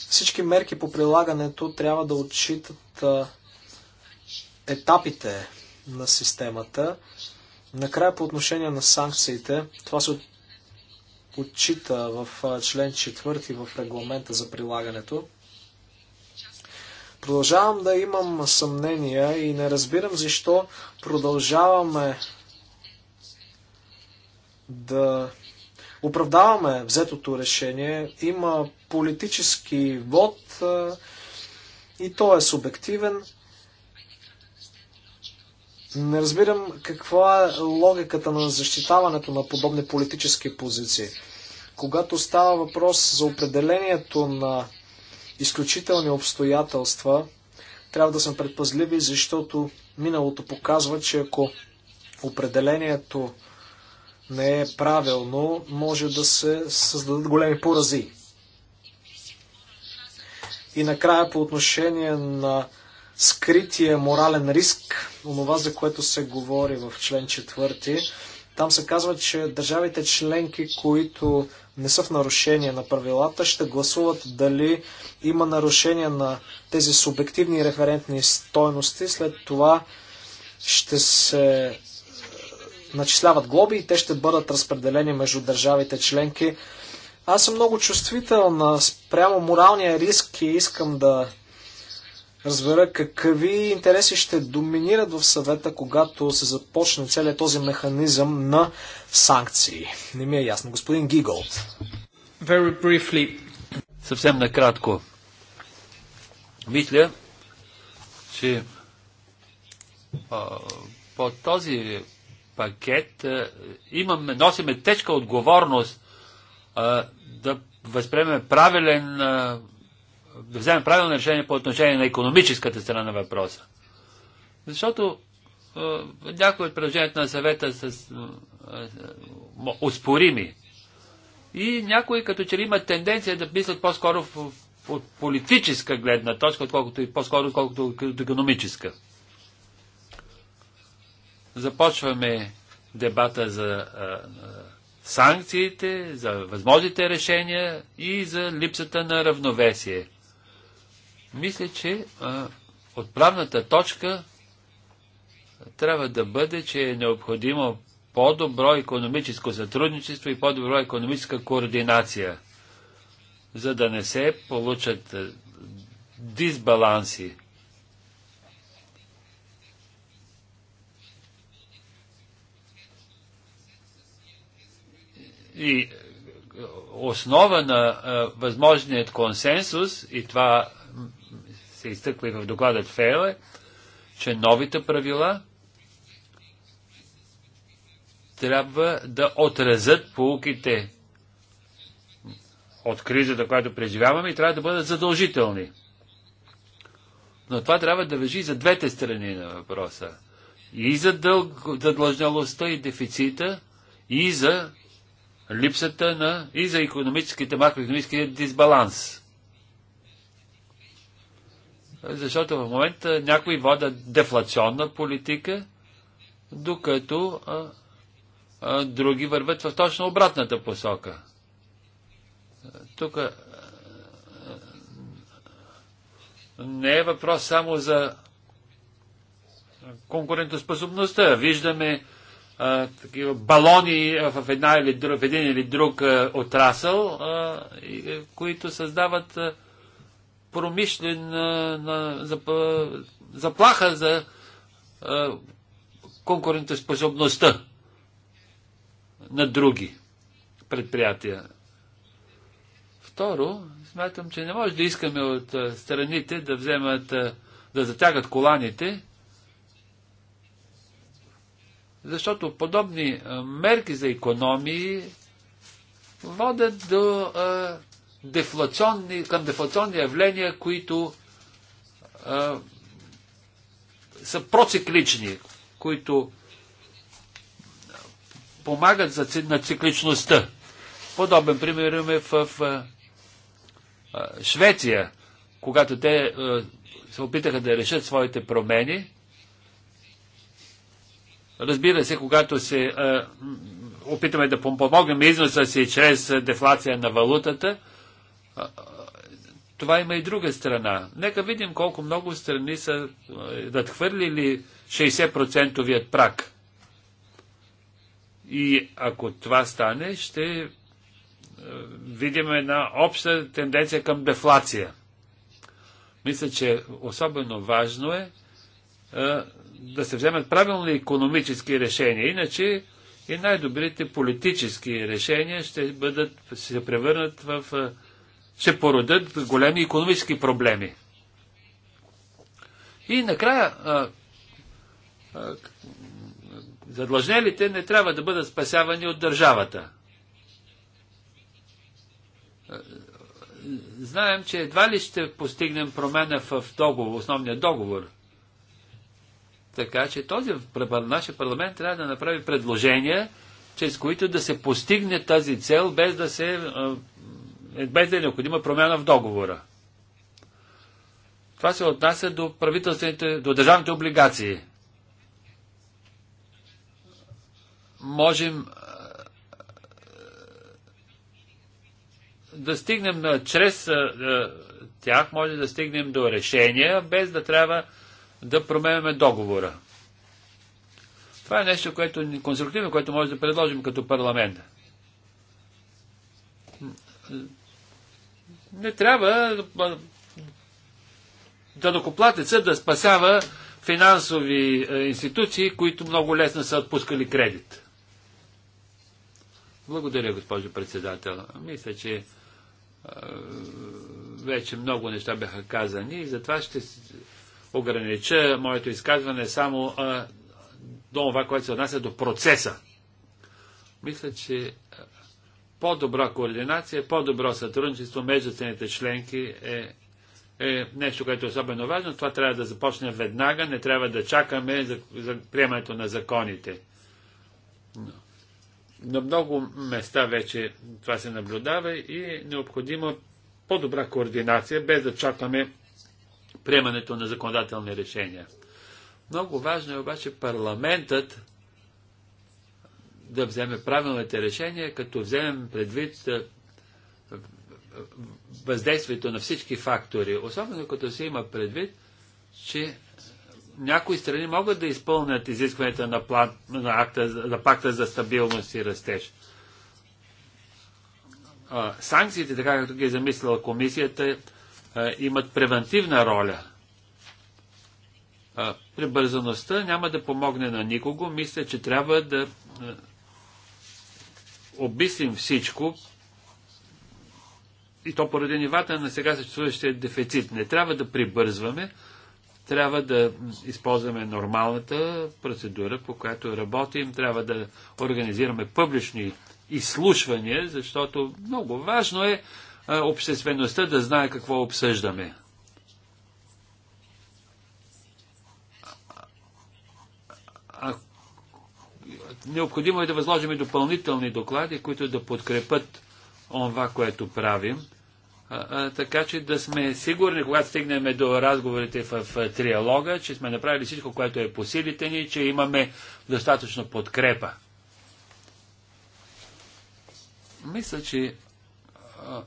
Всички мерки по прилагането трябва да отчитат етапите на системата. Накрая по отношение на санкциите, това се отчита в член 4 в регламента за прилагането. Продължавам да имам съмнения и не разбирам защо продължаваме да оправдаваме взетото решение. Има политически вод и той е субективен. Не разбирам каква е логиката на защитаването на подобни политически позиции. Когато става въпрос за определението на изключителни обстоятелства, трябва да сме предпазливи, защото миналото показва, че ако определението не е правилно, може да се създадат големи порази. И накрая по отношение на скрития морален риск, онова за което се говори в член 4. Там се казва, че държавите членки, които не са в нарушение на правилата, ще гласуват дали има нарушение на тези субективни референтни стойности. След това ще се е, начисляват глоби и те ще бъдат разпределени между държавите членки. Аз съм много чувствителна спрямо моралния риск и искам да разбера какви интереси ще доминират в съвета, когато се започне целият този механизъм на санкции. Не ми е ясно. Господин Гиголд. Very briefly. Съвсем накратко. Мисля, че а, по този пакет а, имаме, носиме тежка отговорност а, да възприемем правилен а, да вземем правилно решение по отношение на економическата страна на въпроса. Защото някои от предложението на съвета са успорими. И някои като че ли имат тенденция да мислят по-скоро от политическа гледна точка, отколкото и по-скоро, отколкото от економическа. Започваме дебата за а, а, санкциите, за възможните решения и за липсата на равновесие. Мисля, че а, отправната точка трябва да бъде, че е необходимо по-добро економическо сътрудничество и по-добро економическа координация, за да не се получат дисбаланси. И основа на а, възможният консенсус и това се изтъква и в докладът ФЕО е, че новите правила трябва да отразят полуките от кризата, която преживяваме и трябва да бъдат задължителни. Но това трябва да въжи за двете страни на въпроса. И за дълг, задлъжнялостта и дефицита, и за липсата на, и за економическите, макроекономическия дисбаланс защото в момента някои водят дефлационна политика, докато а, а, други върват в точно обратната посока. Тук не е въпрос само за конкурентоспособността. Виждаме а, такива балони в, една или друг, в един или друг а, отрасъл, а, и, които създават а, промишлен на, на, за, заплаха за а, конкурентоспособността на други предприятия. Второ, смятам, че не може да искаме от а, страните да вземат, а, да затягат коланите, защото подобни мерки за економии водят до дефлационни, към дефлационни явления, които а, са проциклични, които помагат за, на цикличността. Подобен пример имаме в, в а, Швеция, когато те а, се опитаха да решат своите промени. Разбира се, когато се а, опитаме да помогнем износа си чрез дефлация на валутата, това има и друга страна. Нека видим колко много страни са е, надхвърлили 60 прак. И ако това стане, ще е, видим една обща тенденция към дефлация. Мисля, че особено важно е, е да се вземат правилни економически решения. Иначе и най-добрите политически решения ще бъдат, ще се превърнат в ще породят големи економически проблеми. И накрая, а, а, задлъжнелите не трябва да бъдат спасявани от държавата. Знаем, че едва ли ще постигнем промена в договор, основния договор. Така че този нашия парламент трябва да направи предложения, чрез които да се постигне тази цел, без да се без да е необходима промяна в договора. Това се отнася до правителствените, до държавните облигации. Можем да стигнем чрез тях, може да стигнем до решения, без да трябва да променяме договора. Това е нещо, което конструктивно, което може да предложим като парламент не трябва да докоплатеца да спасява финансови институции, които много лесно са отпускали кредит. Благодаря, госпожо председател. Мисля, че вече много неща бяха казани и затова ще огранича моето изказване само до това, което се отнася до процеса. Мисля, че по-добра координация, по-добро сътрудничество между цените членки е, е нещо, което е особено важно. Това трябва да започне веднага, не трябва да чакаме за, за приемането на законите. Но, на много места вече това се наблюдава и е необходима по-добра координация, без да чакаме приемането на законодателни решения. Много важно е обаче парламентът да вземе правилните решения, като вземем предвид е, въздействието на всички фактори. Особено като се има предвид, че някои страни могат да изпълнят изискването на, план, на, акта, на пакта за стабилност и растеж. санкциите, така както ги е замислила комисията, е, имат превентивна роля. прибързаността няма да помогне на никого. Мисля, че трябва да е, обмислим всичко, и то поради нивата на сега съществуващия дефицит. Не трябва да прибързваме, трябва да използваме нормалната процедура, по която работим, трябва да организираме публични изслушвания, защото много важно е обществеността да знае какво обсъждаме. Необходимо е да възложим и допълнителни доклади, които да подкрепят онва, което правим, а, а, така че да сме сигурни, когато стигнем до разговорите в, в триалога, че сме направили всичко, което е по силите ни, че имаме достатъчно подкрепа. Мисля, че а,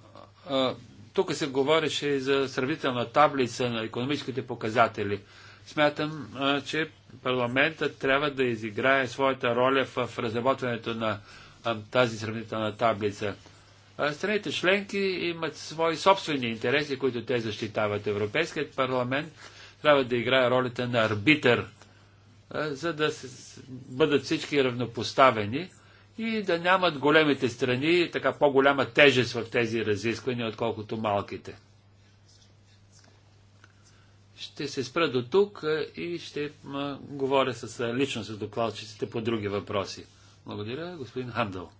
а, тук се говореше за сравнителна таблица на економическите показатели. Смятам, че парламентът трябва да изиграе своята роля в разработването на тази сравнителна таблица. Страните членки имат свои собствени интереси, които те защитават. Европейският парламент трябва да играе ролята на арбитър, за да бъдат всички равнопоставени и да нямат големите страни така по-голяма тежест в тези разисквания, отколкото малките. Ще се спра до тук и ще говоря с, лично с докладчиците по други въпроси. Благодаря, господин Хандъл.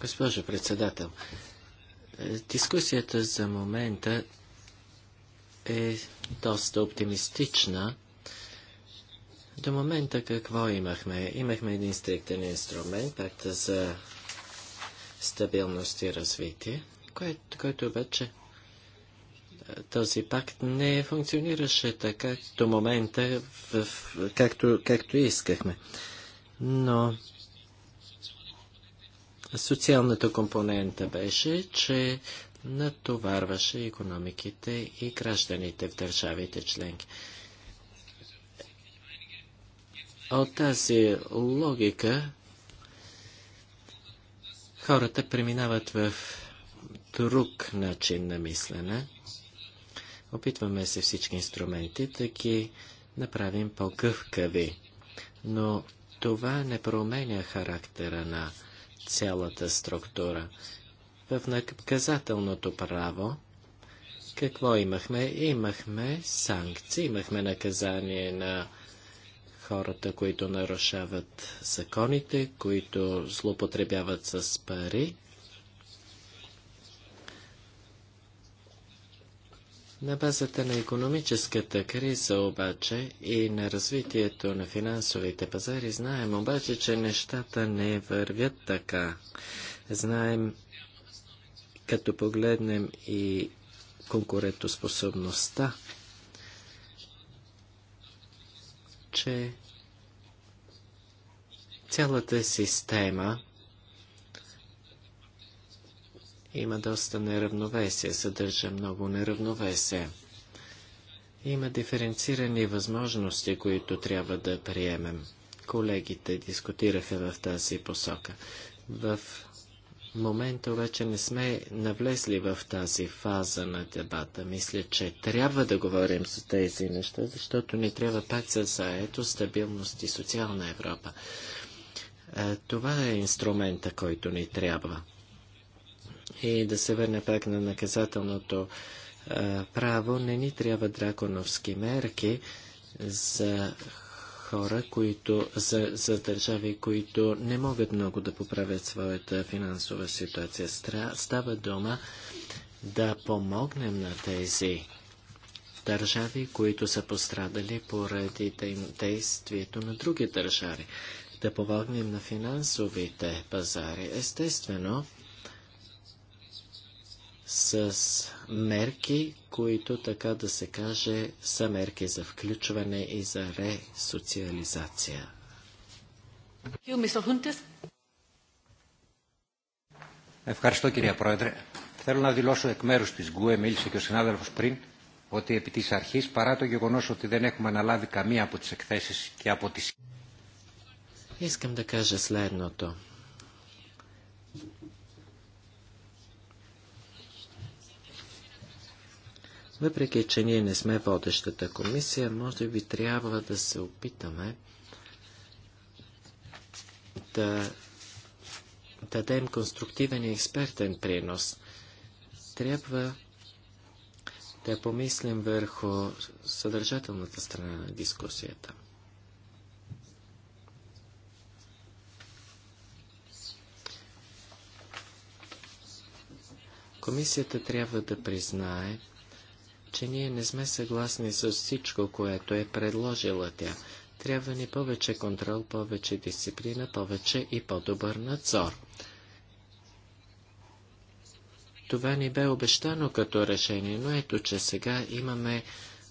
Госпожо председател, е, дискусията за момента е доста оптимистична. До момента какво имахме? Имахме един стриктен инструмент, пакта за стабилност и развитие, който, който обаче този пакт не функционираше така до момента, в, в, както, както искахме. Но социалната компонента беше, че натоварваше економиките и гражданите в държавите членки. От тази логика хората преминават в друг начин на мислене. Опитваме се всички инструменти да ги направим по-гъвкави. Но това не променя характера на цялата структура. В наказателното право какво имахме? Имахме санкции, имахме наказание на хората, които нарушават законите, които злоупотребяват с пари. На базата на економическата криза обаче и на развитието на финансовите пазари знаем обаче, че нещата не вървят така. Знаем, като погледнем и конкурентоспособността, че цялата система има доста неравновесие, съдържа много неравновесие. Има диференцирани възможности, които трябва да приемем. Колегите дискутираха в тази посока. В момента вече не сме навлезли в тази фаза на дебата. Мисля, че трябва да говорим за тези неща, защото ни трябва пак за заето, стабилност и социална Европа. Е, това е инструмента, който ни трябва. И да се върне пак на наказателното а, право, не ни трябва драконовски мерки за хора, които, за, за държави, които не могат много да поправят своята финансова ситуация. Стра, става дума да помогнем на тези държави, които са пострадали поради действието на други държави. Да помогнем на финансовите пазари. Естествено, с мерки, които така да се каже са мерки за включване и за ресоциализация. Ευχαριστώ κυρία Πρόεδρε. Θέλω να δηλώσω εκ μέρους της ΓΚΟΕ, μίλησε και ο συνάδελφος πριν, ότι επί της αρχής, παρά το γεγονός ότι δεν έχουμε αναλάβει καμία από τις εκθέσεις και από τις... Искам да кажа следното. Въпреки, че ние не сме водещата комисия, може би трябва да се опитаме да дадем конструктивен и експертен принос. Трябва да помислим върху съдържателната страна на дискусията. Комисията трябва да признае, че ние не сме съгласни с всичко, което е предложила тя. Трябва ни повече контрол, повече дисциплина, повече и по-добър надзор. Това ни бе обещано като решение, но ето, че сега имаме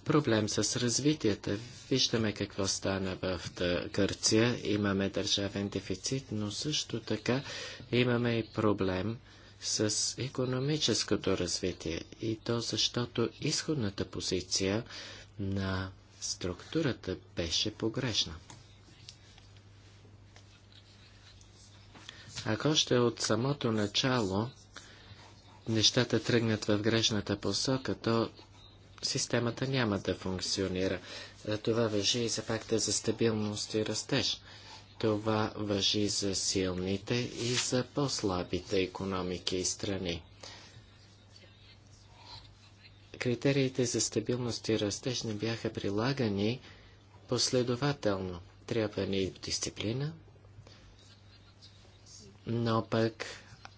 проблем с развитието. Виждаме какво стана в Гърция. Имаме държавен дефицит, но също така имаме и проблем с економическото развитие и то защото изходната позиция на структурата беше погрешна. Ако още от самото начало нещата тръгнат в грешната посока, то системата няма да функционира. Е, това въжи и за факта за стабилност и растеж. Това въжи за силните и за по-слабите економики и страни. Критериите за стабилност и растеж не бяха прилагани последователно. Трябва ни дисциплина, но пък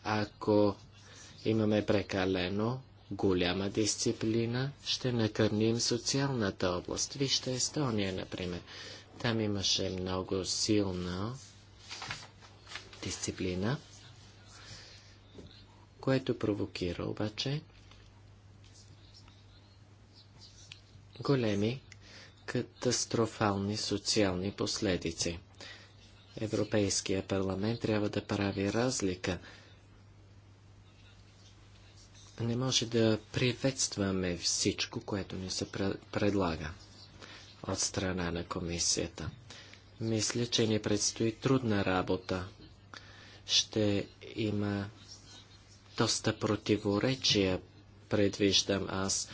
ако имаме прекалено голяма дисциплина, ще накърним социалната област. Вижте Естония, например. Там имаше много силна дисциплина, което провокира обаче големи катастрофални социални последици. Европейския парламент трябва да прави разлика. Не може да приветстваме всичко, което ни се предлага от страна на комисията. Мисля, че ни предстои трудна работа. Ще има доста противоречия, предвиждам аз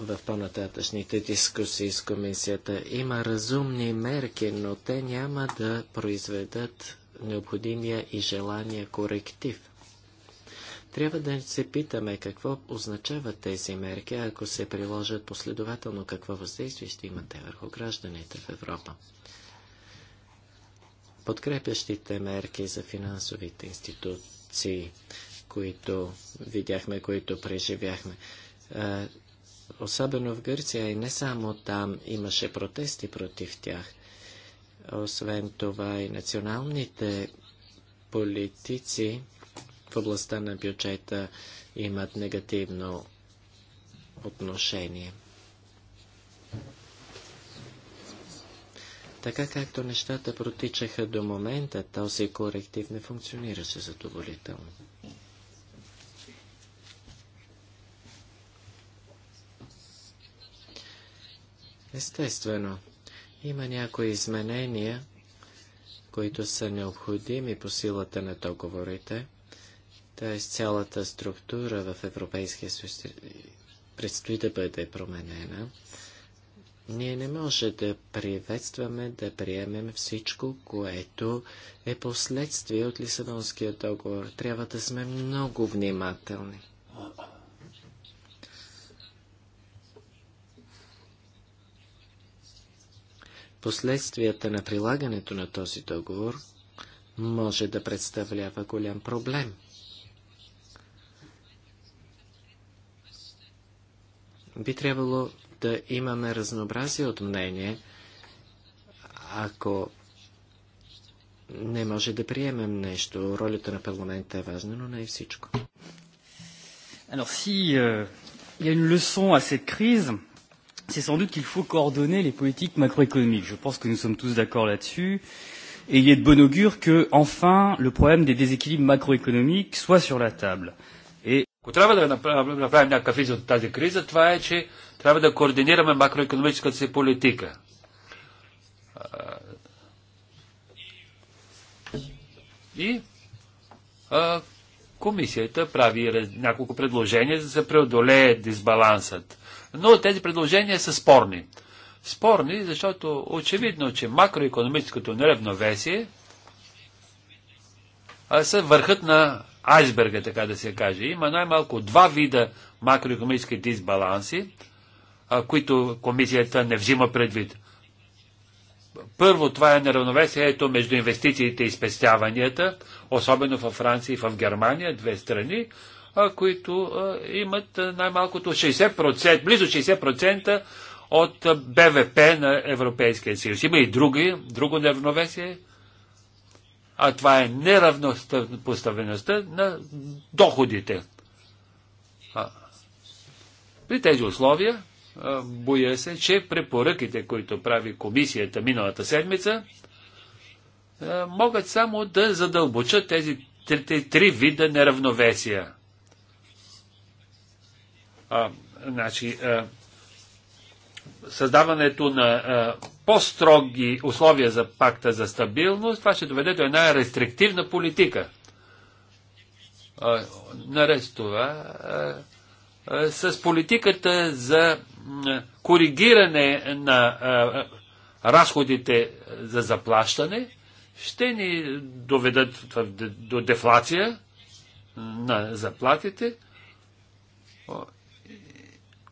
в по-нататъчните дискусии с комисията. Има разумни мерки, но те няма да произведат необходимия и желания коректив. Трябва да се питаме какво означават тези мерки, ако се приложат последователно, какво въздействие ще имате върху гражданите в Европа. Подкрепящите мерки за финансовите институции, които видяхме, които преживяхме. особено в Гърция и не само там имаше протести против тях. Освен това и националните политици в областта на бюджета имат негативно отношение. Така както нещата протичаха до момента, този коректив не функционираше задоволително. Естествено, има някои изменения, които са необходими по силата на договорите – т.е. цялата структура в Европейския съюз предстои да бъде променена. Ние не може да приветстваме, да приемем всичко, което е последствие от Лисабонския договор. Трябва да сме много внимателни. Последствията на прилагането на този договор може да представлява голям проблем – Би трябвало да имаме разнообразие от мнение, ако не може да приемем нещо. Ролята на парламента е важна, но не е всичко. Alors si il y a une leçon à cette crise, c'est sans doute qu'il faut coordonner les politiques macroéconomiques. Je pense que nous sommes tous d'accord là-dessus. Et il est de bon augure que, enfin, le problème des déséquilibres macroéconomiques soit sur la table. Ако трябва да направим някакъв извод от тази криза, това е, че трябва да координираме макроекономическата си политика. И а, комисията прави няколко предложения, за да се преодолее дисбалансът. Но тези предложения са спорни. Спорни, защото очевидно, че макроекономическото неравновесие са върхът на айсберга, така да се каже. Има най-малко два вида макроекономически дисбаланси, а, които комисията не взима предвид. Първо, това е неравновесието между инвестициите и спестяванията, особено във Франция и в Германия, две страни, а, които а, имат най-малкото 60%, близо 60% от БВП на Европейския съюз. Има и други, друго неравновесие – а това е неравнопоставеността на доходите. при тези условия боя се, че препоръките, които прави комисията миналата седмица, могат само да задълбочат тези три, три вида неравновесия. А, значи, а, създаването на по-строги условия за пакта за стабилност, това ще доведе до една рестриктивна политика. Наред с това, с политиката за коригиране на разходите за заплащане, ще ни доведат до дефлация на заплатите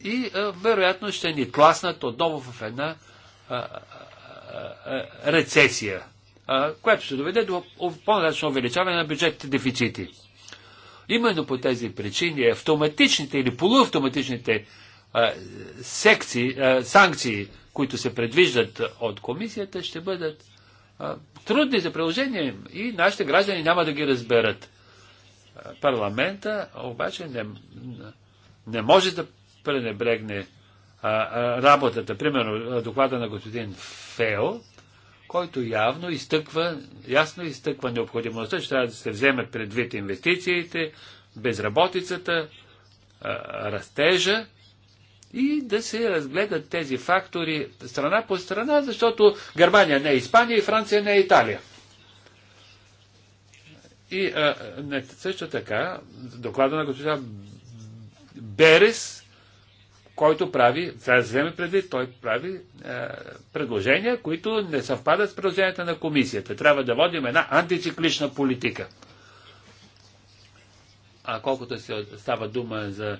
и а, вероятно ще ни тласнат отново в една а, а, а, рецесия, а, която ще доведе до по надачно увеличаване на бюджетните дефицити. Именно по тези причини автоматичните или полуавтоматичните а, секции, а, санкции, които се предвиждат от комисията, ще бъдат а, трудни за приложение и нашите граждани няма да ги разберат. Парламента обаче не, не може да пренебрегне а, а, работата, примерно доклада на господин Фео, който явно изтъква, ясно изтъква необходимостта, че трябва да се вземе предвид инвестициите, безработицата, а, растежа и да се разгледат тези фактори страна по страна, защото Германия не е Испания и Франция не е Италия. И а, не, също така, доклада на госпожа Берес който прави, за да вземе предвид, той прави е, предложения, които не съвпадат с предложенията на комисията. Трябва да водим една антициклична политика. А колкото се става дума за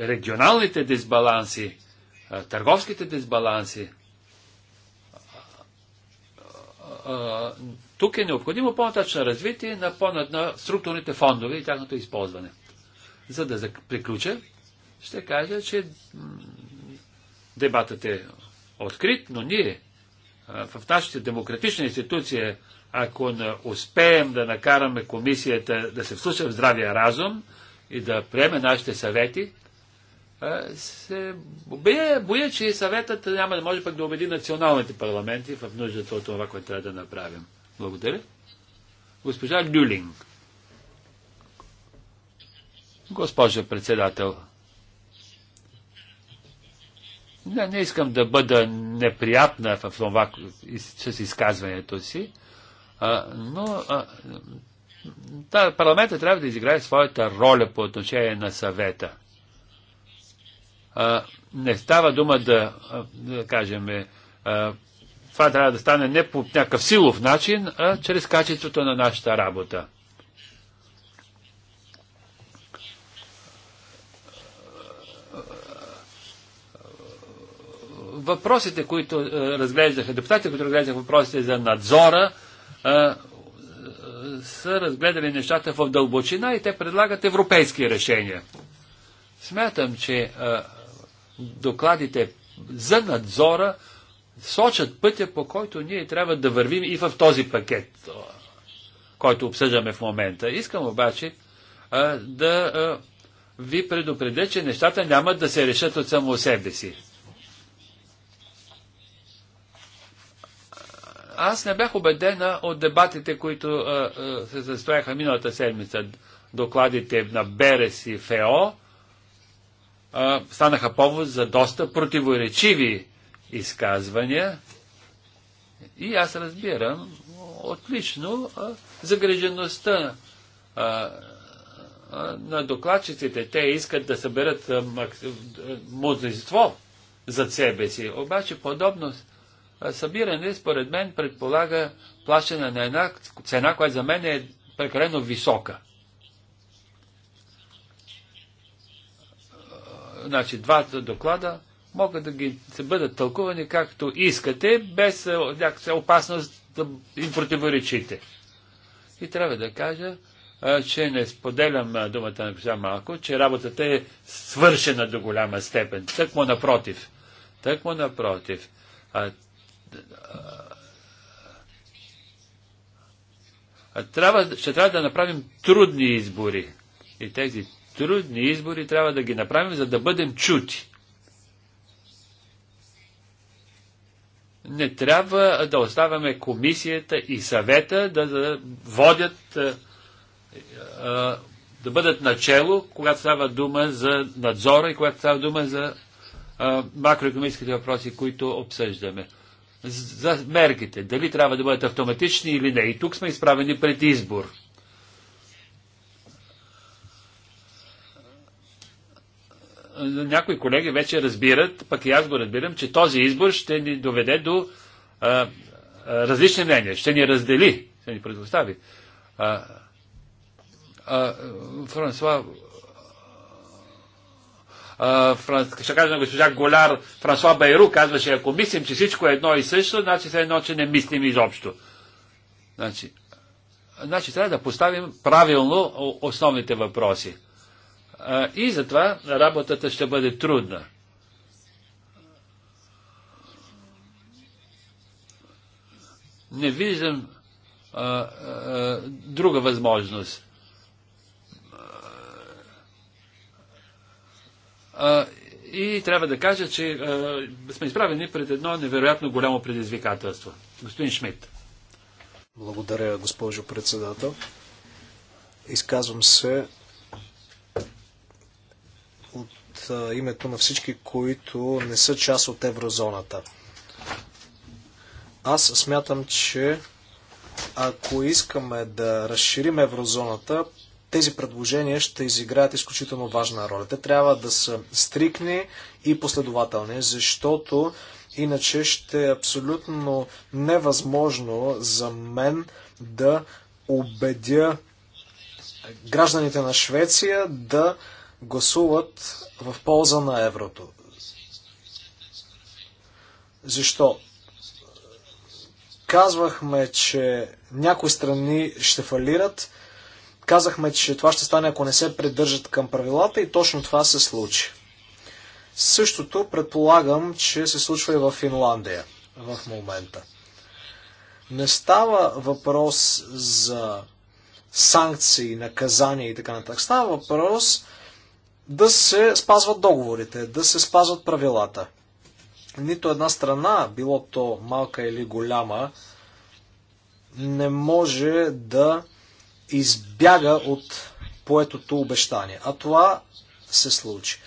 регионалните дисбаланси, е, търговските дисбаланси, е, е, тук е необходимо по-нататъчно развитие на, по на структурните фондове и тяхното използване. За да приключа, ще кажа, че дебатът е открит, но ние в нашата демократична институция, ако не успеем да накараме комисията да се вслуша в здравия разум и да приеме нашите съвети, се боя, боя, че съветът няма да може пък да убеди националните парламенти в нуждата от това, което трябва да направим. Благодаря. Госпожа Люлинг. Госпожа председател, не, не искам да бъда неприятна в това с изказването си, а, но а, парламента трябва да изиграе своята роля по отношение на съвета. А, не става дума да, да кажем, а, това трябва да стане не по някакъв силов начин, а чрез качеството на нашата работа. въпросите, които е, разглеждаха, депутатите, които разглеждаха въпросите за надзора, е, е, са разгледали нещата в дълбочина и те предлагат европейски решения. Смятам, че докладите за надзора сочат пътя, по който ние трябва да вървим и в този пакет, който обсъждаме в момента. Искам обаче да ви предупредя, че нещата няма да се решат от само себе си. Аз не бях убедена от дебатите, които а, а, се състояха миналата седмица. Докладите на Берес и ФЕО а, станаха повод за доста противоречиви изказвания. И аз разбирам отлично а, загрежеността а, а, на докладчиците. Те искат да съберат мнозинство зад себе си. Обаче подобност събиране, според мен, предполага плащане на една цена, която за мен е прекалено висока. Значи, двата доклада могат да ги се бъдат тълкувани както искате, без някаква опасност да им противоречите. И трябва да кажа, че не споделям думата на госпожа Малко, че работата е свършена до голяма степен. Тъкмо напротив. Тъкмо напротив трябва, ще трябва да направим трудни избори. И тези трудни избори трябва да ги направим, за да бъдем чути. Не трябва да оставяме комисията и съвета да, да водят, да бъдат начало, когато става дума за надзора и когато става дума за макроекономическите въпроси, които обсъждаме за мерките, дали трябва да бъдат автоматични или не. И тук сме изправени пред избор. Някои колеги вече разбират, пък и аз го разбирам, че този избор ще ни доведе до а, различни мнения, ще ни раздели, ще ни предостави. А, а, Франсуа ще кажа на госпожа Голяр, Франсуа Байру казваше, ако мислим, че всичко е едно и също, значи се едно, че не мислим изобщо. Значи, значи трябва да поставим правилно основните въпроси. И затова работата ще бъде трудна. Не виждам а, а, друга възможност. И трябва да кажа, че сме изправени пред едно невероятно голямо предизвикателство. Господин Шмидт. Благодаря, госпожо председател. Изказвам се от името на всички, които не са част от еврозоната. Аз смятам, че ако искаме да разширим еврозоната, тези предложения ще изиграят изключително важна роля. Те трябва да са стрикни и последователни, защото иначе ще е абсолютно невъзможно за мен да убедя гражданите на Швеция да гласуват в полза на еврото. Защо? Казвахме, че някои страни ще фалират, Казахме, че това ще стане, ако не се придържат към правилата и точно това се случи. Същото предполагам, че се случва и в Финландия в момента. Не става въпрос за санкции, наказания и така нататък. Става въпрос да се спазват договорите, да се спазват правилата. Нито една страна, било то малка или голяма, не може да избяга от поетото обещание. А това се случи.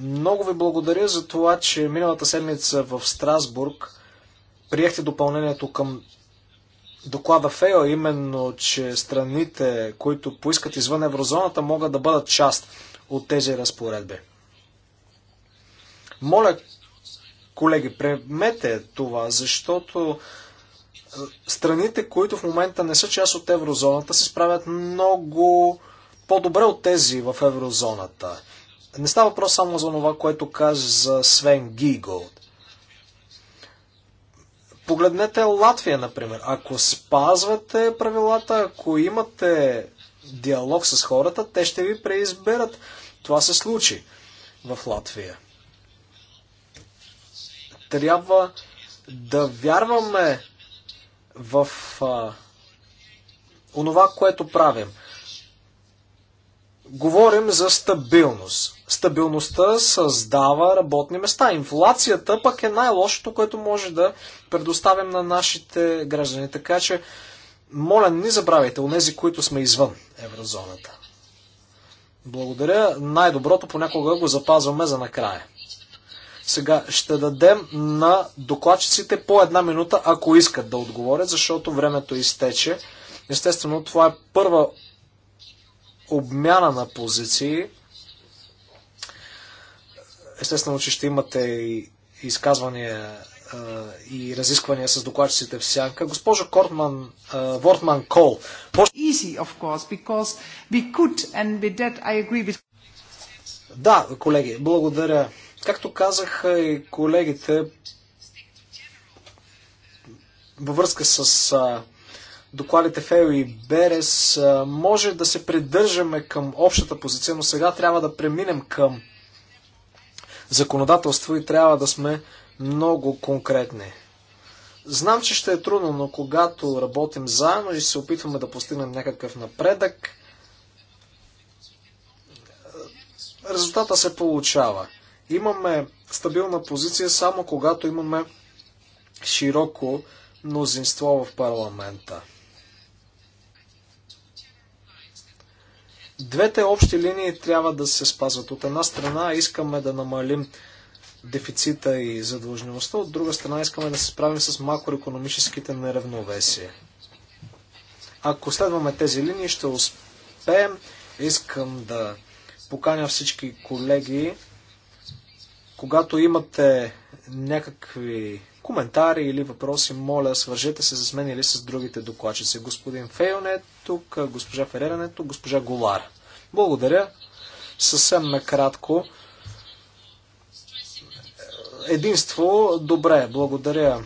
Много ви благодаря за това, че миналата седмица в Страсбург приехте допълнението към доклада ФЕО, именно, че страните, които поискат извън еврозоната, могат да бъдат част от тези разпоредби. Моля, колеги, премете това, защото страните, които в момента не са част от еврозоната, се справят много по-добре от тези в еврозоната. Не става въпрос само за това, което каза за Свен Гиголд. Погледнете Латвия, например. Ако спазвате правилата, ако имате диалог с хората, те ще ви преизберат. Това се случи в Латвия. Трябва да вярваме в а, онова, което правим. Говорим за стабилност. Стабилността създава работни места. Инфлацията пък е най-лошото, което може да предоставим на нашите граждани. Така че, моля, не забравяйте онези, които сме извън еврозоната. Благодаря. Най-доброто понякога го запазваме за накрая. Сега ще дадем на докладчиците по една минута, ако искат да отговорят, защото времето изтече. Естествено, това е първа обмяна на позиции. Естествено, че ще имате и изказвания и разисквания с докладчиците в сянка. Госпожо Кортман, Вортман Кол. Easy, of course, because we could and I agree with... Да, колеги, благодаря. Както казаха и колегите, във връзка с а, докладите Фео и Берес, а, може да се придържаме към общата позиция, но сега трябва да преминем към законодателство и трябва да сме много конкретни. Знам, че ще е трудно, но когато работим заедно и се опитваме да постигнем някакъв напредък, резултата се получава. Имаме стабилна позиция само когато имаме широко мнозинство в парламента. Двете общи линии трябва да се спазват. От една страна искаме да намалим дефицита и задлъжнилостта, от друга страна искаме да се справим с макроекономическите неравновесия. Ако следваме тези линии, ще успеем. Искам да поканя всички колеги когато имате някакви коментари или въпроси, моля, свържете се с мен или с другите докладчици. Господин Фейон е тук, госпожа Феререн е тук, госпожа Голар. Благодаря. Съвсем накратко. Единство, добре, благодаря.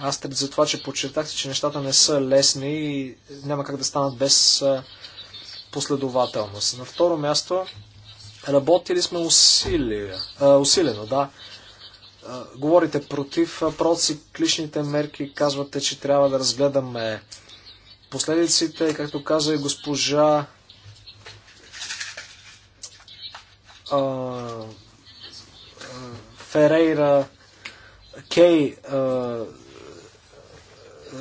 Аз за това, че подчертахте, че нещата не са лесни и няма как да станат без последователност. На второ място, Работили сме усилия, а, усилено, да. А, говорите против процикличните мерки, казвате, че трябва да разгледаме последиците, както каза и госпожа а, Ферейра Кей а,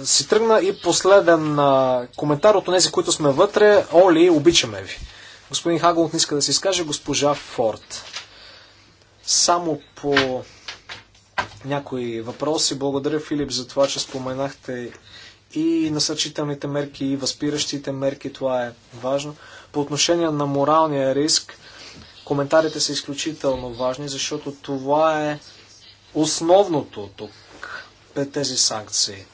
си тръгна и последен а, коментар от тези, които сме вътре. Оли, обичаме ви. Господин Хаголт не иска да се изкаже, госпожа Форд. Само по някои въпроси. Благодаря, Филип, за това, че споменахте и насърчителните мерки, и възпиращите мерки. Това е важно. По отношение на моралния риск, коментарите са изключително важни, защото това е основното тук пред тези санкции.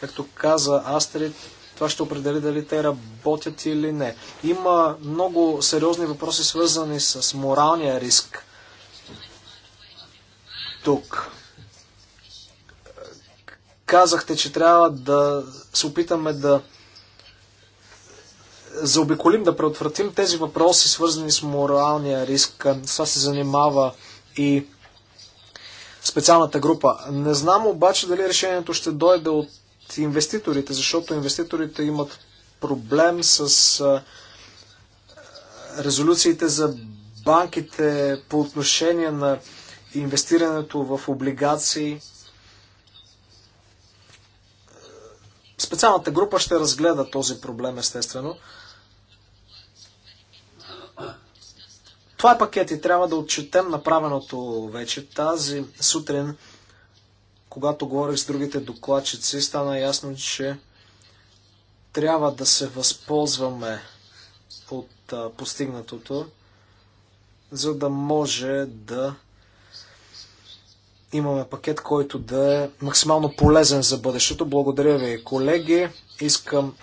Както каза Астрид, това ще определи дали те работят или не. Има много сериозни въпроси, свързани с моралния риск тук. Казахте, че трябва да се опитаме да заобиколим, да предотвратим тези въпроси, свързани с моралния риск. С това се занимава и специалната група. Не знам обаче дали решението ще дойде от инвеститорите, защото инвеститорите имат проблем с резолюциите за банките по отношение на инвестирането в облигации. Специалната група ще разгледа този проблем, естествено. Това е пакет и трябва да отчетем направеното вече. Тази сутрин когато говорих с другите докладчици, стана ясно, че трябва да се възползваме от а, постигнатото, за да може да имаме пакет, който да е максимално полезен за бъдещето. Благодаря ви, колеги. Искам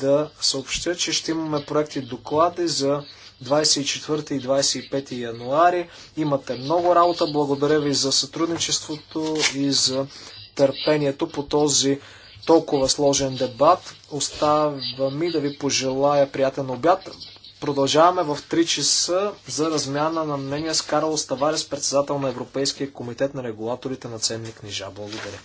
да съобщя, че ще имаме проекти доклади за 24 и 25 януари. Имате много работа. Благодаря ви за сътрудничеството и за търпението по този толкова сложен дебат. Остава ми да ви пожелая приятен обяд. Продължаваме в 3 часа за размяна на мнения с Карл Ставарес, председател на Европейския комитет на регулаторите на ценни книжа. Благодаря.